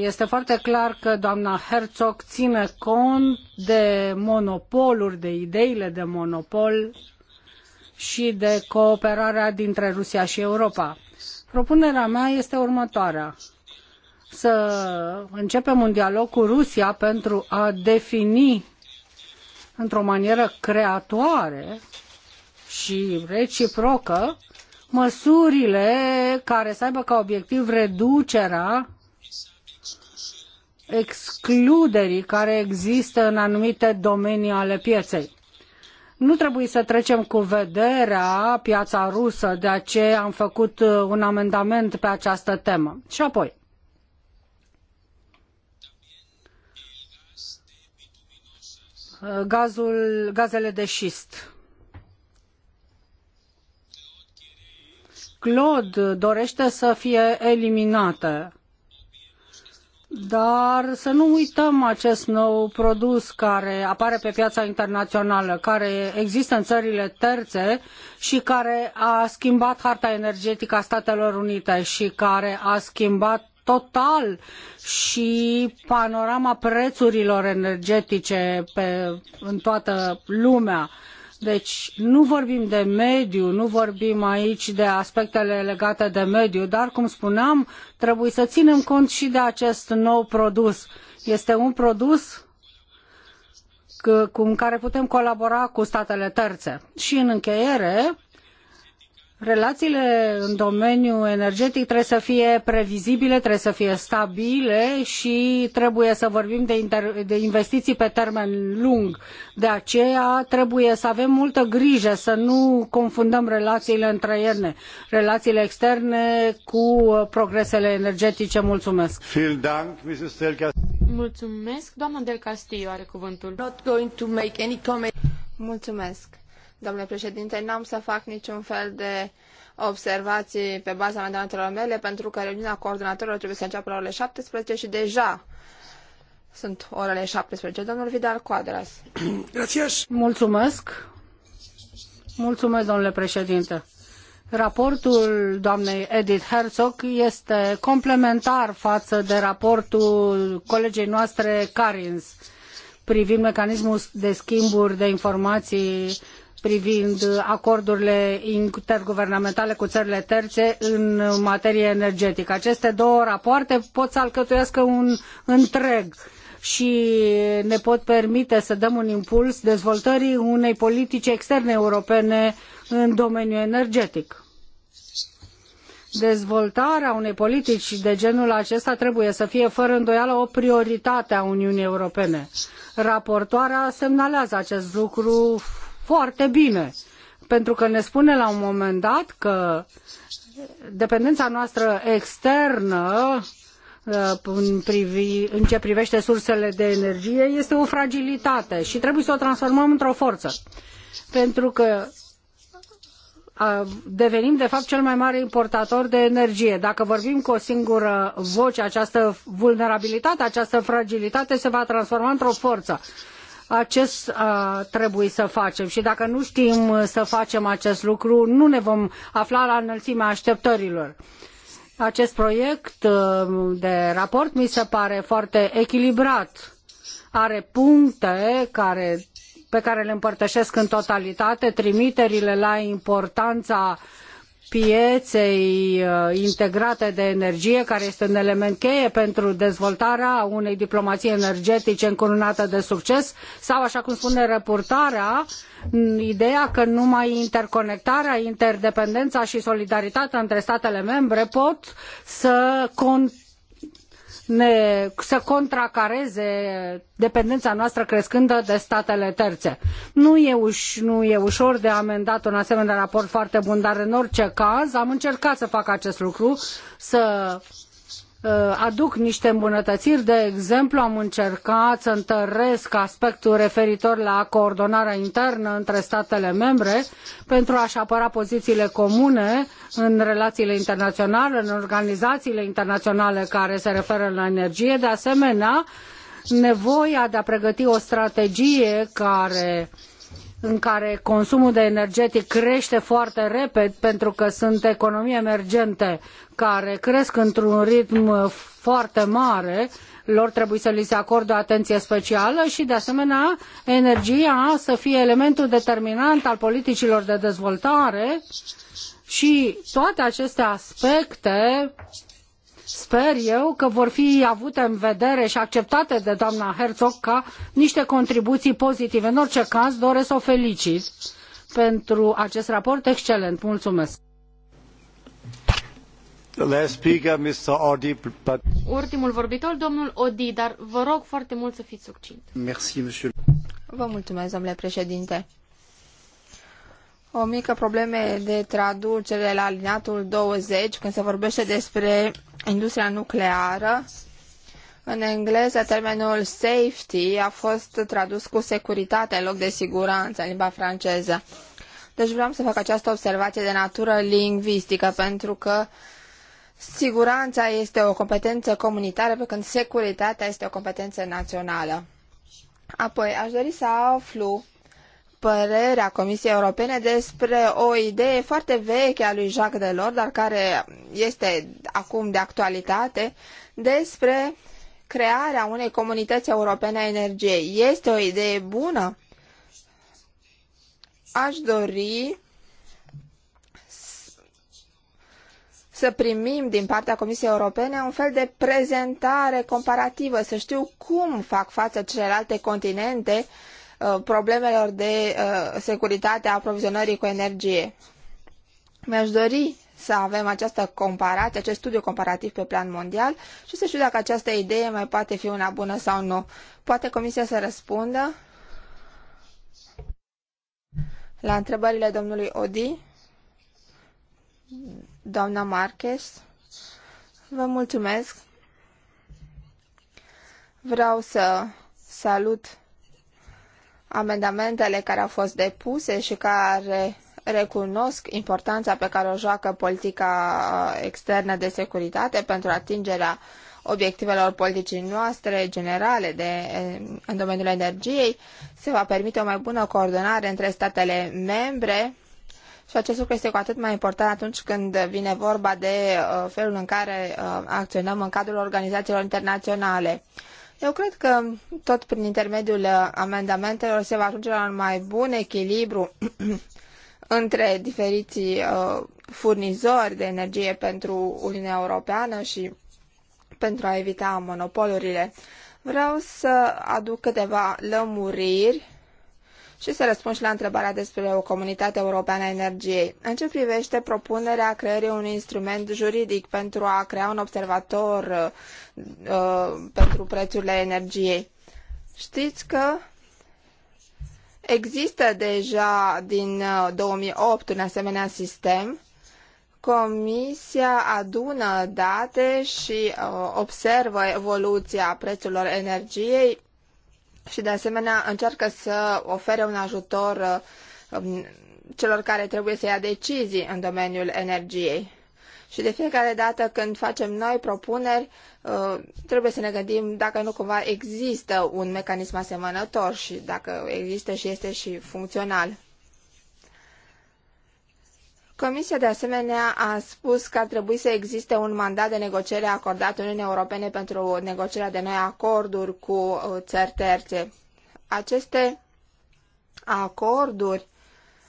este foarte clar că doamna Herzog ține cont de monopoluri, de ideile de monopol și de cooperarea dintre Rusia și Europa. Propunerea mea este următoarea. Să începem un dialog cu Rusia pentru a defini într-o manieră creatoare și reciprocă măsurile care să aibă ca obiectiv reducerea excluderii care există în anumite domenii ale pieței. Nu trebuie să trecem cu vederea piața rusă, de aceea am făcut uh, un amendament pe această temă. Și apoi, gazul, gazele de șist. Claude dorește să fie eliminată dar să nu uităm acest nou produs care apare pe piața internațională, care există în țările terțe și care a schimbat harta energetică a Statelor Unite și care a schimbat total și panorama prețurilor energetice pe, în toată lumea. Uh, deci nu vorbim de mediu, nu vorbim aici de aspectele legate de mediu, dar, cum spuneam, trebuie să ținem cont și de acest nou produs. Este un produs cu care putem colabora cu statele terțe. Și în încheiere, Relațiile în domeniul energetic trebuie să fie previzibile, trebuie să fie stabile și trebuie să vorbim de, inter- de investiții pe termen lung. De aceea trebuie să avem multă grijă să nu confundăm relațiile între ele, relațiile externe cu progresele energetice. Mulțumesc! Mulțumesc! Doamna Del Castillo are cuvântul. Not going to make any comment. Mulțumesc! Domnule președinte, n-am să fac niciun fel de observații pe baza mandatelor mele, pentru că reuniunea coordonatorilor trebuie să înceapă la orele 17 și deja sunt orele 17. Domnul Vidal Coadras. [CLEARS THROAT] Mulțumesc. Mulțumesc, domnule președinte. Raportul doamnei Edith Herzog este complementar față de raportul colegei noastre Carins privind mecanismul de schimburi de informații privind acordurile interguvernamentale cu țările terțe în materie energetică. Aceste două rapoarte pot să alcătuiască un întreg și ne pot permite să dăm un impuls dezvoltării unei politici externe europene în domeniul energetic. Dezvoltarea unei politici de genul acesta trebuie să fie fără îndoială o prioritate a Uniunii Europene. Raportoarea semnalează acest lucru foarte bine, pentru că ne spune la un moment dat că dependența noastră externă uh, în, privi, în ce privește sursele de energie este o fragilitate și trebuie să o transformăm într-o forță. Pentru că devenim de fapt cel mai mare importator de energie. Dacă vorbim cu o singură voce, această vulnerabilitate, această fragilitate se va transforma într-o forță acest uh, trebuie să facem și dacă nu știm uh, să facem acest lucru, nu ne vom afla la înălțimea așteptărilor. Acest proiect uh, de raport mi se pare foarte echilibrat. Are puncte care, pe care le împărtășesc în totalitate, trimiterile la importanța uh, pieței uh, integrate de energie, care este un element cheie pentru dezvoltarea unei diplomații energetice încununate de succes, sau, așa cum spune reportarea, ideea că numai interconectarea, interdependența și solidaritatea între statele membre pot să contribuie ne, să contracareze dependența noastră crescândă de statele terțe. Nu e, uș, nu e ușor de amendat un asemenea raport foarte bun, dar în orice caz am încercat să fac acest lucru, să Uh, aduc niște îmbunătățiri. De exemplu, am încercat să întăresc aspectul referitor la coordonarea internă între statele membre pentru a-și apăra pozițiile comune în relațiile internaționale, în organizațiile internaționale care se referă la energie. De asemenea, nevoia de a pregăti o strategie care uh, în care consumul de energetic crește foarte repede pentru că sunt economii emergente care cresc într-un ritm foarte mare, lor trebuie să li se acorde o atenție specială și, de asemenea, energia să fie elementul determinant al politicilor de dezvoltare și toate aceste aspecte Sper eu că vor fi avute în vedere și acceptate de doamna Herzog ca niște contribuții pozitive. În orice caz, doresc să o felicit pentru acest raport excelent. Mulțumesc! Speaker, Ultimul vorbitor, domnul Odi, dar vă rog foarte mult să fiți succint. Merci, vă mulțumesc, domnule președinte. O mică problemă de traducere la alineatul 20, când se vorbește despre industria nucleară. În engleză, termenul safety a fost tradus cu securitate în loc de siguranță în limba franceză. Deci vreau să fac această observație de natură lingvistică, pentru că siguranța este o competență comunitară, pe când securitatea este o competență națională. Apoi, aș dori să aflu părerea Comisiei Europene despre o idee foarte veche a lui Jacques Delors, dar care este acum de actualitate, despre crearea unei comunități europene a energiei. Este o idee bună? Aș dori să primim din partea Comisiei Europene un fel de prezentare comparativă, să știu cum fac față celelalte continente uh, Uh, problemelor de uh, securitate a aprovizionării cu energie. Mi-aș dori să avem această comparație, acest studiu comparativ pe plan mondial și să știu dacă această idee mai poate fi una bună sau nu. Poate Comisia să răspundă la întrebările domnului Odi, doamna Marques. Vă mulțumesc. Vreau să salut amendamentele care au fost depuse și care recunosc importanța pe care o joacă politica externă de securitate pentru atingerea obiectivelor politicii noastre generale de, în domeniul energiei, se va permite o mai bună coordonare între statele membre și acest lucru este cu atât mai important atunci când vine vorba de uh, felul în care uh, acționăm în cadrul organizațiilor internaționale. Eu cred că tot prin intermediul uh, amendamentelor se va ajunge la un mai bun echilibru [CLEARS THROAT] între diferiții uh, furnizori de energie pentru Uniunea Europeană și pentru a evita monopolurile. Vreau să aduc câteva lămuriri și să răspund și la întrebarea despre o comunitate europeană a energiei. În ce privește propunerea creării unui instrument juridic pentru a crea un observator uh, pentru prețurile energiei, știți că există deja din 2008 uh, un asemenea sistem. Comisia adună date și uh, observă evoluția prețurilor energiei și de asemenea încearcă să ofere un ajutor um, celor care trebuie să ia decizii în domeniul energiei. Și de fiecare dată când facem noi propuneri, uh, trebuie să ne gândim dacă nu cumva există un mecanism asemănător și dacă există și este și funcțional. Comisia de asemenea a spus că ar trebui să existe un mandat de negociere acordat Uniunii Europene pentru negocierea de noi acorduri cu uh, țări terțe. Aceste acorduri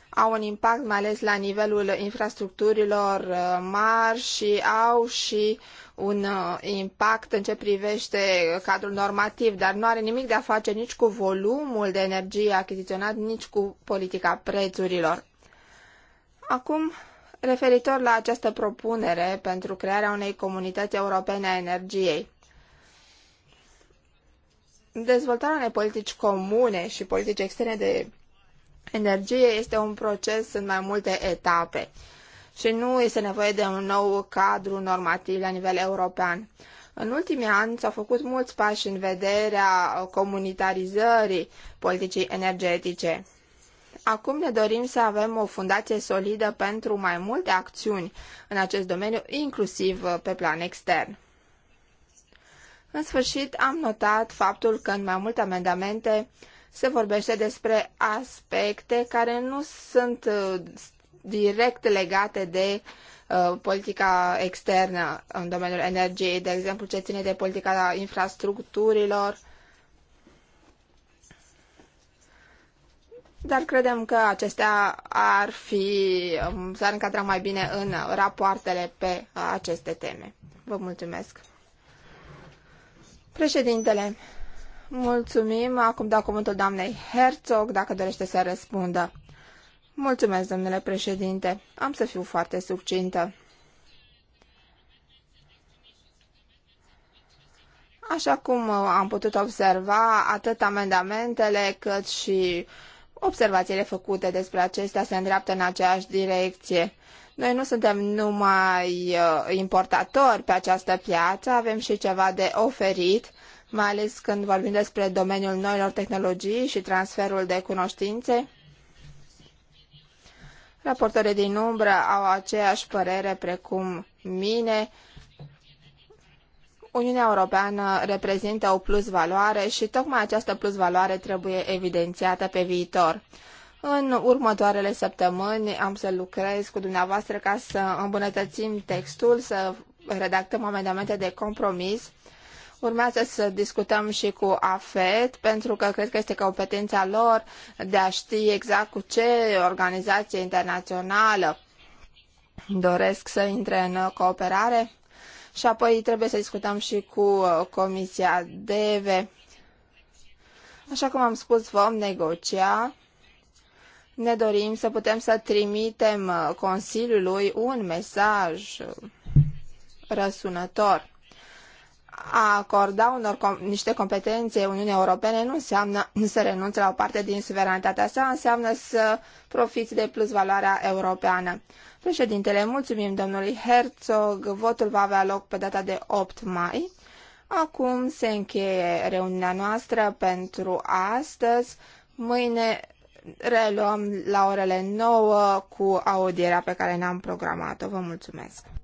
au un impact mai ales la nivelul infrastructurilor uh, mari și au și un uh, impact în ce privește cadrul normativ, dar nu are nimic de a face nici cu volumul de energie achiziționat, nici cu politica prețurilor. Acum, referitor la această propunere pentru crearea unei comunități europene a energiei. Dezvoltarea unei politici comune și politici externe de energie este un proces în mai multe etape și nu este nevoie de un nou cadru normativ la nivel european. În ultimii ani s-au făcut mulți pași în vederea comunitarizării politicii energetice. Acum ne dorim să avem o fundație solidă pentru mai multe acțiuni în acest domeniu, inclusiv uh, pe plan extern. În sfârșit, am notat faptul că în mai multe amendamente se vorbește despre aspecte care nu sunt uh, direct legate de uh, politica externă în domeniul energiei, de exemplu ce ține de politica infrastructurilor dar credem că acestea ar fi, um, s-ar încadra mai bine în rapoartele pe aceste teme. Vă mulțumesc. Președintele, mulțumim. Acum dau cuvântul doamnei Herzog, dacă dorește să răspundă. Mulțumesc, domnule președinte. Am să fiu foarte succintă. Așa cum am putut observa, atât amendamentele cât și uh, observațiile făcute despre acestea se îndreaptă în aceeași direcție. Noi nu suntem numai uh, importatori pe această piață, avem și ceva de oferit, mai ales când vorbim despre domeniul noilor tehnologii și transferul de cunoștințe. Raportorii din umbră au aceeași părere precum mine Uniunea Europeană reprezintă o plusvaloare și tocmai această plusvaloare trebuie evidențiată pe viitor. În următoarele săptămâni am să lucrez cu dumneavoastră ca să îmbunătățim textul, să redactăm amendamente de compromis. Urmează să discutăm și cu AFET, pentru că cred că este competența lor de a ști exact cu ce organizație internațională doresc să intre în cooperare și apoi trebuie să discutăm și cu uh, Comisia DEVE. Așa cum am spus, vom negocia. Ne dorim să putem să trimitem uh, Consiliului un mesaj uh, răsunător. A acorda unor com- niște competențe Uniunii Europene nu înseamnă [COUGHS] să renunți la o parte din suveranitatea sa, înseamnă să profiți de plusvaloarea europeană. Președintele, mulțumim domnului Herzog. Votul va avea loc pe data de 8 mai. Acum se încheie reuniunea noastră pentru astăzi. Mâine reluăm la orele 9 cu audierea pe care ne-am programat-o. Vă mulțumesc!